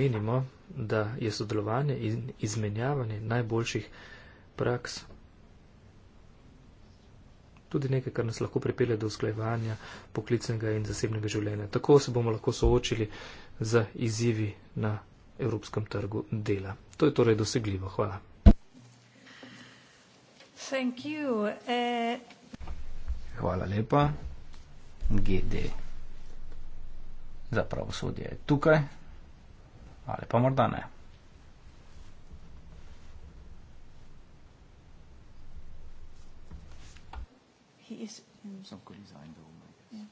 menimo, da je sodelovanje in izmenjavanje najboljših praks tudi nekaj, kar nas lahko pripelje do usklajevanja poklicnega in zasebnega življenja. Tako se bomo lahko soočili z izzivi na evropskem trgu dela. To je torej dosegljivo. Hvala. Thank you. Uh... Hvala lepa. GD za pravosodje je tukaj, ali pa morda ne. He is in some co design though, I guess.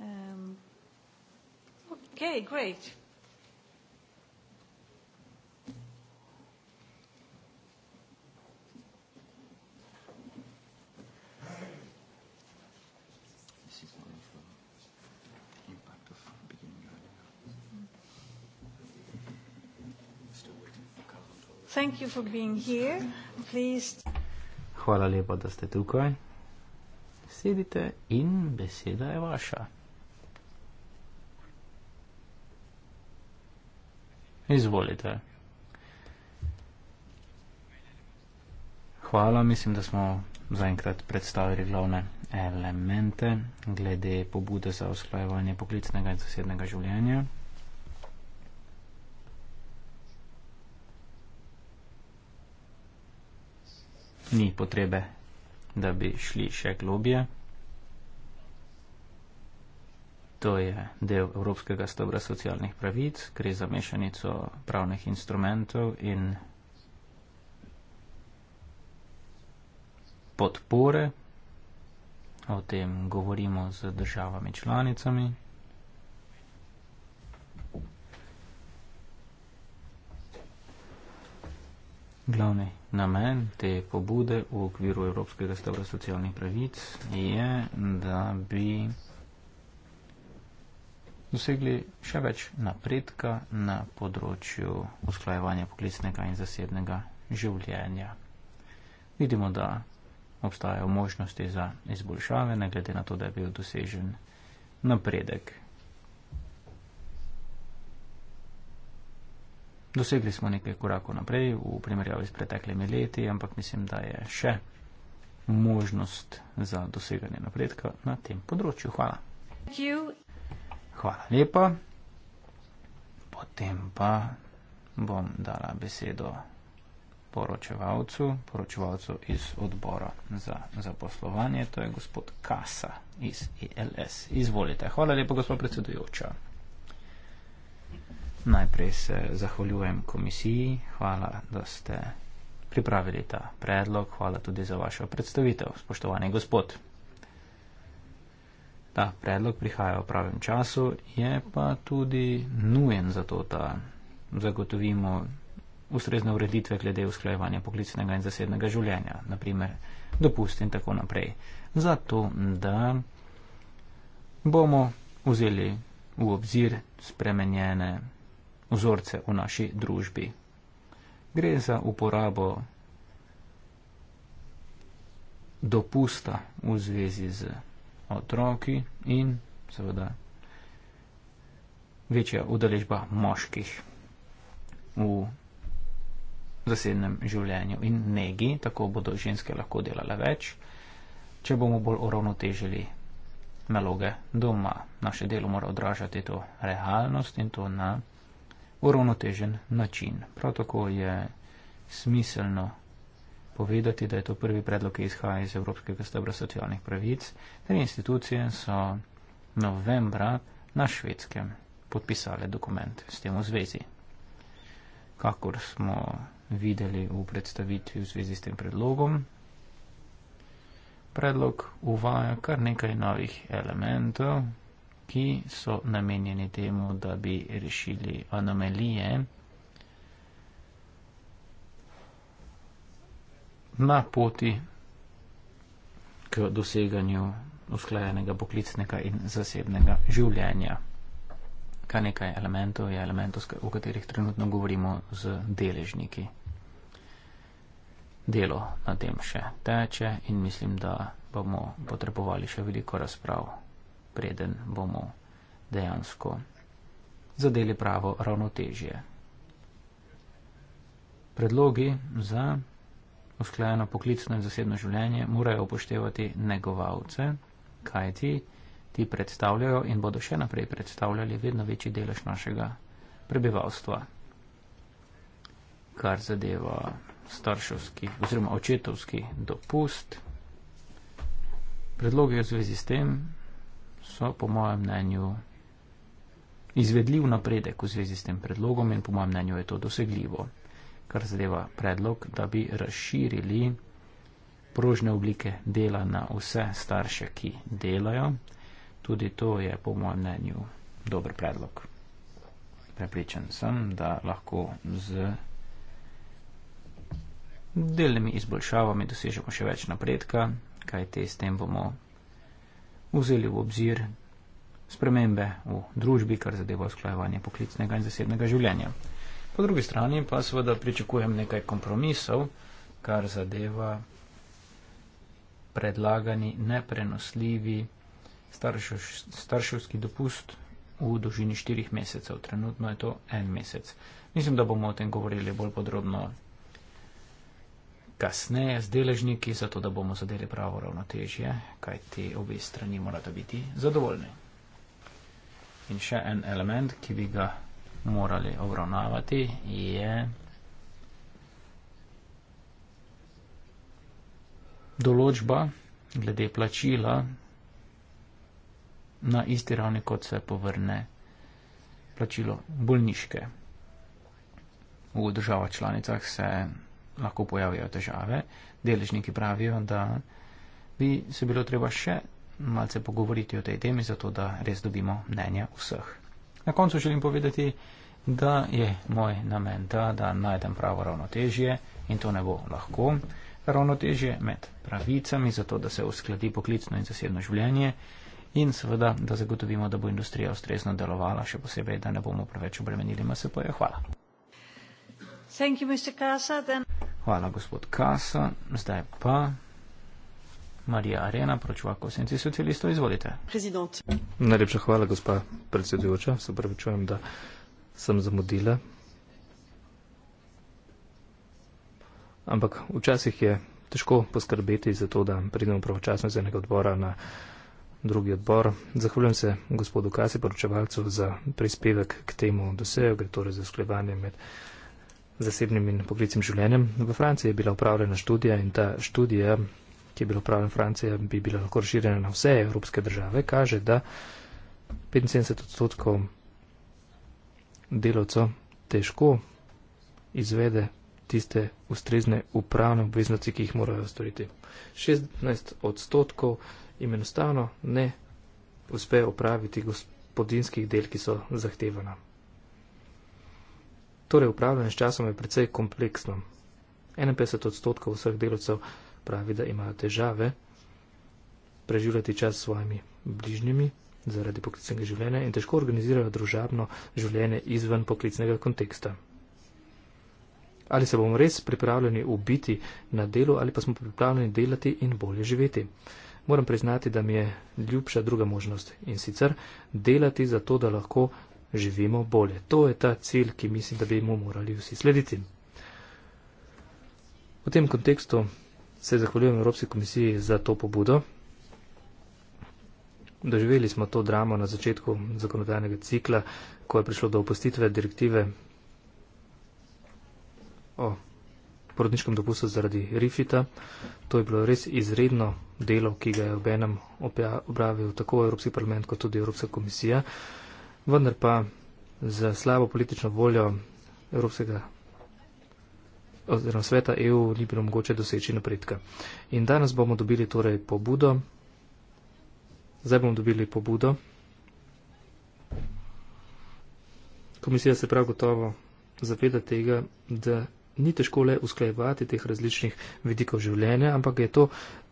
Yeah. Um Okay, great. Thank you for being here. Please. Hvala lepa, da ste tukaj. Sedite in beseda je vaša. Izvolite. Hvala, mislim, da smo zaenkrat predstavili glavne elemente glede pobude za usklajevanje poklicnega in zasebnega življenja. Ni potrebe, da bi šli še globje. To je del Evropskega stebra socialnih pravic, gre za mešanico pravnih instrumentov in podpore. O tem govorimo z državami članicami. Glavni namen te pobude v okviru Evropskega stebra socialnih pravic je, da bi dosegli še več napredka na področju usklajevanja poklicnega in zasebnega življenja. Vidimo, da obstajajo možnosti za izboljšave, ne glede na to, da je bil dosežen napredek. Dosegli smo nekaj korakov naprej v primerjavi s preteklimi leti, ampak mislim, da je še možnost za doseganje napredka na tem področju. Hvala. Thank you. Hvala lepa. Potem pa bom dala besedo poročevalcu, poročevalcu iz odbora za zaposlovanje, to je gospod Kasa iz ILS. E Izvolite. Hvala lepa, gospod predsedujoča. Najprej se zahvaljujem komisiji, hvala, da ste pripravili ta predlog, hvala tudi za vašo predstavitev, spoštovani gospod ta predlog prihaja v pravem času, je pa tudi nujen za to, da zagotovimo ustrezne ureditve glede usklajevanja poklicnega in zasebnega življenja, naprimer dopust in tako naprej. Zato, da bomo vzeli v obzir spremenjene vzorce v naši družbi. Gre za uporabo dopusta v zvezi z otroki in seveda večja udeležba moških v zasebnem življenju in negi, tako bodo ženske lahko delale več, če bomo bolj uravnotežili naloge doma. Naše delo mora odražati to realnost in to na uravnotežen način. Prav tako je smiselno povedati, da je to prvi predlog, ki izhaja iz Evropskega stebra socialnih pravic. Tri institucije so novembra na švedskem podpisale dokument s tem v zvezi. Kakor smo videli v predstavitvi v zvezi s tem predlogom, predlog uvaja kar nekaj novih elementov, ki so namenjeni temu, da bi rešili anomalije na poti k doseganju usklajenega poklicnega in zasebnega življenja. Kar nekaj elementov je elementov, o katerih trenutno govorimo z deležniki. Delo na tem še teče in mislim, da bomo potrebovali še veliko razprav, preden bomo dejansko zadeli pravo ravnotežje. Predlogi za usklajeno poklicno in zasebno življenje, morajo upoštevati negovalce, kajti ti predstavljajo in bodo še naprej predstavljali vedno večji delež našega prebivalstva. Kar zadeva starševski oziroma očetovski dopust, predloge v zvezi s tem so po mojem mnenju izvedljiv napredek v zvezi s tem predlogom in po mojem mnenju je to dosegljivo kar zadeva predlog, da bi razširili prožne oblike dela na vse starše, ki delajo. Tudi to je po mojem mnenju dober predlog. Prepričan sem, da lahko z delnimi izboljšavami dosežemo še več napredka, kaj te s tem bomo vzeli v obzir spremembe v družbi, kar zadeva usklajevanje poklicnega in zasebnega življenja po drugi strani pa seveda pričakujem nekaj kompromisov, kar zadeva predlagani neprenosljivi starševski dopust v dolžini štirih mesecev. Trenutno je to en mesec. Mislim, da bomo o tem govorili bolj podrobno kasneje z deležniki, zato da bomo zadeli pravo ravnotežje, kaj ti obe strani morata biti zadovoljni. In še en element, ki bi ga morali obravnavati, je določba glede plačila na isti ravni, kot se povrne plačilo bolniške. V državah članicah se lahko pojavijo težave. Deležniki pravijo, da bi se bilo treba še malce pogovoriti o tej temi, zato da res dobimo mnenja vseh. Na koncu želim povedati, da je moj namen ta, da najdem pravo ravnotežje in to ne bo lahko. Ravnotežje med pravicami, zato da se uskladi poklicno in zasebno življenje in seveda, da zagotovimo, da bo industrija ustrezno delovala, še posebej, da ne bomo preveč obremenili MSP-ja. -e. Hvala. Thank you, Mr. Kasa. Then... Hvala, gospod Kasa. Zdaj pa. Marija Arena, pročvako senci socialistov, izvolite. Prezident. Najlepša hvala, gospa predsedujoča. Se pravičujem, da sem zamudila. Ampak včasih je težko poskrbeti za to, da pridemo pravočasno z enega odbora na drugi odbor. Zahvaljujem se gospodu Kasi, poročevalcu, za prispevek k temu dosejo, gre torej za sklevanje med zasebnim in poklicnim življenjem. V Franciji je bila upravljena študija in ta študija ki je bilo upravljeno Francija, bi bilo lahko razširjeno na vse evropske države, kaže, da 75 odstotkov delavcev težko izvede tiste ustrezne upravne obveznosti, ki jih morajo storiti. 16 odstotkov jim enostavno ne uspe opraviti gospodinskih del, ki so zahtevana. Torej, upravljanje s časom je precej kompleksno. 51 odstotkov vseh delavcev pravi, da imajo težave preživljati čas s svojimi bližnjimi zaradi poklicnega življenja in težko organizirajo družabno življenje izven poklicnega konteksta. Ali se bomo res pripravljeni ubiti na delu ali pa smo pripravljeni delati in bolje živeti? Moram priznati, da mi je ljubša druga možnost in sicer delati za to, da lahko živimo bolje. To je ta cilj, ki mislim, da bi mu morali vsi slediti. V tem kontekstu se zahvaljujem Evropski komisiji za to pobudo. Doživeli smo to dramo na začetku zakonodajnega cikla, ko je prišlo do opustitve direktive o porodniškem dopustu zaradi RIFIT-a. To je bilo res izredno delo, ki ga je ob enem opravil tako Evropski parlament kot tudi Evropska komisija. Vendar pa za slabo politično voljo Evropskega oziroma sveta EU ni bilo mogoče doseči napredka. In danes bomo dobili torej pobudo. Zdaj bomo dobili pobudo. Komisija se prav gotovo zaveda tega, da ni težko le usklajevati teh različnih vidikov življenja, ampak je to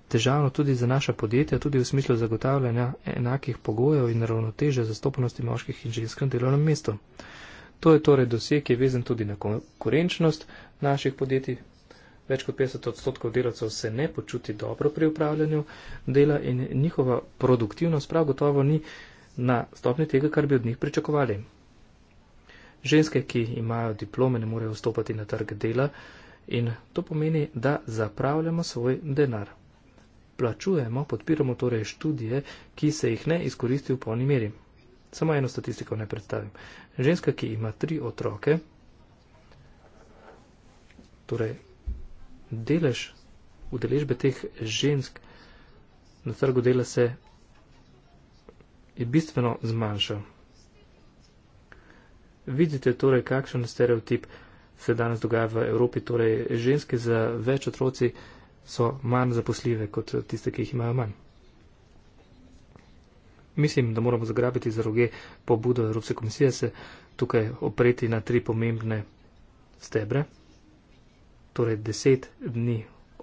težavno tudi za naša podjetja, tudi v smislu zagotavljanja enakih pogojev in ravnoteže zastopanosti moških in ženskem delovnem mestu. To je torej doseg, ki je vezan tudi na konkurenčnost naših podjetij. Več kot 50 odstotkov delavcev se ne počuti dobro pri upravljanju dela in njihova produktivnost prav gotovo ni na stopni tega, kar bi od njih pričakovali. Ženske, ki imajo diplome, ne morejo vstopati na trg dela in to pomeni, da zapravljamo svoj denar. Plačujemo, podpiramo torej študije, ki se jih ne izkoristi v polni meri. Samo eno statistiko ne predstavim. Ženska, ki ima tri otroke, torej delež udeležbe teh žensk na trgu dela se je bistveno zmanjšal. Vidite torej, kakšen stereotip se danes dogaja v Evropi, torej ženske za več otroci so manj zaposljive kot tiste, ki jih imajo manj. Mislim, da moramo zagrabiti za roge pobudo Evropske komisije, se tukaj opreti na tri pomembne stebre, torej deset dni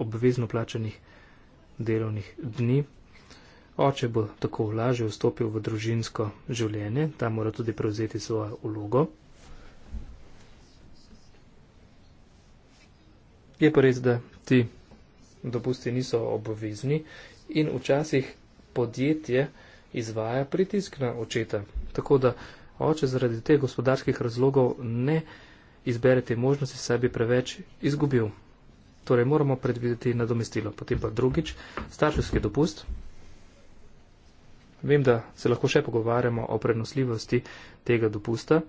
obvezno plačanih delovnih dni. Oče bo tako lažje vstopil v družinsko življenje, ta mora tudi prevzeti svojo ulogo. Je pa res, da ti dopusti niso obvezni in včasih podjetje, izvaja pritisk na očeta. Tako da oče zaradi teh gospodarskih razlogov ne izbere te možnosti, saj bi preveč izgubil. Torej moramo predvideti nadomestilo. Potem pa drugič, starševski dopust. Vem, da se lahko še pogovarjamo o prenosljivosti tega dopusta.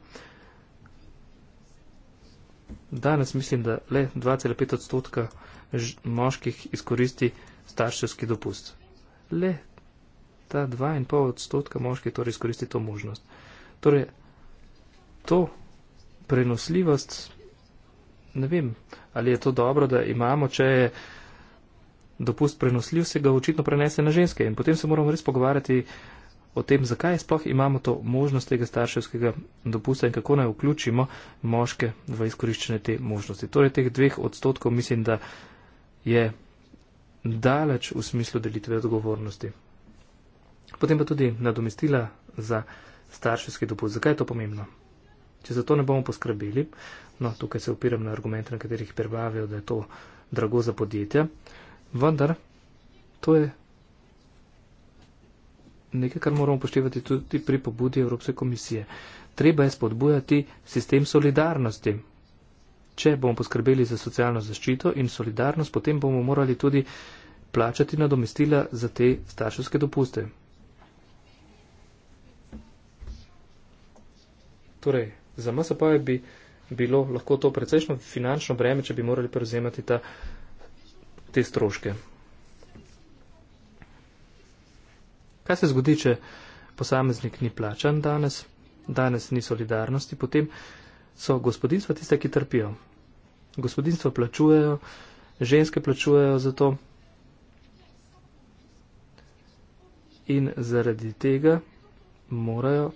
Danes mislim, da le 2,5 odstotka moških izkoristi starševski dopust. Le ta 2,5 odstotka moški torej izkoristi to možnost. Torej, to prenosljivost, ne vem, ali je to dobro, da imamo, če je dopust prenosljiv, se ga očitno prenese na ženske. In potem se moramo res pogovarjati o tem, zakaj sploh imamo to možnost tega starševskega dopusta in kako naj vključimo moške v izkoriščene te možnosti. Torej, teh dveh odstotkov mislim, da je daleč v smislu delitve odgovornosti. Potem pa tudi nadomestila za starševski dopust. Zakaj je to pomembno? Če za to ne bomo poskrbeli, no tukaj se upiram na argumente, na katerih prebavijo, da je to drago za podjetja, vendar to je nekaj, kar moramo poštevati tudi pri pobudi Evropske komisije. Treba je spodbujati sistem solidarnosti. Če bomo poskrbeli za socialno zaščito in solidarnost, potem bomo morali tudi plačati nadomestila za te starševske dopuste. Torej, za MSP je bi bilo lahko to precejšno finančno breme, če bi morali prevzemati ta, te stroške. Kaj se zgodi, če posameznik ni plačan danes, danes ni solidarnosti, potem so gospodinstva tiste, ki trpijo. Gospodinstva plačujejo, ženske plačujejo za to in zaradi tega morajo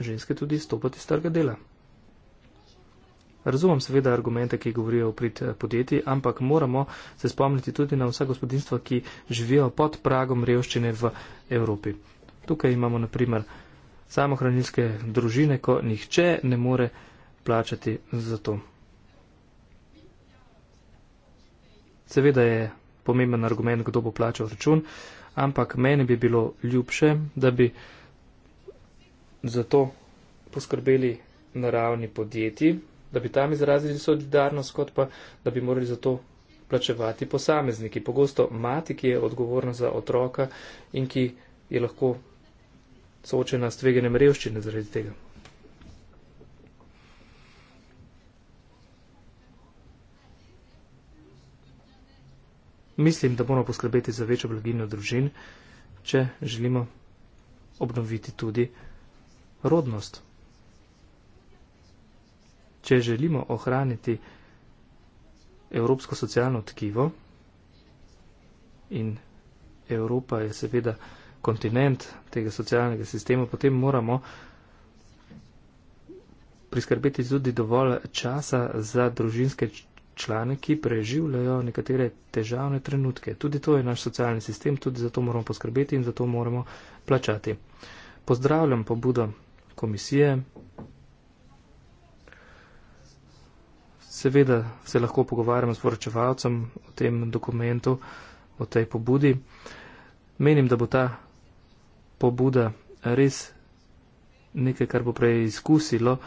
ženske tudi izstopati iz trga dela. Razumem seveda argumente, ki govorijo o prid eh, podjetij, ampak moramo se spomniti tudi na vsa gospodinstva, ki živijo pod pragom revščine v Evropi. Tukaj imamo naprimer samohranilske družine, ko nihče ne more plačati za to. Seveda je pomemben argument, kdo bo plačal račun, ampak meni bi bilo ljubše, da bi za to poskrbeli na ravni podjetij, da bi tam izrazili solidarnost, kot pa da bi morali za to plačevati posamezniki. Pogosto mati, ki je odgovorna za otroka in ki je lahko soočena s tveganjem revščine zaradi tega. Mislim, da moramo poskrbeti za večjo blaginjo družin, če želimo obnoviti tudi rodnost. Če želimo ohraniti evropsko socialno tkivo, in Evropa je seveda kontinent tega socialnega sistema, potem moramo priskrbeti tudi dovolj časa za družinske člane, ki preživljajo nekatere težavne trenutke. Tudi to je naš socialni sistem, tudi za to moramo poskrbeti in za to moramo plačati. Pozdravljam pobudo komisije. Seveda se lahko pogovarjamo s poročevalcem o tem dokumentu, o tej pobudi. Menim, da bo ta pobuda res nekaj, kar bo preizkusilo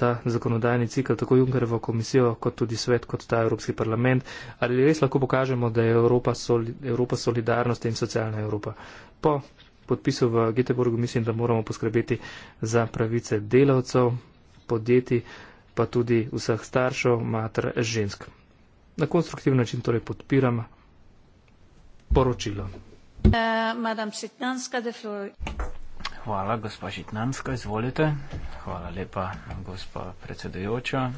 ta zakonodajni cikl, tako Junkerjevo komisijo, kot tudi svet, kot ta Evropski parlament. Ali res lahko pokažemo, da je Evropa, soli, Evropa solidarnost in socialna Evropa? Po podpisu v Göteborgu, mislim, da moramo poskrbeti za pravice delavcev, podjetij, pa tudi vseh staršev, mater, žensk. Na konstruktivni način torej podpiram poročilo. Eh, Hvala, gospa Žitnanska, izvolite. Hvala lepa, gospa predsedujoča.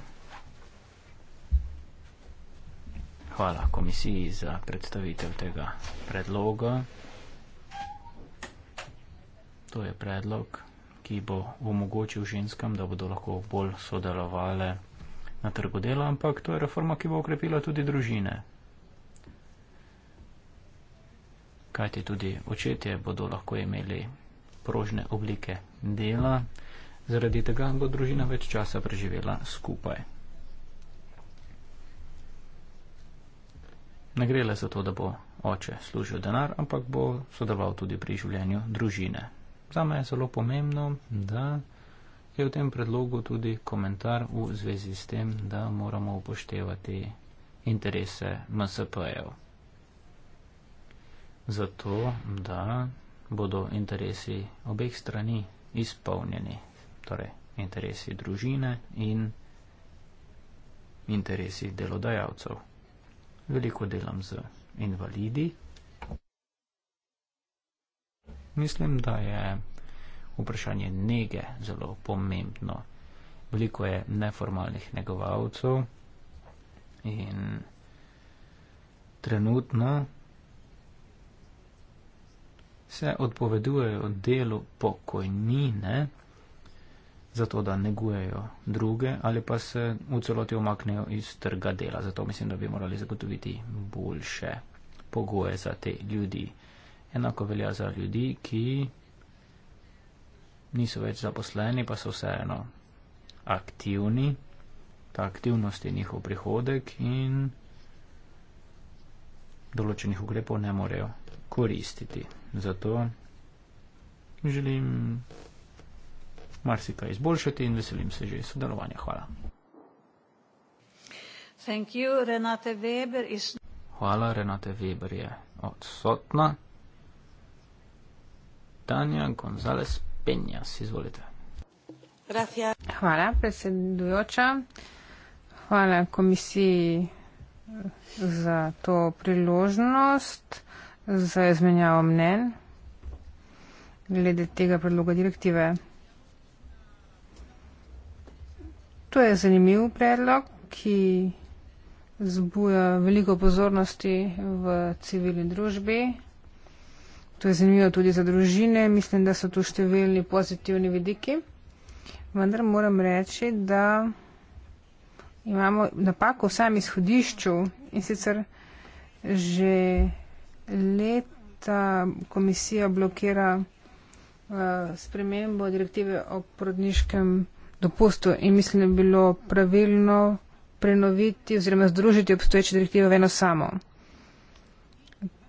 Hvala komisiji za predstavitev tega predloga to je predlog, ki bo omogočil ženskam, da bodo lahko bolj sodelovali na trgu dela, ampak to je reforma, ki bo okrepila tudi družine. Kajti tudi očetje bodo lahko imeli prožne oblike dela, zaradi tega bo družina več časa preživela skupaj. Ne gre le za to, da bo oče služil denar, ampak bo sodeloval tudi pri življenju družine. Zame je zelo pomembno, da je v tem predlogu tudi komentar v zvezi s tem, da moramo upoštevati interese MSP-jev. Zato, da bodo interesi obeh strani izpolnjeni, torej interesi družine in interesi delodajalcev. Veliko delam z invalidi. Mislim, da je vprašanje nege zelo pomembno. Veliko je neformalnih negovalcev in trenutno se odpovedujejo delu pokojnine, zato da negujejo druge ali pa se v celoti omaknejo iz trga dela. Zato mislim, da bi morali zagotoviti boljše pogoje za te ljudi. Enako velja za ljudi, ki niso več zaposleni, pa so vseeno aktivni. Ta aktivnost je njihov prihodek in določenih ukrepov ne morejo koristiti. Zato želim marsikaj izboljšati in veselim se že sodelovanja. Hvala. Hvala, Renate Weber je odsotna. Tanja Gonzalez Penjas. Izvolite. Hvala, predsedujoča. Hvala komisiji eh, za to priložnost, za izmenjavo mnen glede tega predloga direktive. To je zanimiv predlog, ki zbuja veliko pozornosti v civilni družbi. To je zanimivo tudi za družine, mislim, da so tu številni pozitivni vidiki. Vendar moram reči, da imamo napako v sami izhodišču in sicer že leta komisija blokira uh, spremembo direktive o porodniškem dopustu in mislim, da bi bilo pravilno prenoviti oziroma združiti obstoječe direktive v eno samo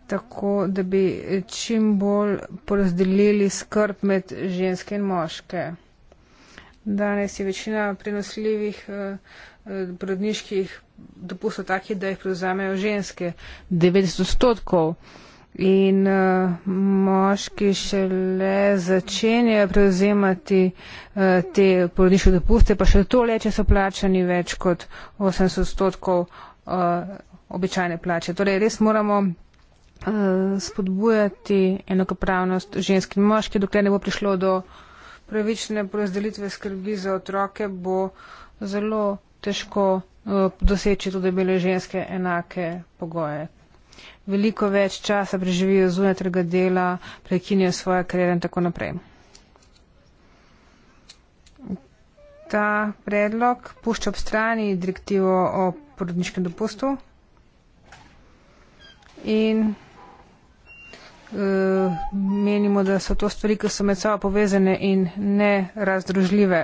tako, da bi čim bolj porazdelili skrb med ženske in moške. Danes je večina prenosljivih eh, eh, porodniških dopustov takih, da jih prevzamejo ženske, 90 odstotkov. In uh, moški šele začenjajo prevzemati uh, te porodniške dopuste, pa še to le, če so plačani več kot 80 odstotkov uh, običajne plače. Torej, res moramo Eh, spodbujati enakopravnost žensk in moški, dokler ne bo prišlo do pravične porazdelitve skrbi za otroke, bo zelo težko eh, doseči tudi, da bi bile ženske enake pogoje. Veliko več časa preživijo zunaj trga dela, prekinijo svoje karjere in tako naprej. Ta predlog pušča ob strani direktivo o porodniškem dopustu in Eh, menimo, da so to stvari, ki so med sabo povezane in ne razdružljive.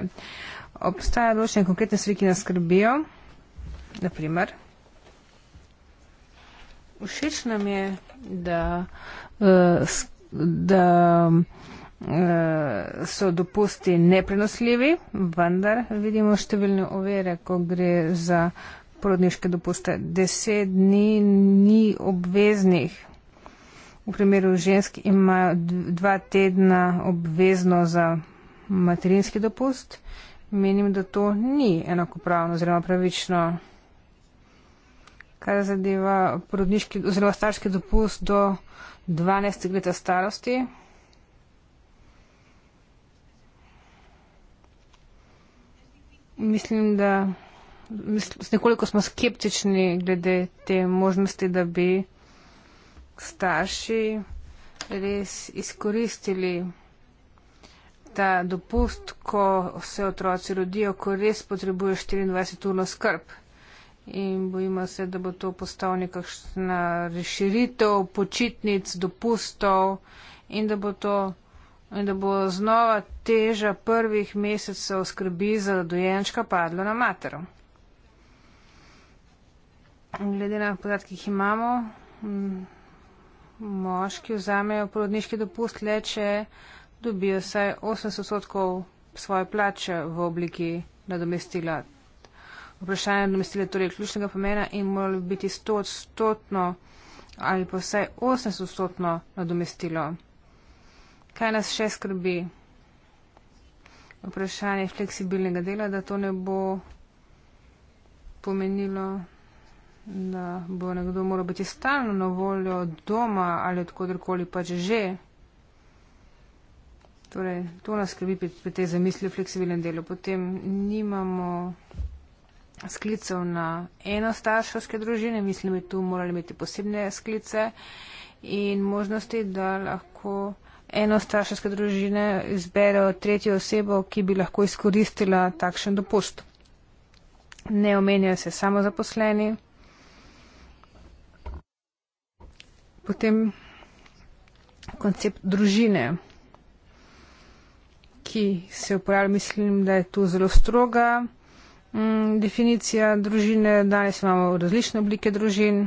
Obstaja določene konkretne stvari, ki nas skrbijo. Naprimer, všeč nam je, da, eh, da eh, so dopusti neprenosljivi, vendar vidimo številne ovire, ko gre za porodniške dopuste. Deset dni ni obveznih. V primeru žensk imajo dva tedna obvezno za materinski dopust. Menim, da to ni enakopravno oziroma pravično. Kar zadeva porodniški oziroma starški dopust do 12. leta starosti. Mislim, da mislim, nekoliko smo skeptični glede te možnosti, da bi starši res izkoristili ta dopust, ko se otroci rodijo, ko res potrebuješ 24-urno skrb. In bojimo se, da bo to postal nekakšna reširitev počitnic, dopustov in da bo to. In da bo znova teža prvih mesecev skrbi za dojenčka padla na materom. Glede na podatke, ki jih imamo, moški vzamejo porodniški dopust le, če dobijo vsaj 80% svoje plače v obliki nadomestila. Vprašanje nadomestila torej je ključnega pomena in moralo biti 100% ali pa vsaj 80% nadomestilo. Kaj nas še skrbi? Vprašanje fleksibilnega dela, da to ne bo pomenilo da bo nekdo moral biti stalno na voljo doma ali odkudrkoli pač že. Torej, to nas skrbi pri, pri tej zamisli o fleksibilnem delu. Potem nimamo sklicev na enostarševske družine, mislim, da bi tu morali imeti posebne sklice in možnosti, da lahko enostarševske družine izberejo tretjo osebo, ki bi lahko izkoristila takšen dopust. Ne omenjajo se samo zaposleni. potem koncept družine, ki se uporablja, mislim, da je tu zelo stroga mm, definicija družine. Danes imamo različne oblike družin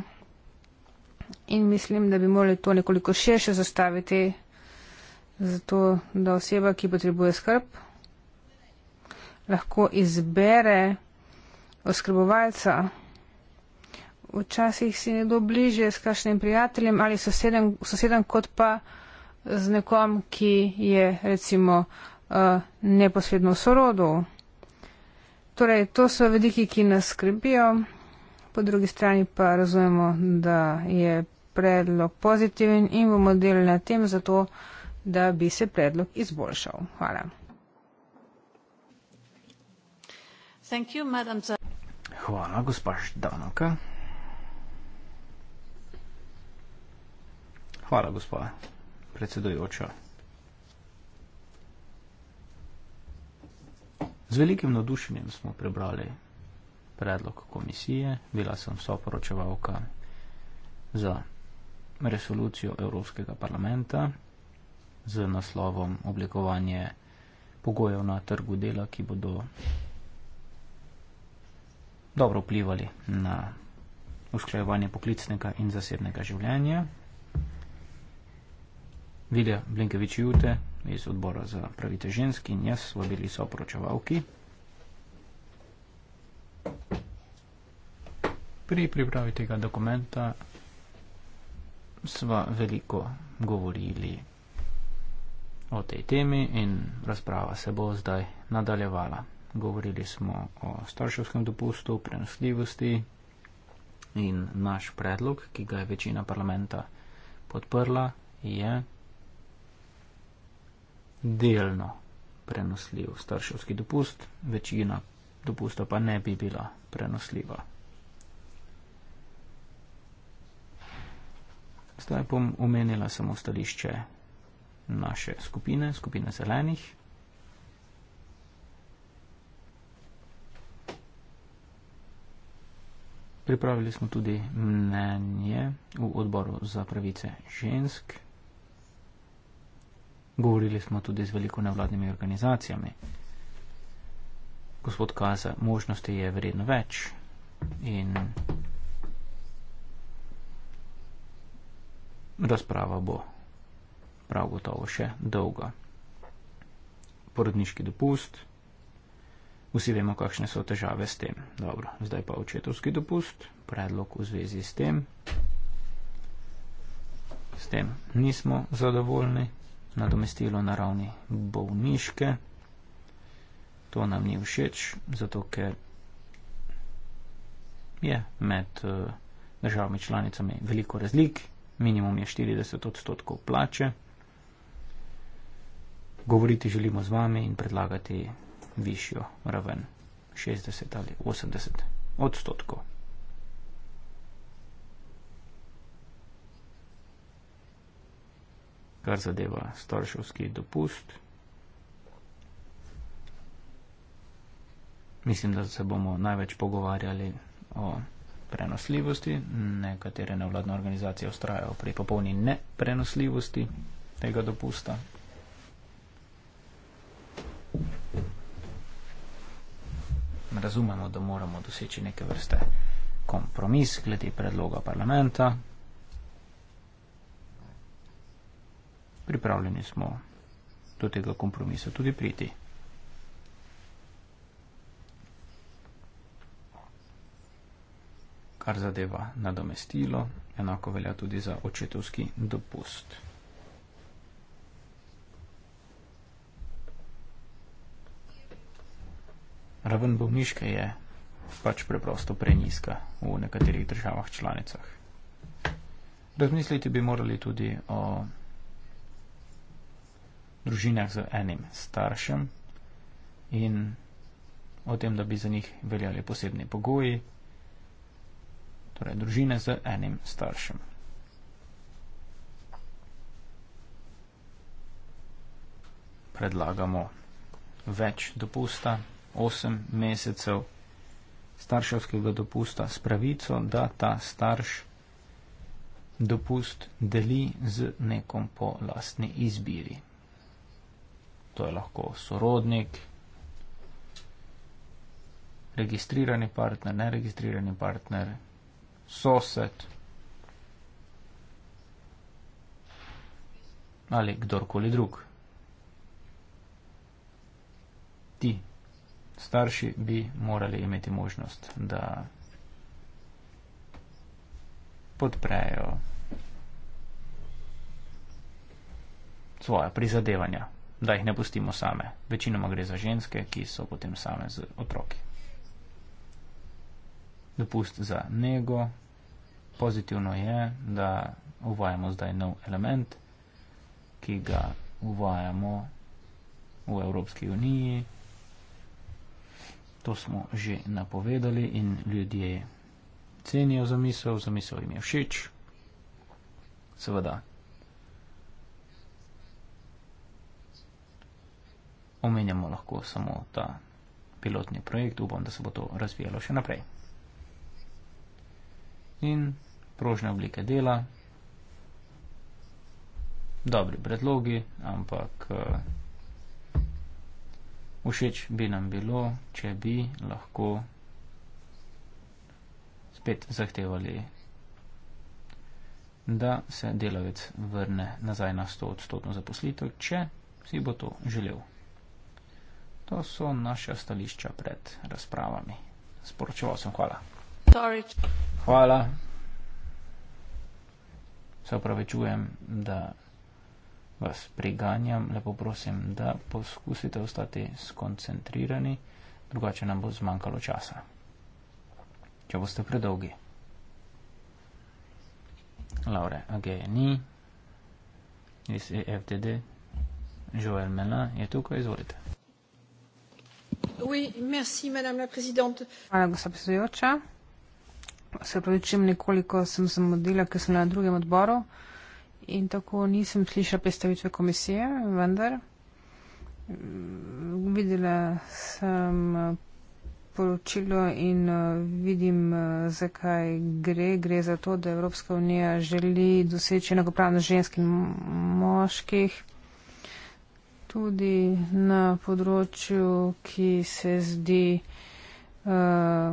in mislim, da bi morali to nekoliko širše zastaviti, zato da oseba, ki potrebuje skrb, lahko izbere oskrbovalca včasih si nekdo bliže s kakšnim prijateljem ali sosedem, sosedem kot pa z nekom, ki je recimo uh, neposredno sorodo. Torej, to so vediki, ki nas skrbijo, po drugi strani pa razumemo, da je predlog pozitiven in bomo delali na tem zato, da bi se predlog izboljšal. Hvala. Hvala, gospa Ždanoka. Hvala, gospod predsedujoča. Z velikim nadušenjem smo prebrali predlog komisije. Bila sem soporočevalka za resolucijo Evropskega parlamenta z naslovom oblikovanje pogojev na trgu dela, ki bodo dobro vplivali na usklajevanje poklicnega in zasebnega življenja. Vilja Blinkevič Jute iz odbora za pravite ženski in jaz vabili so poročevalki. Pri pripravi tega dokumenta sva veliko govorili o tej temi in razprava se bo zdaj nadaljevala. Govorili smo o starševskem dopustu, prenosljivosti in naš predlog, ki ga je večina parlamenta podprla, je delno prenosljiv starševski dopust, večina dopusta pa ne bi bila prenosljiva. Zdaj bom omenila samo stališče naše skupine, skupine zelenih. Pripravili smo tudi mnenje v odboru za pravice žensk. Govorili smo tudi z veliko nevladnimi organizacijami. Gospod Kaza, možnosti je vredno več in razprava bo prav gotovo še dolga. Porodniški dopust. Vsi vemo, kakšne so težave s tem. Dobro, zdaj pa očetovski dopust, predlog v zvezi s tem. S tem nismo zadovoljni nadomestilo na ravni bolniške. To nam ni všeč, zato ker je med eh, državami članicami veliko razlik. Minimum je 40 odstotkov plače. Govoriti želimo z vami in predlagati višjo raven 60 ali 80 odstotkov. kar zadeva starševski dopust. Mislim, da se bomo največ pogovarjali o prenosljivosti. Nekatere nevladne organizacije ustrajajo pri popolni neprenosljivosti tega dopusta. Razumemo, da moramo doseči neke vrste kompromis glede predloga parlamenta, pripravljeni smo do tega kompromisa tudi priti. Kar zadeva nadomestilo, enako velja tudi za očetovski dopust. Raven bolniške je pač preprosto preniska v nekaterih državah članicah. Razmisliti bi morali tudi o družinah z enim staršem in o tem, da bi za njih veljali posebni pogoji, torej družine z enim staršem. Predlagamo več dopusta, 8 mesecev starševskega dopusta s pravico, da ta starš dopust deli z nekom po lastni izbiri to je lahko sorodnik, registrirani partner, neregistrirani partner, sosed ali kdorkoli drug. Ti starši bi morali imeti možnost, da podprejo svoje prizadevanja da jih ne pustimo same. Večinoma gre za ženske, ki so potem same z otroki. Dopust za nego. Pozitivno je, da uvajamo zdaj nov element, ki ga uvajamo v Evropski uniji. To smo že napovedali in ljudje cenijo zamisel, zamisel jim je všeč. Seveda, omenjamo lahko samo ta pilotni projekt, upam, da se bo to razvijalo še naprej. In prožne oblike dela, dobri predlogi, ampak uh, všeč bi nam bilo, če bi lahko spet zahtevali, da se delavec vrne nazaj na 100-odstotno zaposlitev, če si bo to želel. To so naše stališča pred razpravami. Sporočilo sem, hvala. Sorry. Hvala. Se opravičujem, da vas priganjam. Lepo prosim, da poskusite ostati skoncentrirani, drugače nam bo zmanjkalo časa. Če boste predolgi. Laure Ageni, iz EFTD, Joel Mena je tukaj, izvolite. Hvala, gospa predsedujoča. Se pravičujem, nekoliko sem zamudila, ker sem na drugem odboru in tako nisem slišala predstavitve komisije, vendar mm, videla sem eh, poročilo in eh, vidim, eh, zakaj gre. Gre za to, da Evropska unija želi doseči enakopravnost žensk in moških tudi na področju, ki se zdi uh,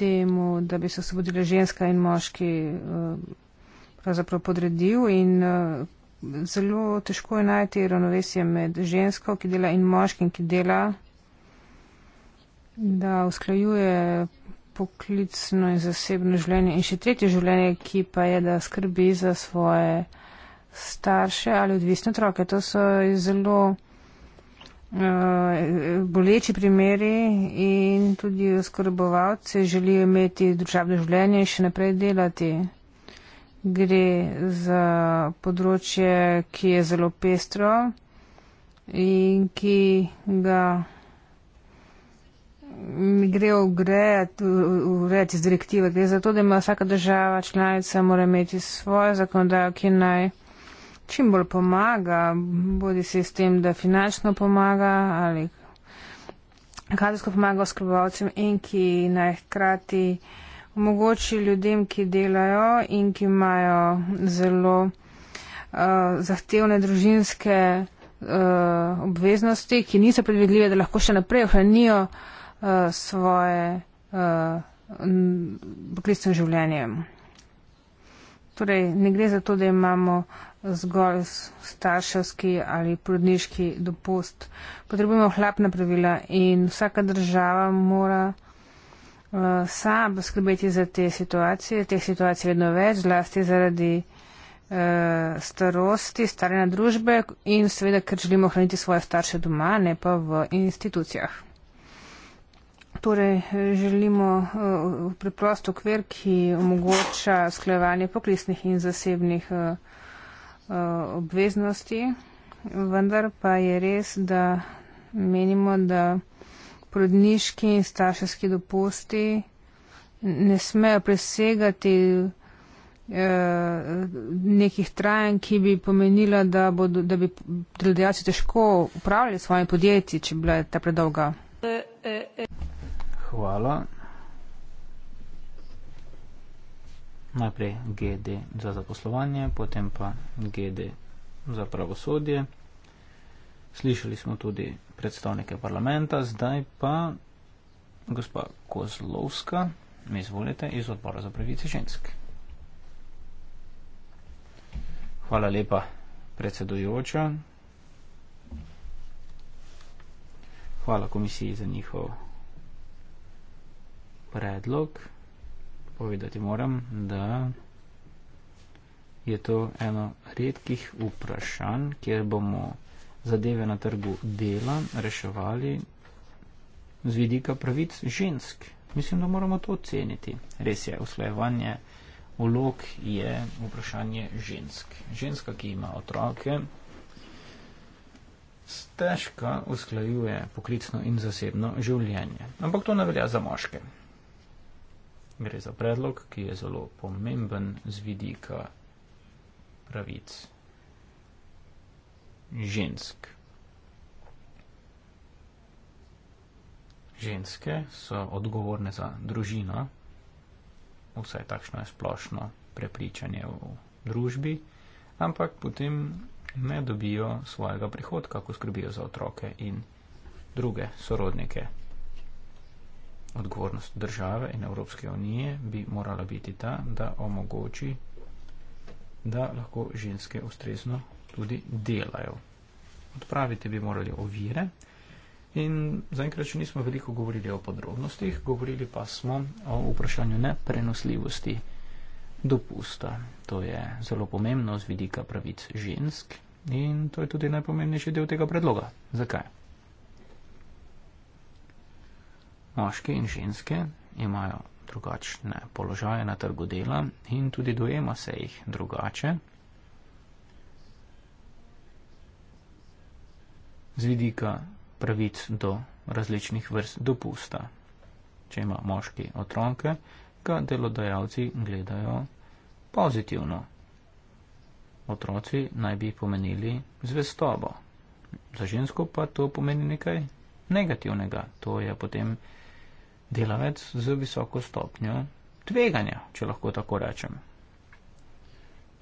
temu, da bi se osvobodili ženska in moški, uh, pravzaprav podredil. In, uh, zelo težko je najti ravnovesje med žensko, ki dela, in moškim, ki dela, da usklajuje poklicno in zasebno življenje in še tretje življenje, ki pa je, da skrbi za svoje starše ali odvisne otroke. To so zelo uh, boleči primeri in tudi oskrbovalci želijo imeti družabno življenje in še naprej delati. Gre za področje, ki je zelo pestro in ki ga gre urejati z direktive. Gre za to, da ima vsaka država članica, mora imeti svojo zakonodajo, ki naj čim bolj pomaga, bodi si s tem, da finančno pomaga ali kadrovsko pomaga oskrbovalcem in ki naj hkrati omogoči ljudem, ki delajo in ki imajo zelo uh, zahtevne družinske uh, obveznosti, ki niso predvidljive, da lahko še naprej ohranijo uh, svoje poklicno uh, življenje. Torej, ne gre za to, da imamo uh, zgolj starševski ali prudniški dopust. Potrebujemo hlapna pravila in vsaka država mora uh, sama poskrbeti za te situacije. Teh situacij je vedno več, zlasti zaradi uh, starosti, starjena družbe in seveda, ker želimo hraniti svoje starše doma, ne pa v institucijah. Torej, želimo uh, eh, preprosto kver, ki omogoča sklevanje poklisnih in zasebnih uh, Eh, obveznosti, vendar pa je res, da menimo, da porodniški in starševski dopusti ne smejo presegati eh, nekih trajanj, ki bi pomenila, da, bodo, da bi delodajalci težko upravljali svoje podjetje, če bi bila ta predolga. E, e, e. Hvala. najprej GD za zaposlovanje, potem pa GD za pravosodje. Slišali smo tudi predstavnike parlamenta, zdaj pa gospa Kozlovska, mi izvolite, iz odbora za pravice žensk. Hvala lepa, predsedujoča. Hvala komisiji za njihov predlog povedati moram, da je to eno redkih vprašanj, kjer bomo zadeve na trgu dela reševali z vidika pravic žensk. Mislim, da moramo to oceniti. Res je, uslojevanje vlog je vprašanje žensk. Ženska, ki ima otroke, stežka usklajuje poklicno in zasebno življenje. Ampak to ne velja za moške gre za predlog, ki je zelo pomemben z vidika pravic žensk. Ženske so odgovorne za družino, vsaj takšno je splošno prepričanje v družbi, ampak potem ne dobijo svojega prihodka, ko skrbijo za otroke in druge sorodnike odgovornost države in Evropske unije bi morala biti ta, da omogoči, da lahko ženske ustrezno tudi delajo. Odpraviti bi morali ovire in zaenkrat še nismo veliko govorili o podrobnostih, govorili pa smo o vprašanju neprenosljivosti dopusta. To je zelo pomembno z vidika pravic žensk in to je tudi najpomembnejši del tega predloga. Zakaj? Moški in ženske imajo drugačne položaje na trgu dela in tudi dojema se jih drugače. Z vidika pravic do različnih vrst dopusta. Če ima moški otroke, ga delodajalci gledajo pozitivno. Otroci naj bi pomenili zvestobo. Za žensko pa to pomeni nekaj negativnega. To je potem delavec z visoko stopnjo tveganja, če lahko tako rečem.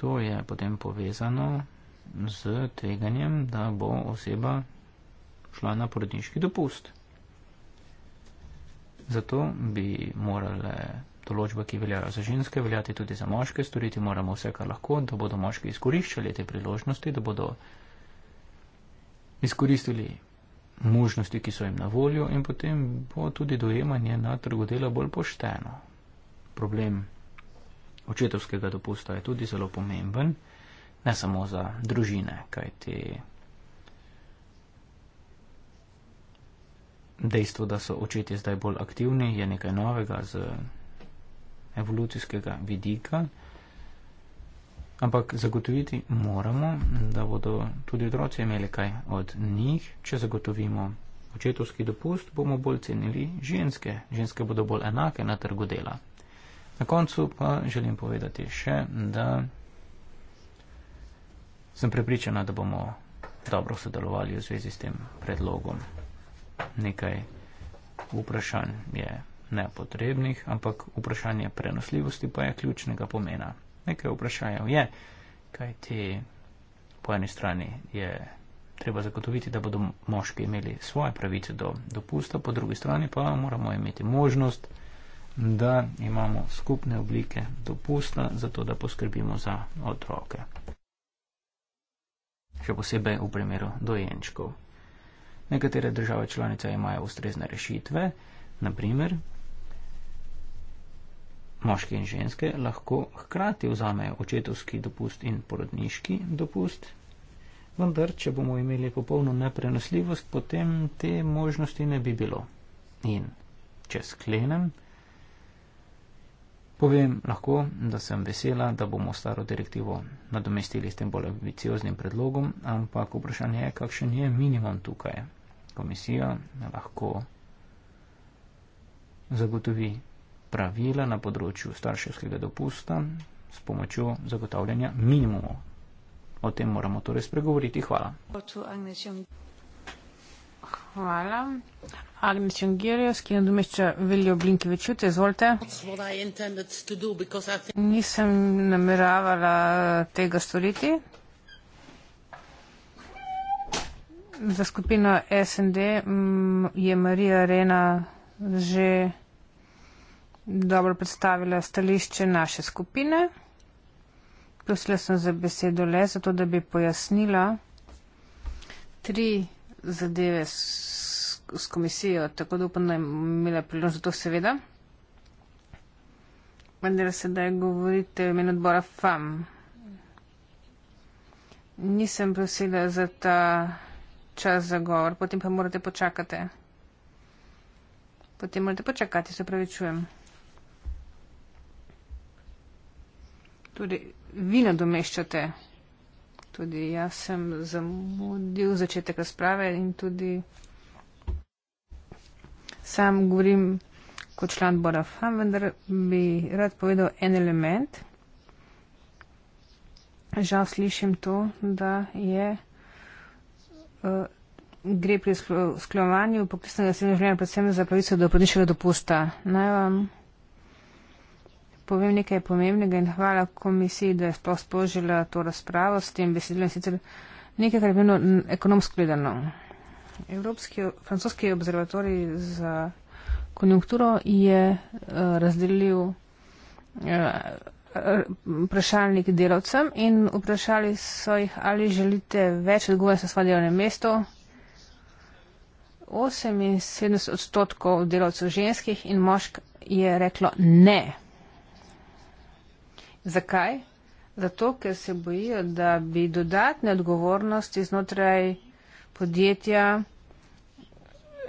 To je potem povezano z tveganjem, da bo oseba šla na porodniški dopust. Zato bi morale določbe, ki veljajo za ženske, veljati tudi za moške, storiti moramo vse, kar lahko, da bodo moški izkoriščali te priložnosti, da bodo izkoristili možnosti, ki so jim na voljo in potem bo tudi dojemanje na trgu dela bolj pošteno. Problem očetovskega dopusta je tudi zelo pomemben, ne samo za družine, kajti dejstvo, da so očetje zdaj bolj aktivni, je nekaj novega z evolucijskega vidika ampak zagotoviti moramo, da bodo tudi otroci imeli kaj od njih. Če zagotovimo očetovski dopust, bomo bolj cenili ženske. Ženske bodo bolj enake na trgu dela. Na koncu pa želim povedati še, da sem prepričana, da bomo dobro sodelovali v zvezi s tem predlogom. Nekaj vprašanj je nepotrebnih, ampak vprašanje prenosljivosti pa je ključnega pomena nekaj vprašanja je, kaj ti po eni strani je treba zagotoviti, da bodo moški imeli svoje pravice do dopusta, po drugi strani pa moramo imeti možnost, da imamo skupne oblike dopusta, zato da poskrbimo za otroke. Še posebej v primeru dojenčkov. Nekatere države članice imajo ustrezne rešitve, naprimer moški in ženske lahko hkrati vzamejo očetovski dopust in porodniški dopust, vendar, če bomo imeli popolno neprenosljivost, potem te možnosti ne bi bilo. In če sklenem, povem lahko, da sem vesela, da bomo staro direktivo nadomestili s tem bolj ambicioznim predlogom, ampak vprašanje je, kakšen je minimum tukaj. Komisija lahko zagotovi pravila na področju starševskega dopusta s pomočjo zagotavljanja minimumov. O tem moramo torej spregovoriti. Hvala. Hvala. Agnes Jungirjos, ki nadomešča Viljo Blinkevičute, izvolite. Nisem nameravala tega storiti. Za skupino SND mm, je Marija Rena že dobro predstavila stališče naše skupine. Prosila sem za besedo le zato, da bi pojasnila tri zadeve s, s komisijo, tako da upam, da je imela priložnost za to seveda. Vendar se da je govorite v imenu odbora FAM. Nisem prosila za ta čas za govor, potem pa morate počakati. Potem morate počakati, se pravi, čujem. Tudi vi nadomeščate. Tudi jaz sem zamudil začetek razprave in tudi sam govorim kot član Bora Fan, vendar bi rad povedal en element. Žal slišim to, da je, uh, gre pri sklovanju poklicnega srednjega življenja predvsem za pravico do podnišnjega dopusta. Naj vam. Um, povem nekaj pomembnega in hvala komisiji, da je sploh spožila to razpravo s tem besedilom. Sicer nekaj, kar je bilo ekonomsko gledano. Evropski, francoski observatorij za konjunkturo je eh, razdelil eh, vprašalnik delavcem in vprašali so jih, ali želite več odgovoriti na svoje delovno mesto. 78 odstotkov delavcev ženskih in moških je reklo ne. Zakaj? Zato, ker se bojijo, da bi dodatne odgovornosti znotraj podjetja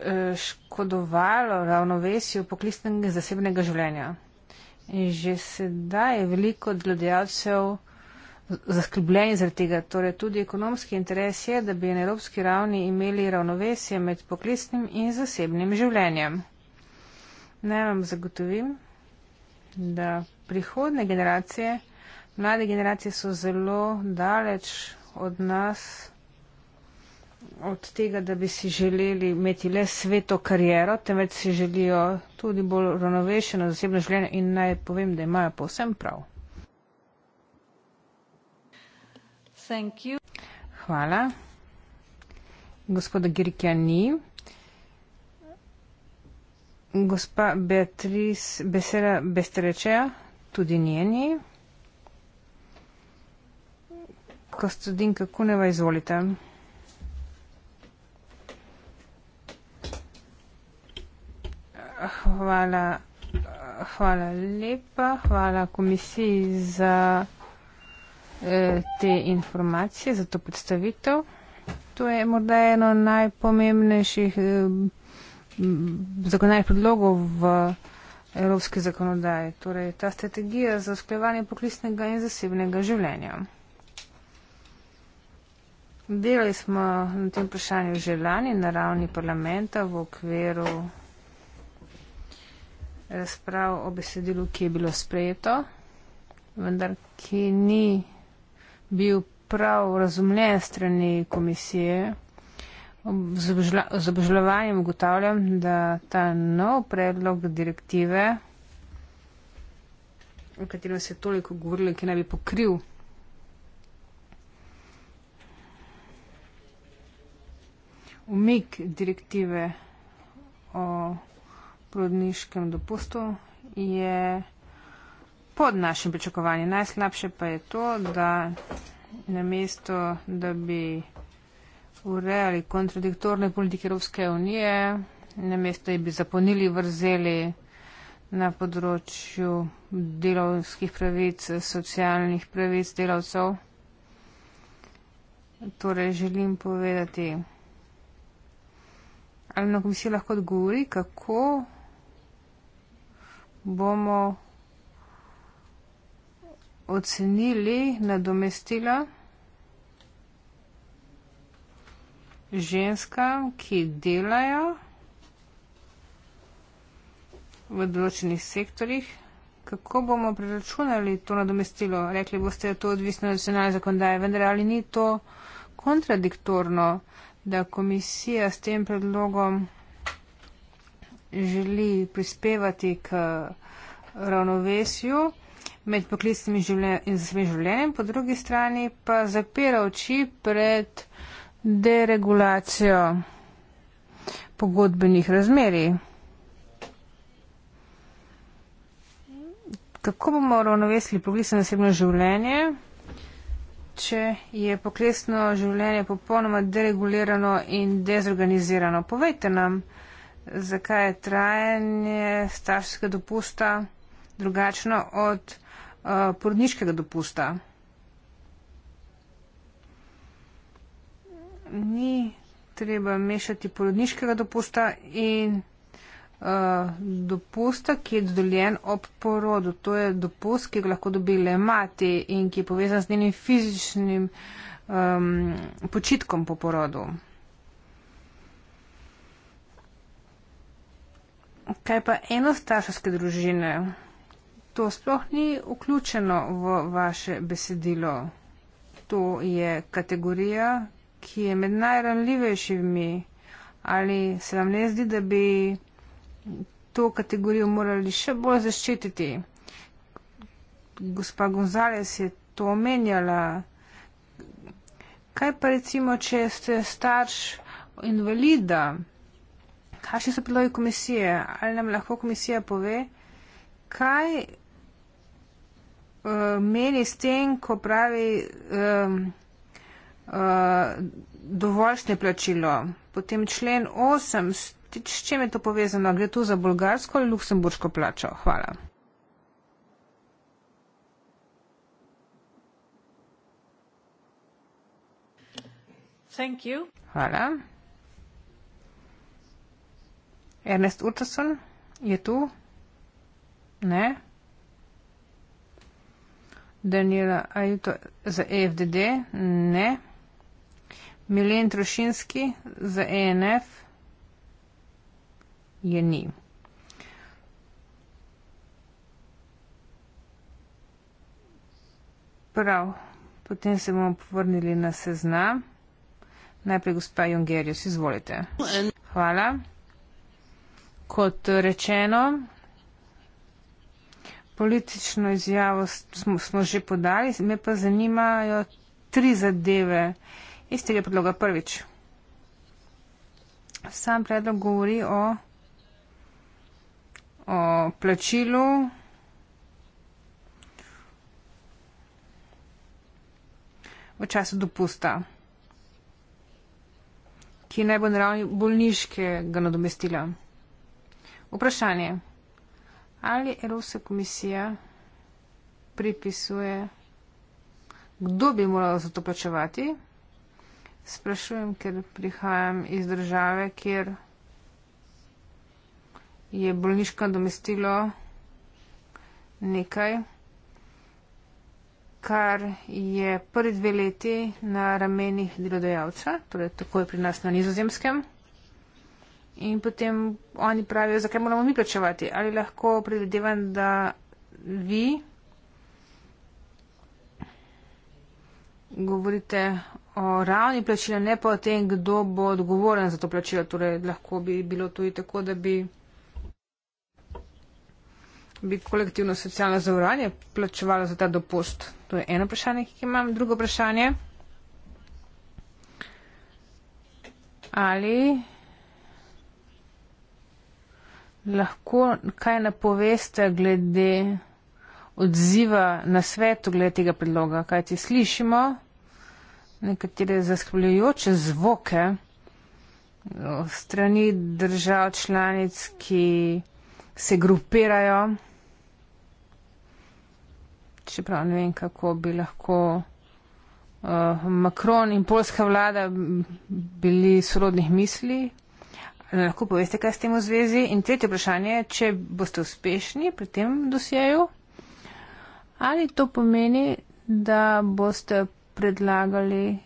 eh, škodovalo ravnovesju poklistnega zasebnega življenja. In že sedaj je veliko delodajalcev zaskrbljenih zaradi tega. Torej tudi ekonomski interes je, da bi na evropski ravni imeli ravnovesje med poklistnim in zasebnim življenjem. Naj vam zagotovim, da prihodne generacije, mlade generacije so zelo daleč od nas, od tega, da bi si želeli imeti le sveto kariero, temveč si želijo tudi bolj ravnovešeno zasebno življenje in naj povem, da imajo povsem prav. Hvala. Gospoda Girkja ni. Gospa Beatrice Besera Besterečeja tudi njeni. Kostudinka Kuneva, izvolite. Hvala, hvala lepa, hvala komisiji za eh, te informacije, za to predstavitev. To je morda eno najpomembnejših eh, zakonarjih predlogov v evropske zakonodaje, torej ta strategija za usklajevanje poklicnega in zasebnega življenja. Delali smo na tem vprašanju že lani na ravni parlamenta v okviru razprav o besedilu, ki je bilo sprejeto, vendar ki ni bil prav razumljen strani komisije Z obžalovanjem ugotavljam, da ta nov predlog direktive, o katerem se je toliko govorilo, ki naj bi pokril umik direktive o porodniškem dopustu, je pod našim pričakovanjem. Najslabše pa je to, da namesto, da bi urejali kontradiktorne politike Evropske unije, na mesto, da bi zapolnili vrzeli na področju delovskih pravic, socialnih pravic delavcev. Torej, želim povedati, ali na komisiji lahko odgovori, kako bomo ocenili nadomestila. ženskam, ki delajo v določenih sektorjih. Kako bomo preračunali to nadomestilo? Rekli boste, da je to odvisno od nacionalne zakonodaje, vendar ali ni to kontradiktorno, da komisija s tem predlogom želi prispevati k ravnovesju med poklicnim in zasebnim življenjem, po drugi strani pa zapira oči pred deregulacijo pogodbenih razmerij. Kako bomo ravnovesli poklic na osebno življenje, če je poklicno življenje popolnoma deregulirano in dezorganizirano? Povejte nam, zakaj je trajanje starševskega dopusta drugačno od uh, porodniškega dopusta. ni treba mešati porodniškega dopusta in uh, dopusta, ki je dodeljen ob porodu. To je dopust, ki ga lahko dobi le mati in ki je povezan z njenim fizičnim um, počitkom po porodu. Kaj pa enostarševske družine? To sploh ni vključeno v vaše besedilo. To je kategorija, ki je med najranljivejšimi, ali se vam ne zdi, da bi to kategorijo morali še bolj zaščititi? Gospa Gonzales je to omenjala. Kaj pa recimo, če ste starš invalida? Kakšni so predlogi komisije? Ali nam lahko komisija pove, kaj uh, meni s tem, ko pravi. Um, Eh, dovoljšne plačilo. Potem člen 8, s čem je to povezano? Gre tu za bolgarsko ali luksemburško plačo? Hvala. Hvala. Ernest Urtason je tu? Ne. Daniela, ali je to za EFDD? Ne. Milen Trošinski za ENF je ni. Prav, potem se bomo povrnili na seznam. Najprej gospa Jungerius, izvolite. Hvala. Kot rečeno, politično izjavo smo, smo že podali, me pa zanimajo tri zadeve istega predloga prvič. Sam predlog govori o, o plačilu. V času dopusta, ki naj bo na ravni bolniškega nadomestila. Vprašanje, ali Evropska komisija pripisuje, kdo bi moral za to plačevati? sprašujem, ker prihajam iz države, kjer je bolniško domestilo nekaj, kar je prvi dve leti na ramenih delodajalca, torej tako je pri nas na nizozemskem. In potem oni pravijo, zakaj moramo mi plačevati. Ali lahko predvidevam, da vi govorite o ravni plačila, ne pa o tem, kdo bo odgovoren za to plačilo. Torej, lahko bi bilo tudi tako, da bi, bi kolektivno socialno zavarovanje plačevalo za ta dopust. To je eno vprašanje, ki imam. Drugo vprašanje. Ali lahko kaj napoveste glede odziva na svetu glede tega predloga, kaj ti slišimo? nekatere zaskrbljujoče zvoke eh, strani držav članic, ki se grupirajo. Čeprav ne vem, kako bi lahko uh, Macron in polska vlada bili sorodnih misli. Ali lahko poveste, kaj s tem v zvezi? In tretje vprašanje je, če boste uspešni pri tem dosjeju, ali to pomeni, da boste predlagali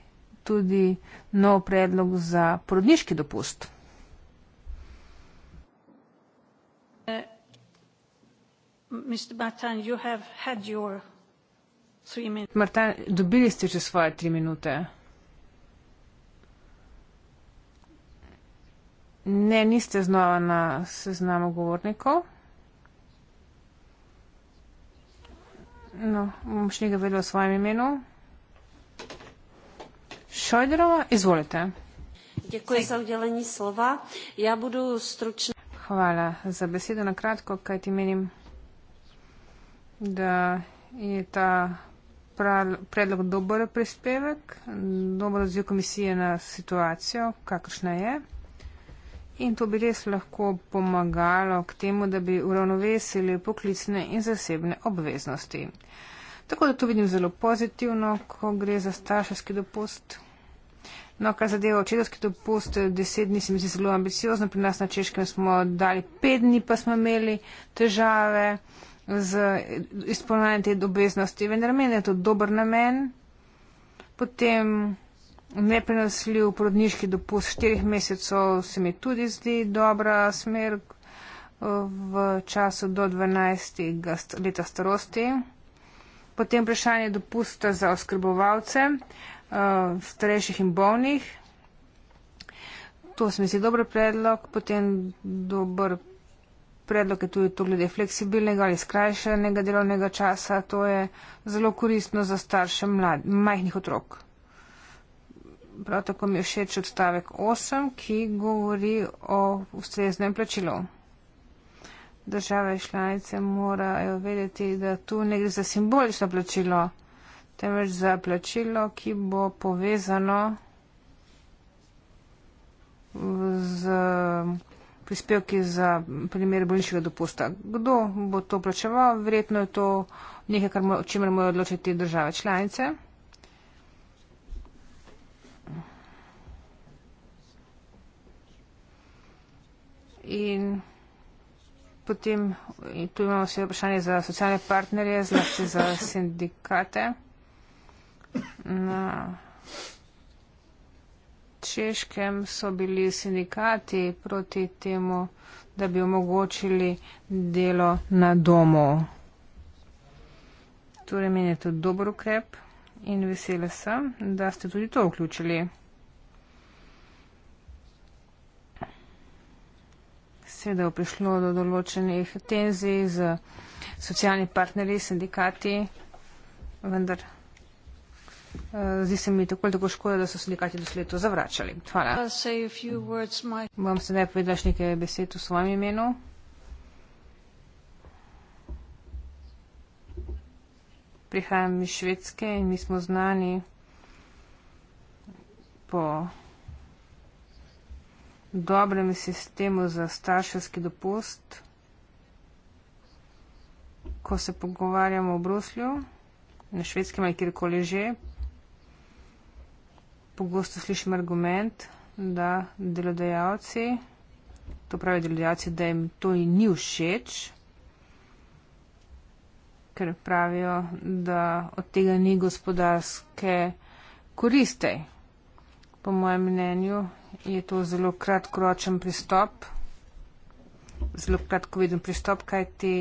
tudi nov predlog za porodniški dopust. Uh, Martin, dobili ste že svoje tri minute. Ne, niste znova na seznamu govornikov. No, bom še nekaj vedel o svojem imenu. Šojderova, izvolite. Děkuji za udělení slova. Já budu stručná. Hvala za besedo na kratko, kaj ti menim, da je ta predlog dober prispevek, dober odziv komisije na situacijo, kakršna je. In to bi res lahko pomagalo k temu, da bi uravnovesili poklicne in zasebne obveznosti. Tako da to vidim zelo pozitivno, ko gre za starševski dopust. No, kar zadeva očetovski dopust, deset dni se mi zdi zelo ambiciozno, pri nas na Češkem smo dali pet dni, pa smo imeli težave z izpolnjanjem te obveznosti. Vendar meni je to dober namen. Potem neprenosljiv porodniški dopust štirih mesecev se mi tudi zdi dobra smer eh, v času do 12. leta starosti. Potem vprašanje dopusta za oskrbovalce. Uh, uh, starejših in bolnih. To se mi zdi dober predlog. Potem dober predlog je tudi to glede fleksibilnega ali skrajšanega delovnega časa. To je zelo koristno za starše mlad, majhnih otrok. Prav tako mi je všeč odstavek 8, ki govori o ustreznem plačilu. Države članice morajo vedeti, da tu ne gre za simbolično plačilo temveč za plačilo, ki bo povezano z prispevki za primer bolniškega dopusta. Kdo bo to plačeval? Verjetno je to nekaj, o mo čemer morajo odločiti države članice. In potem tu imamo vse vprašanje za socialne partnerje, zlasti za sindikate. Na češkem so bili sindikati proti temu, da bi omogočili delo na domu. Torej, meni je to dober ukrep in vesela sem, da ste tudi to vključili. Seveda je prišlo do določenih tenzij z socialnimi partnerji, sindikati, vendar. Eh, zdi se mi tako, tako škoda, da so sindikati doslej to zavračali. Hvala. Bom sedaj povedala še nekaj besed v svojem imenu. Prihajam iz Švedske in mi smo znani po dobrem sistemu za starševski dopust, ko se pogovarjamo v Bruslju, na švedskem ali kjerkoli že, pogosto slišim argument, da delodajalci, to pravi delodajalci, da jim to ni všeč, ker pravijo, da od tega ni gospodarske koriste. Po mojem mnenju je to zelo kratkoročen pristop, zelo kratkoviden pristop, kaj ti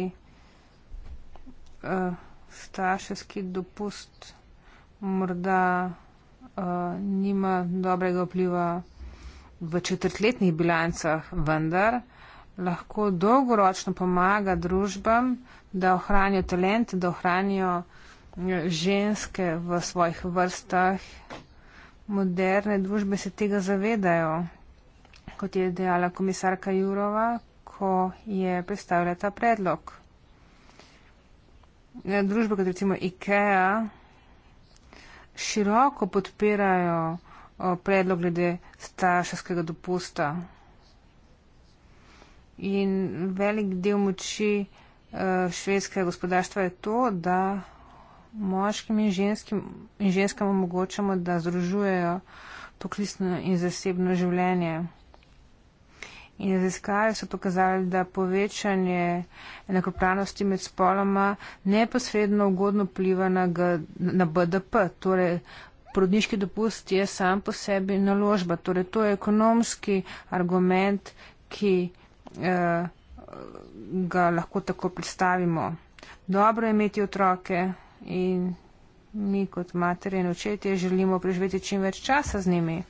uh, eh, starševski dopust morda uh, nima dobrega vpliva v četrtletnih bilancah, vendar lahko dolgoročno pomaga družbam, da ohranijo talente, da ohranijo eh, ženske v svojih vrstah. Moderne družbe se tega zavedajo, kot je dejala komisarka Jurova, ko je predstavljala ta predlog. Eh, družbe kot recimo IKEA široko podpirajo predlog glede starševskega dopusta. In velik del moči e, švedskega gospodarstva je to, da moškim in, ženskim, in ženskam omogočamo, da združujejo poklicno in zasebno življenje. In raziskave so pokazali, da povečanje enakopravnosti med spoloma neposredno ugodno pliva na, G, na BDP. Torej, porodniški dopust je sam po sebi naložba. Torej, to je ekonomski argument, ki eh, ga lahko tako predstavimo. Dobro je imeti otroke in mi kot materje in očetje želimo preživeti čim več časa z njimi.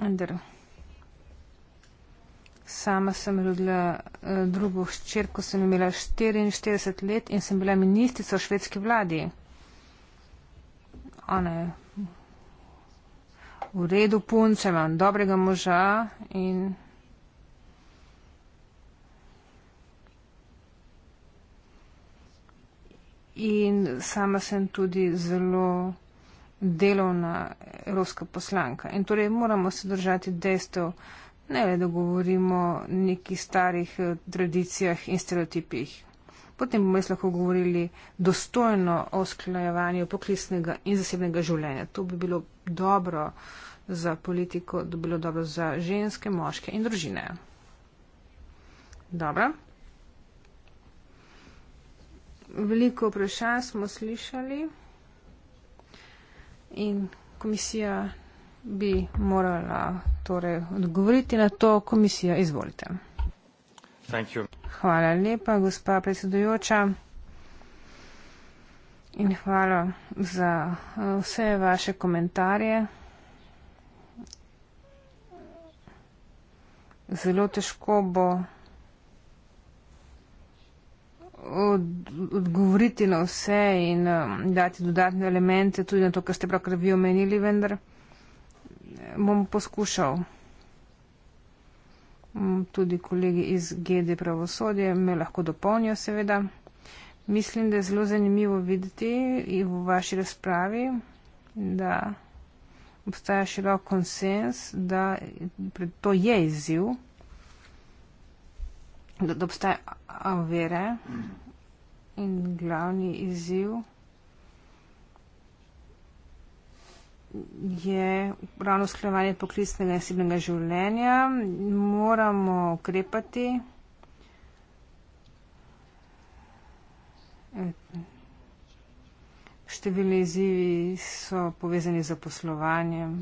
Andr. Sama sem rodila uh, drugo ščer, ko sem imela 44 let in sem bila ministrica v švedski vladi. Ona je v redu punce, imam dobrega moža in. In sama sem tudi zelo delovna evropska poslanka. In torej moramo se držati dejstev, ne le da govorimo o nekih starih eh, tradicijah in stereotipih. Potem bomo res lahko govorili dostojno o sklajevanju poklicnega in zasebnega življenja. To bi bilo dobro za politiko, da bi bilo dobro za ženske, moške in družine. Dobro. Veliko vprašanj smo slišali in komisija bi morala torej odgovoriti na to. Komisija, izvolite. Hvala lepa, gospa predsedujoča. In hvala za eh, vse vaše komentarje. Zelo težko bo od, odgovoriti na vse in um, dati dodatne elemente, tudi na to, kar ste pravkar vi omenili, vendar eh, bom poskušal. Mm, tudi kolegi iz GD pravosodje me lahko dopolnijo, seveda. Mislim, da je zelo zanimivo videti v vaši razpravi, da obstaja širok konsens, da to je izziv, da, da obstaja avere. Mm -hmm in glavni izziv je ravno sklevanje poklicnega in osebnega življenja. Moramo ukrepati. Številni izzivi so povezani z poslovanjem.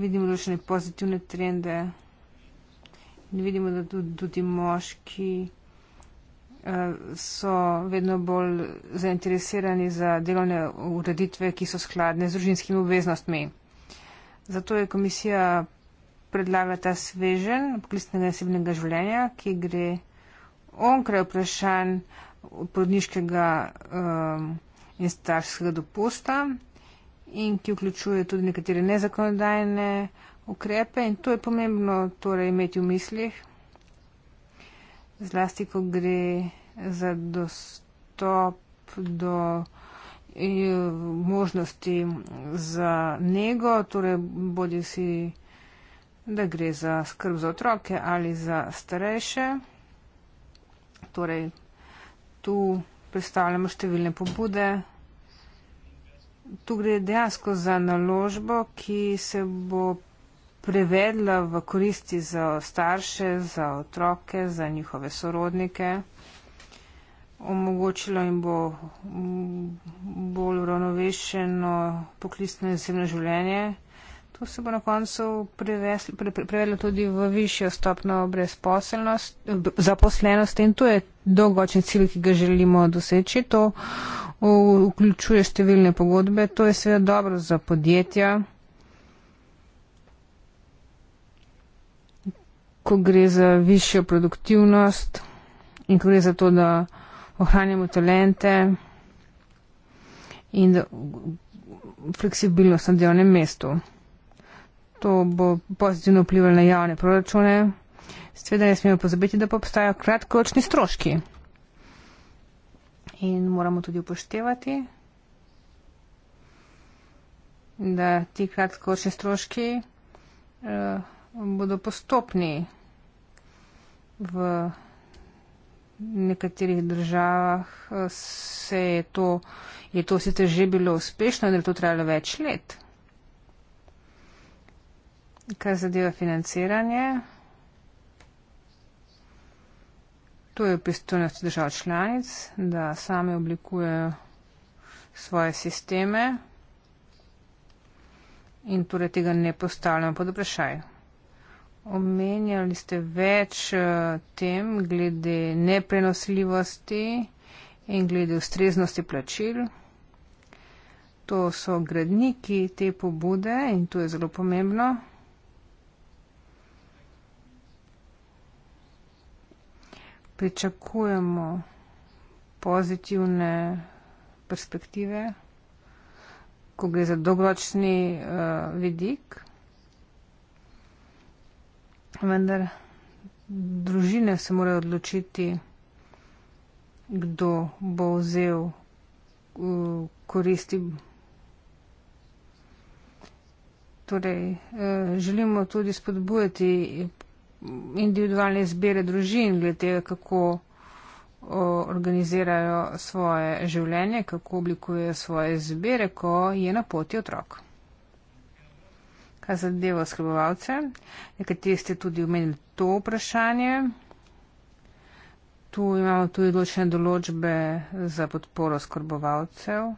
Vidimo določene pozitivne trende in vidimo, da tudi moški so vedno bolj zainteresirani za delovne ureditve, ki so skladne z družinskimi obveznostmi. Zato je komisija predlagala ta svežen poklicnega osebnega življenja, ki gre onkraj vprašanj porodniškega um, in starskega dopusta in ki vključuje tudi nekatere nezakonodajne ukrepe in to je pomembno torej imeti v mislih zlasti, ko gre za dostop do eh, možnosti za nego, torej bodi si, da gre za skrb za otroke ali za starejše. Torej, tu predstavljamo številne pobude. Tu gre dejansko za naložbo, ki se bo prevedla v koristi za starše, za otroke, za njihove sorodnike. Omogočilo jim bo bolj uravnovešeno poklicno in zemljo življenje. To se bo na koncu prevedlo tudi v višjo stopno brezposelnost, zaposlenost in to je dolgočen cilj, ki ga želimo doseči. To vključuje številne pogodbe. To je seveda dobro za podjetja. ko gre za višjo produktivnost in ko gre za to, da ohranjamo talente in da fleksibilnost na delovnem mestu. To bo pozitivno vplivalo na javne proračune. Sveda ne smemo pozabiti, da pa obstajajo kratkoročni stroški in moramo tudi upoštevati, da ti kratkoročni stroški. Uh, bodo postopni v nekaterih državah. Eh, se je to, je to sicer že bilo uspešno, da je to trajalo več let. Kar zadeva financiranje, to je pristojnost držav članic, da same oblikujejo svoje sisteme in torej tega ne postavljamo pod vprašanje. Omenjali ste več eh, tem glede neprenosljivosti in glede ustreznosti plačil. To so gradniki te pobude in to je zelo pomembno. Pričakujemo pozitivne perspektive, ko gre za dolgoročni uh, vidik vendar družine se morajo odločiti, kdo bo vzel uh, koristi. Torej, eh, želimo tudi spodbujati individualne izbire družin, glede kako organizirajo svoje življenje, kako oblikujejo svoje izbire, ko je na poti otrok kar zadeva oskrbovalce. Nekateri ste tudi omenili to vprašanje. Tu imamo tudi določene določbe za podporo oskrbovalcev.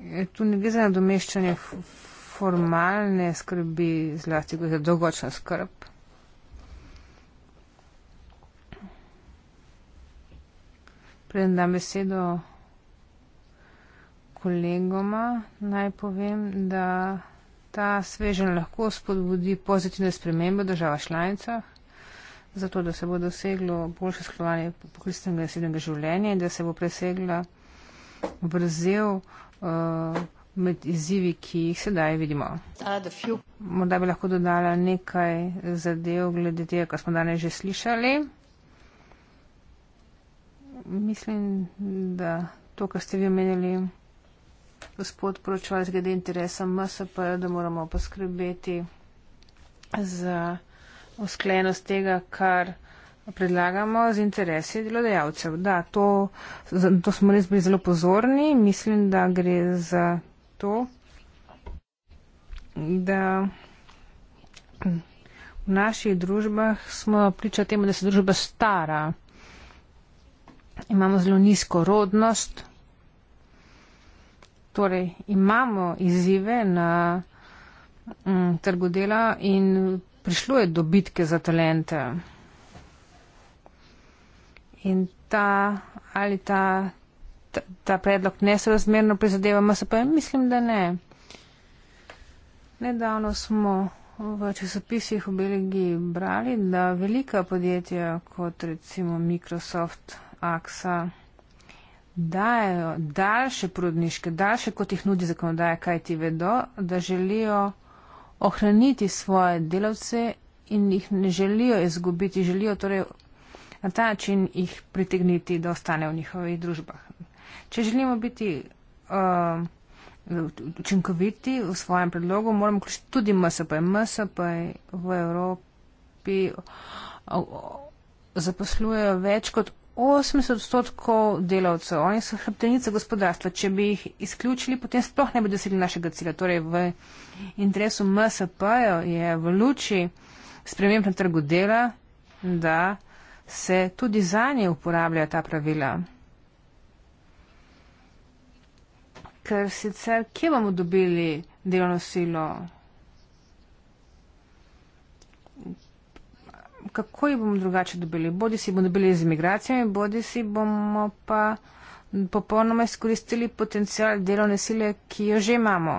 E, tu ne gre za nadomeščanje formalne skrbi, zlasti gre za dolgočno skrb. Preden dam besedo kolegoma, naj povem, da ta svežen lahko spodbudi pozitivne spremembe v državah članicah, zato da se bo doseglo boljše sklovanje poklicnega nasilnega življenja in da se bo presegla vrzel uh, med izzivi, ki jih sedaj vidimo. Morda bi lahko dodala nekaj zadev glede tega, kar smo danes že slišali. Mislim, da to, kar ste vi omenili, gospod poročevalec glede interesa MSP, da moramo poskrbeti za usklenost tega, kar predlagamo z interesi delodajalcev. Da, to, to smo res bili zelo pozorni. Mislim, da gre za to, da v naših družbah smo priča temu, da se družba stara. Imamo zelo nizko rodnost, torej imamo izzive na mm, trgu dela in prišlo je do bitke za talente. In ta ali ta, ta, ta predlog nesrazmerno prizadeva MSP, mislim, da ne. Nedavno smo v časopisih v Belgiji brali, da velika podjetja kot recimo Microsoft, AXA, dajo daljše prudniške, daljše kot jih nudi zakonodaja, kaj ti vedo, da želijo ohraniti svoje delavce in jih ne želijo izgubiti, želijo torej na ta način jih pritegniti, da ostane v njihovih družbah. Če želimo biti uh, učinkoviti v svojem predlogu, moramo vključiti tudi MSP. MSP v Evropi uh, zaposlujejo več kot 80 odstotkov delavcev, oni so hrbtenice gospodarstva. Če bi jih izključili, potem sploh ne bi dosegli našega cilja. Torej v interesu MSP je v luči sprememb na trgu dela, da se tudi za nje uporablja ta pravila. Ker sicer, kje bomo dobili delovno silo? kako jih bomo drugače dobili. Bodi si bomo dobili z imigracijami, bodi si bomo pa popolnoma izkoristili potencial delovne sile, ki jo že imamo.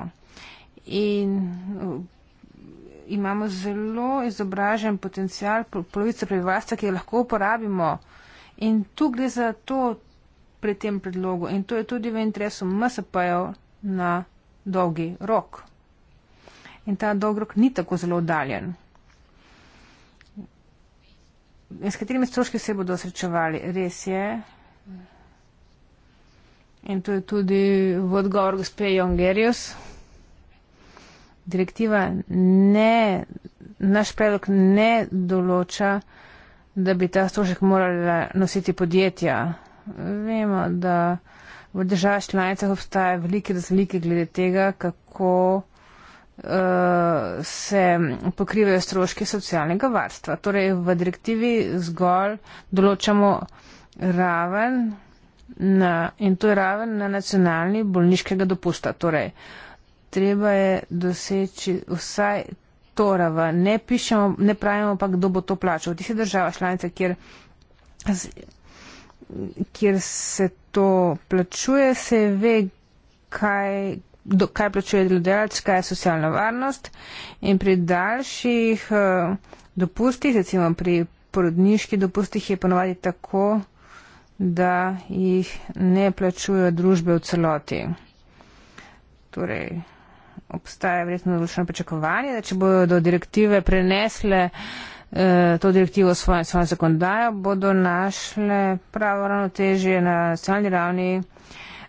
In uh, imamo zelo izobražen potencial, polovico prebivalstva, ki jo lahko uporabimo. In tu gre za to pri tem predlogu. In to je tudi v interesu MSP-jev na dolgi rok. In ta dolg rok ni tako zelo oddaljen s katerimi stroški se bodo srečevali. Res je. In to je tudi v odgovor gospe Jongerius. Direktiva ne, naš predlog ne določa, da bi ta strošek morala nositi podjetja. Vemo, da v državah članicah obstaja velike razlike glede tega, kako Eh, se pokrivajo stroške socialnega varstva. Torej v direktivi zgolj določamo raven na, in to je raven na nacionalni bolniškega dopusta. Torej, treba je doseči vsaj to raven. Ne, pišemo, ne pravimo pa, kdo bo to plačal. Tisti država članica, kjer, kjer se to plačuje, se ve, kaj, do, kaj plačuje delodajalec, kaj je socialna varnost in pri daljših uh, dopustih, recimo pri porodniških dopustih je ponovadi tako, da jih ne plačujejo družbe v celoti. Torej, obstaja verjetno določeno pričakovanje, da če bodo do direktive prenesle eh, to direktivo svojo svoj zakonodajo, bodo našle pravo ravnotežje na socialni ravni.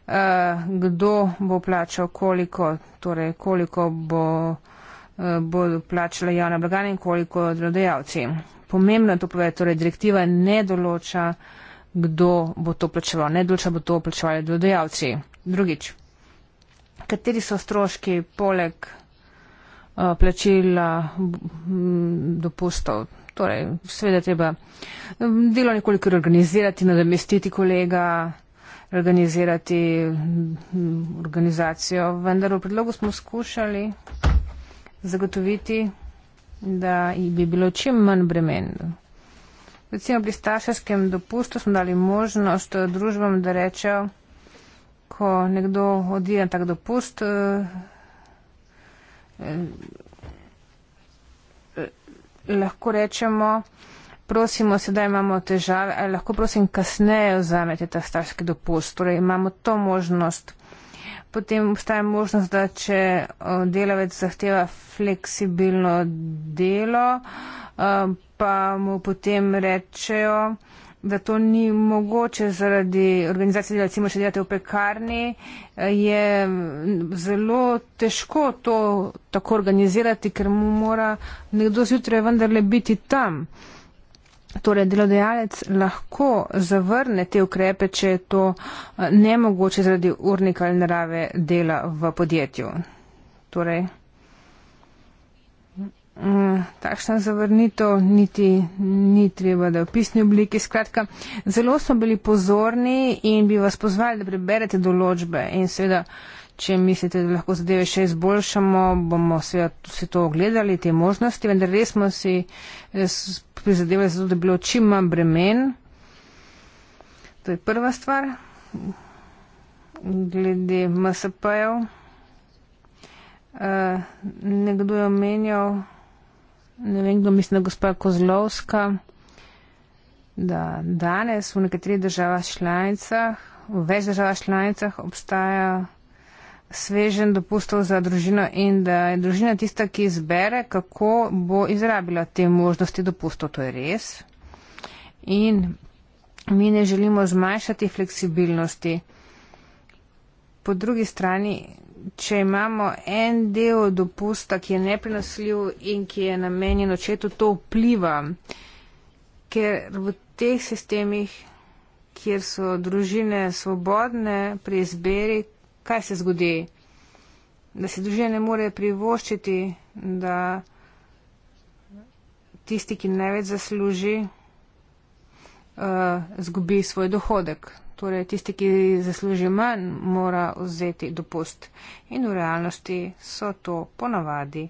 Eh, kdo bo plačal koliko, torej koliko bo, eh, bo plačala javna blagajna in koliko delodajalci. Pomembno je to povedati, torej direktiva ne določa, kdo bo to plačeval, ne določa, bo to plačevali delodajalci. Drugič, kateri so stroški poleg eh, plačila mm, dopustov. Torej, sveda treba mm, delo nekoliko organizirati, nadomestiti kolega, organizirati mm, organizacijo. Vendar v predlogu smo skušali zagotoviti, da bi bilo čim manj bremen. Recimo pri starševskem dopustu smo dali možnost eh, družbam, da rečejo, ko nekdo odide na tak dopust, eh, eh, eh lahko rečemo, prosimo, sedaj imamo težave, ali lahko prosim kasneje vzamete ta starški dopust, torej imamo to možnost. Potem obstaja možnost, da če delavec zahteva fleksibilno delo, pa mu potem rečejo, da to ni mogoče zaradi organizacije, da recimo še delate v pekarni, e, je zelo težko to tako organizirati, ker mu mora nekdo zjutraj vendarle biti tam. Torej, delodajalec lahko zavrne te ukrepe, če je to eh, nemogoče zaradi urnika ali narave dela v podjetju. Torej, mm, takšna zavrnitev niti ni treba, da je v pisni obliki. Skratka, zelo smo bili pozorni in bi vas pozvali, da preberete določbe in seveda. Če mislite, da lahko zadeve še izboljšamo, bomo seveda vse to ogledali, te možnosti, vendar res smo si prizadevali za to, da bi bilo čim manj bremen. To je prva stvar glede MSP-jev. Uh, eh, nekdo je omenjal, ne vem, kdo mislim, da gospa Kozlovska, da danes v nekaterih državah članicah, v več državah članicah obstajajo svežen dopustov za družino in da je družina tista, ki izbere, kako bo izrabila te možnosti dopustov. To je res. In mi ne želimo zmanjšati fleksibilnosti. Po drugi strani, če imamo en del dopusta, ki je neprenosljiv in ki je namenjen očetu, to vpliva, ker v teh sistemih, kjer so družine svobodne pri izberi, kaj se zgodi, da se družine ne more privoščiti, da tisti, ki največ zasluži, eh, zgubi svoj dohodek. Torej, tisti, ki zasluži manj, mora vzeti dopust. In v realnosti so to ponavadi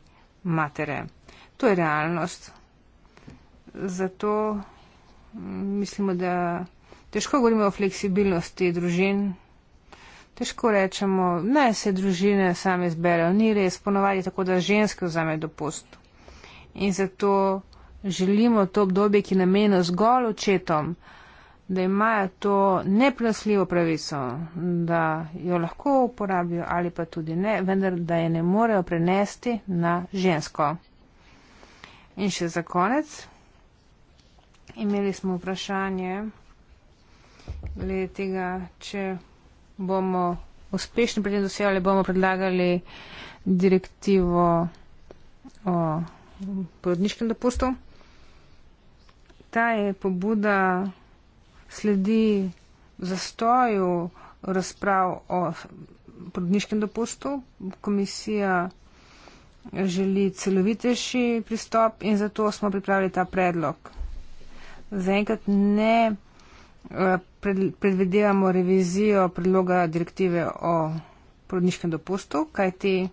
matere. To je realnost. Zato mm, mislimo, da težko govorimo o fleksibilnosti družin, težko rečemo, ne se družine same izberejo, ni res, ponovadi tako, da ženske vzame dopust. In zato želimo to obdobje, ki je namenjeno zgolj očetom, da imajo to neplasljivo pravico, da jo lahko uporabijo ali pa tudi ne, vendar da je ne morejo prenesti na žensko. In še za konec, imeli smo vprašanje glede tega, če bomo uspešni pri tem dosegali, bomo predlagali direktivo o porodniškem dopustu. Ta je pobuda sledi zastoju razprav o porodniškem dopustu. Komisija želi celovitejši pristop in zato smo pripravili ta predlog. Zaenkrat ne predvidevamo revizijo predloga direktive o porodniškem dopustu, kajti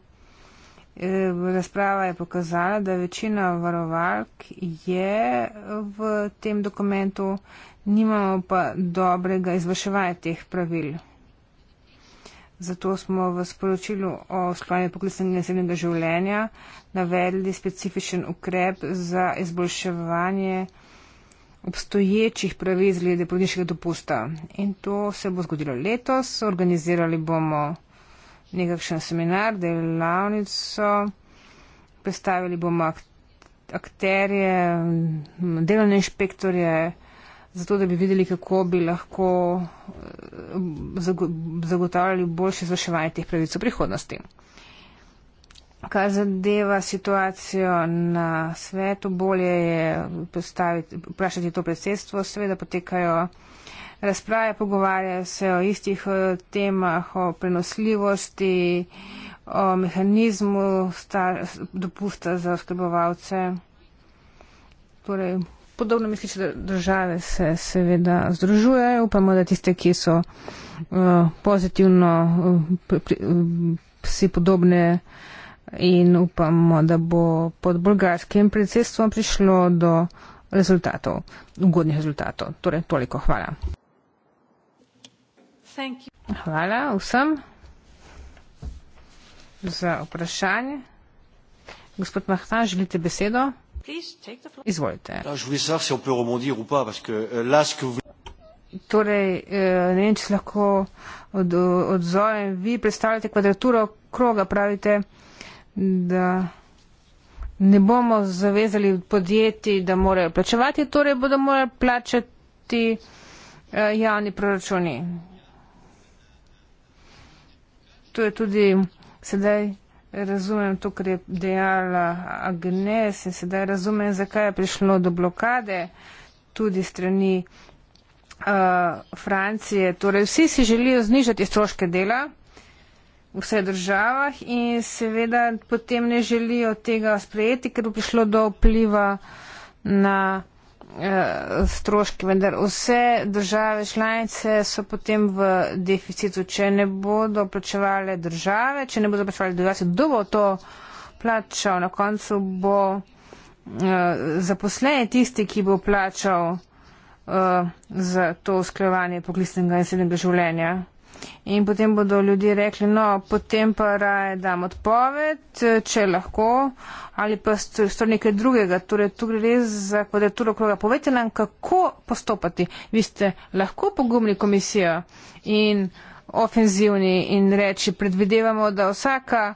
eh, razprava je pokazala, da večina varovalk je eh, v tem dokumentu, nimamo pa dobrega izvrševanja teh pravil. Zato smo v sporočilu o sklanju poklicnega in zemljega življenja navedli specifičen ukrep za izboljševanje obstoječih pravic glede porodniškega dopusta. In to se bo zgodilo letos. Organizirali bomo nekakšen seminar, delavnico, predstavili bomo akterje, delovne inšpektorje, zato da bi videli, kako bi lahko eh, zagotavljali boljše zvrševanje teh pravic v prihodnosti. Kar zadeva situacijo na svetu, bolje je vprašati to predsedstvo. Seveda potekajo razprave, pogovarjajo se o istih eh, temah, o prenosljivosti, o mehanizmu star, dopusta za oskrbovalce. Torej, podobno misliče, da države se seveda združujejo, upamo, da tiste, ki so uh, pozitivno uh, pri, uh, si podobne in upamo, da bo pod bolgarskim predsedstvom prišlo do rezultatov, ugodnih rezultatov. Torej, toliko hvala. Hvala vsem za vprašanje. Gospod Mahtan, želite besedo? Izvolite. Ja, euh, torej, eh, ne vem, če se lahko od, odzovem. Vi predstavljate kvadraturo kroga, pravite da ne bomo zavezali podjetij, da morajo plačevati, torej bodo morali plačati uh, javni proračuni. To je tudi sedaj razumem to, kar je dejala Agnes in sedaj razumem, zakaj je prišlo do blokade tudi strani uh, Francije. Torej vsi si želijo znižati stroške dela v vseh državah in seveda potem ne želijo tega sprejeti, ker bo prišlo do vpliva na eh, stroške. Vendar vse države članice so potem v deficitu, če ne bodo plačevali države, če ne bodo plačevali države, kdo bo to plačal. Na koncu bo eh, zaposlen tisti, ki bo plačal eh, za to usklajevanje poklicnega in srednjega življenja in potem bodo ljudje rekli, no, potem pa raje dam odpoved, če lahko, ali pa stvar nekaj drugega. Torej, tu gre res za kvadraturo kroga. Povejte nam, kako postopati. Vi ste lahko pogumni komisijo in ofenzivni in reči, predvidevamo, da vsaka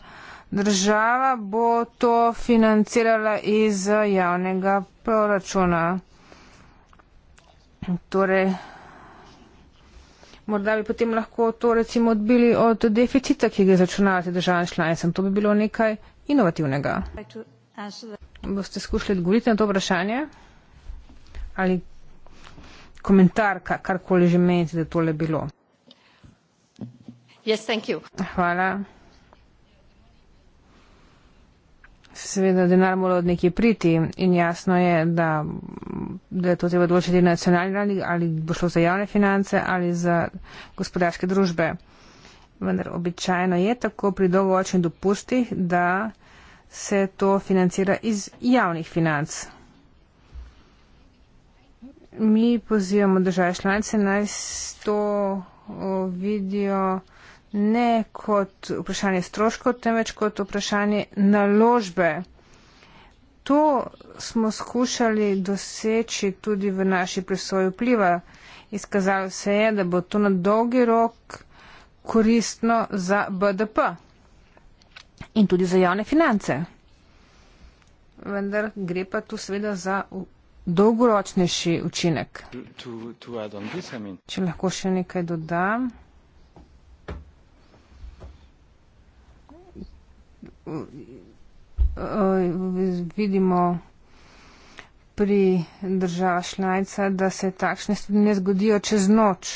država bo to financirala iz javnega proračuna. Torej, Morda bi potem lahko to recimo odbili od deficita, ki ga zračunavate državam članicam. To bi bilo nekaj inovativnega. Boste skušali odgovoriti na to vprašanje? Ali komentar, karkoli že menite, da tole bilo? Yes, Hvala. Seveda denar mora od nekje priti in jasno je, da, da je to treba odločiti nacionalni ali, ali bo šlo za javne finance ali za gospodarske družbe. Vendar običajno je tako pri dolgoročnih dopustih, da se to financira iz javnih financ. Mi pozivamo države članice naj to vidijo ne kot vprašanje stroškov, temveč kot vprašanje naložbe. To smo skušali doseči tudi v naši presoji vpliva. Izkazalo se je, da bo to na dolgi rok koristno za BDP in tudi za javne finance. Vendar gre pa tu seveda za dolgoročnejši učinek. To, to this, I mean. Če lahko še nekaj dodam. uh, vidimo pri državah šlajca, da se takšne stvari ne zgodijo čez noč.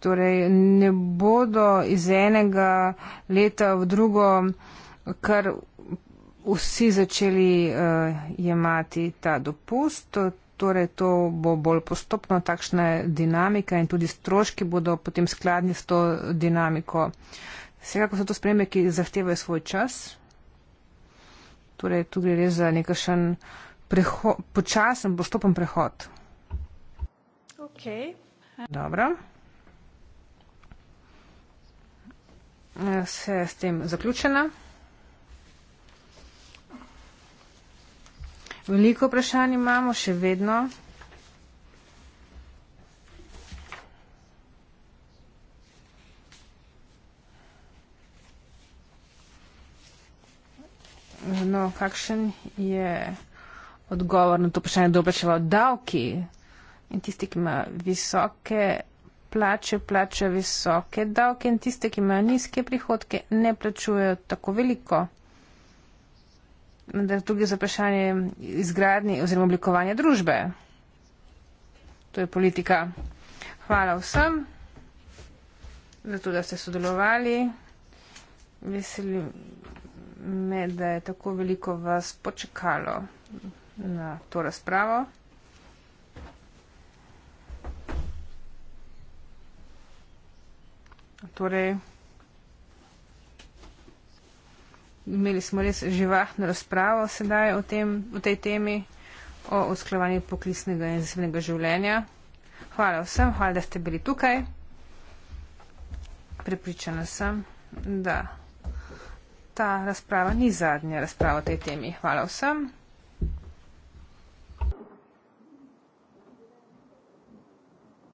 Torej, ne bodo iz enega leta v drugo, kar vsi začeli uh, jemati ta dopust, torej to bo bolj postopno takšna dinamika in tudi stroški bodo potem skladni s to dinamiko. Uh, Vsekakor so to spremembe, ki zahtevajo svoj čas. Torej, tu gre res za nekakšen počasen, postopen prehod. Ok. Dobro. Jaz se s tem zaključena. Veliko vprašanj imamo še vedno. no, kakšen je odgovor na to vprašanje, kdo plačeva davki in tisti, ki ima visoke plače, plačajo visoke davke in tiste, ki imajo nizke prihodke, ne plačujejo tako veliko. Vendar tudi za vprašanje izgradnje oziroma oblikovanja družbe. To je politika. Hvala vsem za to, da ste sodelovali. Veselim me, da je tako veliko vas počakalo na to razpravo. Torej, imeli smo res živahno razpravo sedaj o, tem, o tej temi, o usklajevanju poklicnega in zasebnega življenja. Hvala vsem, hvala, da ste bili tukaj. Prepričana sem, da ta razprava ni zadnja razprava o tej temi. Hvala vsem.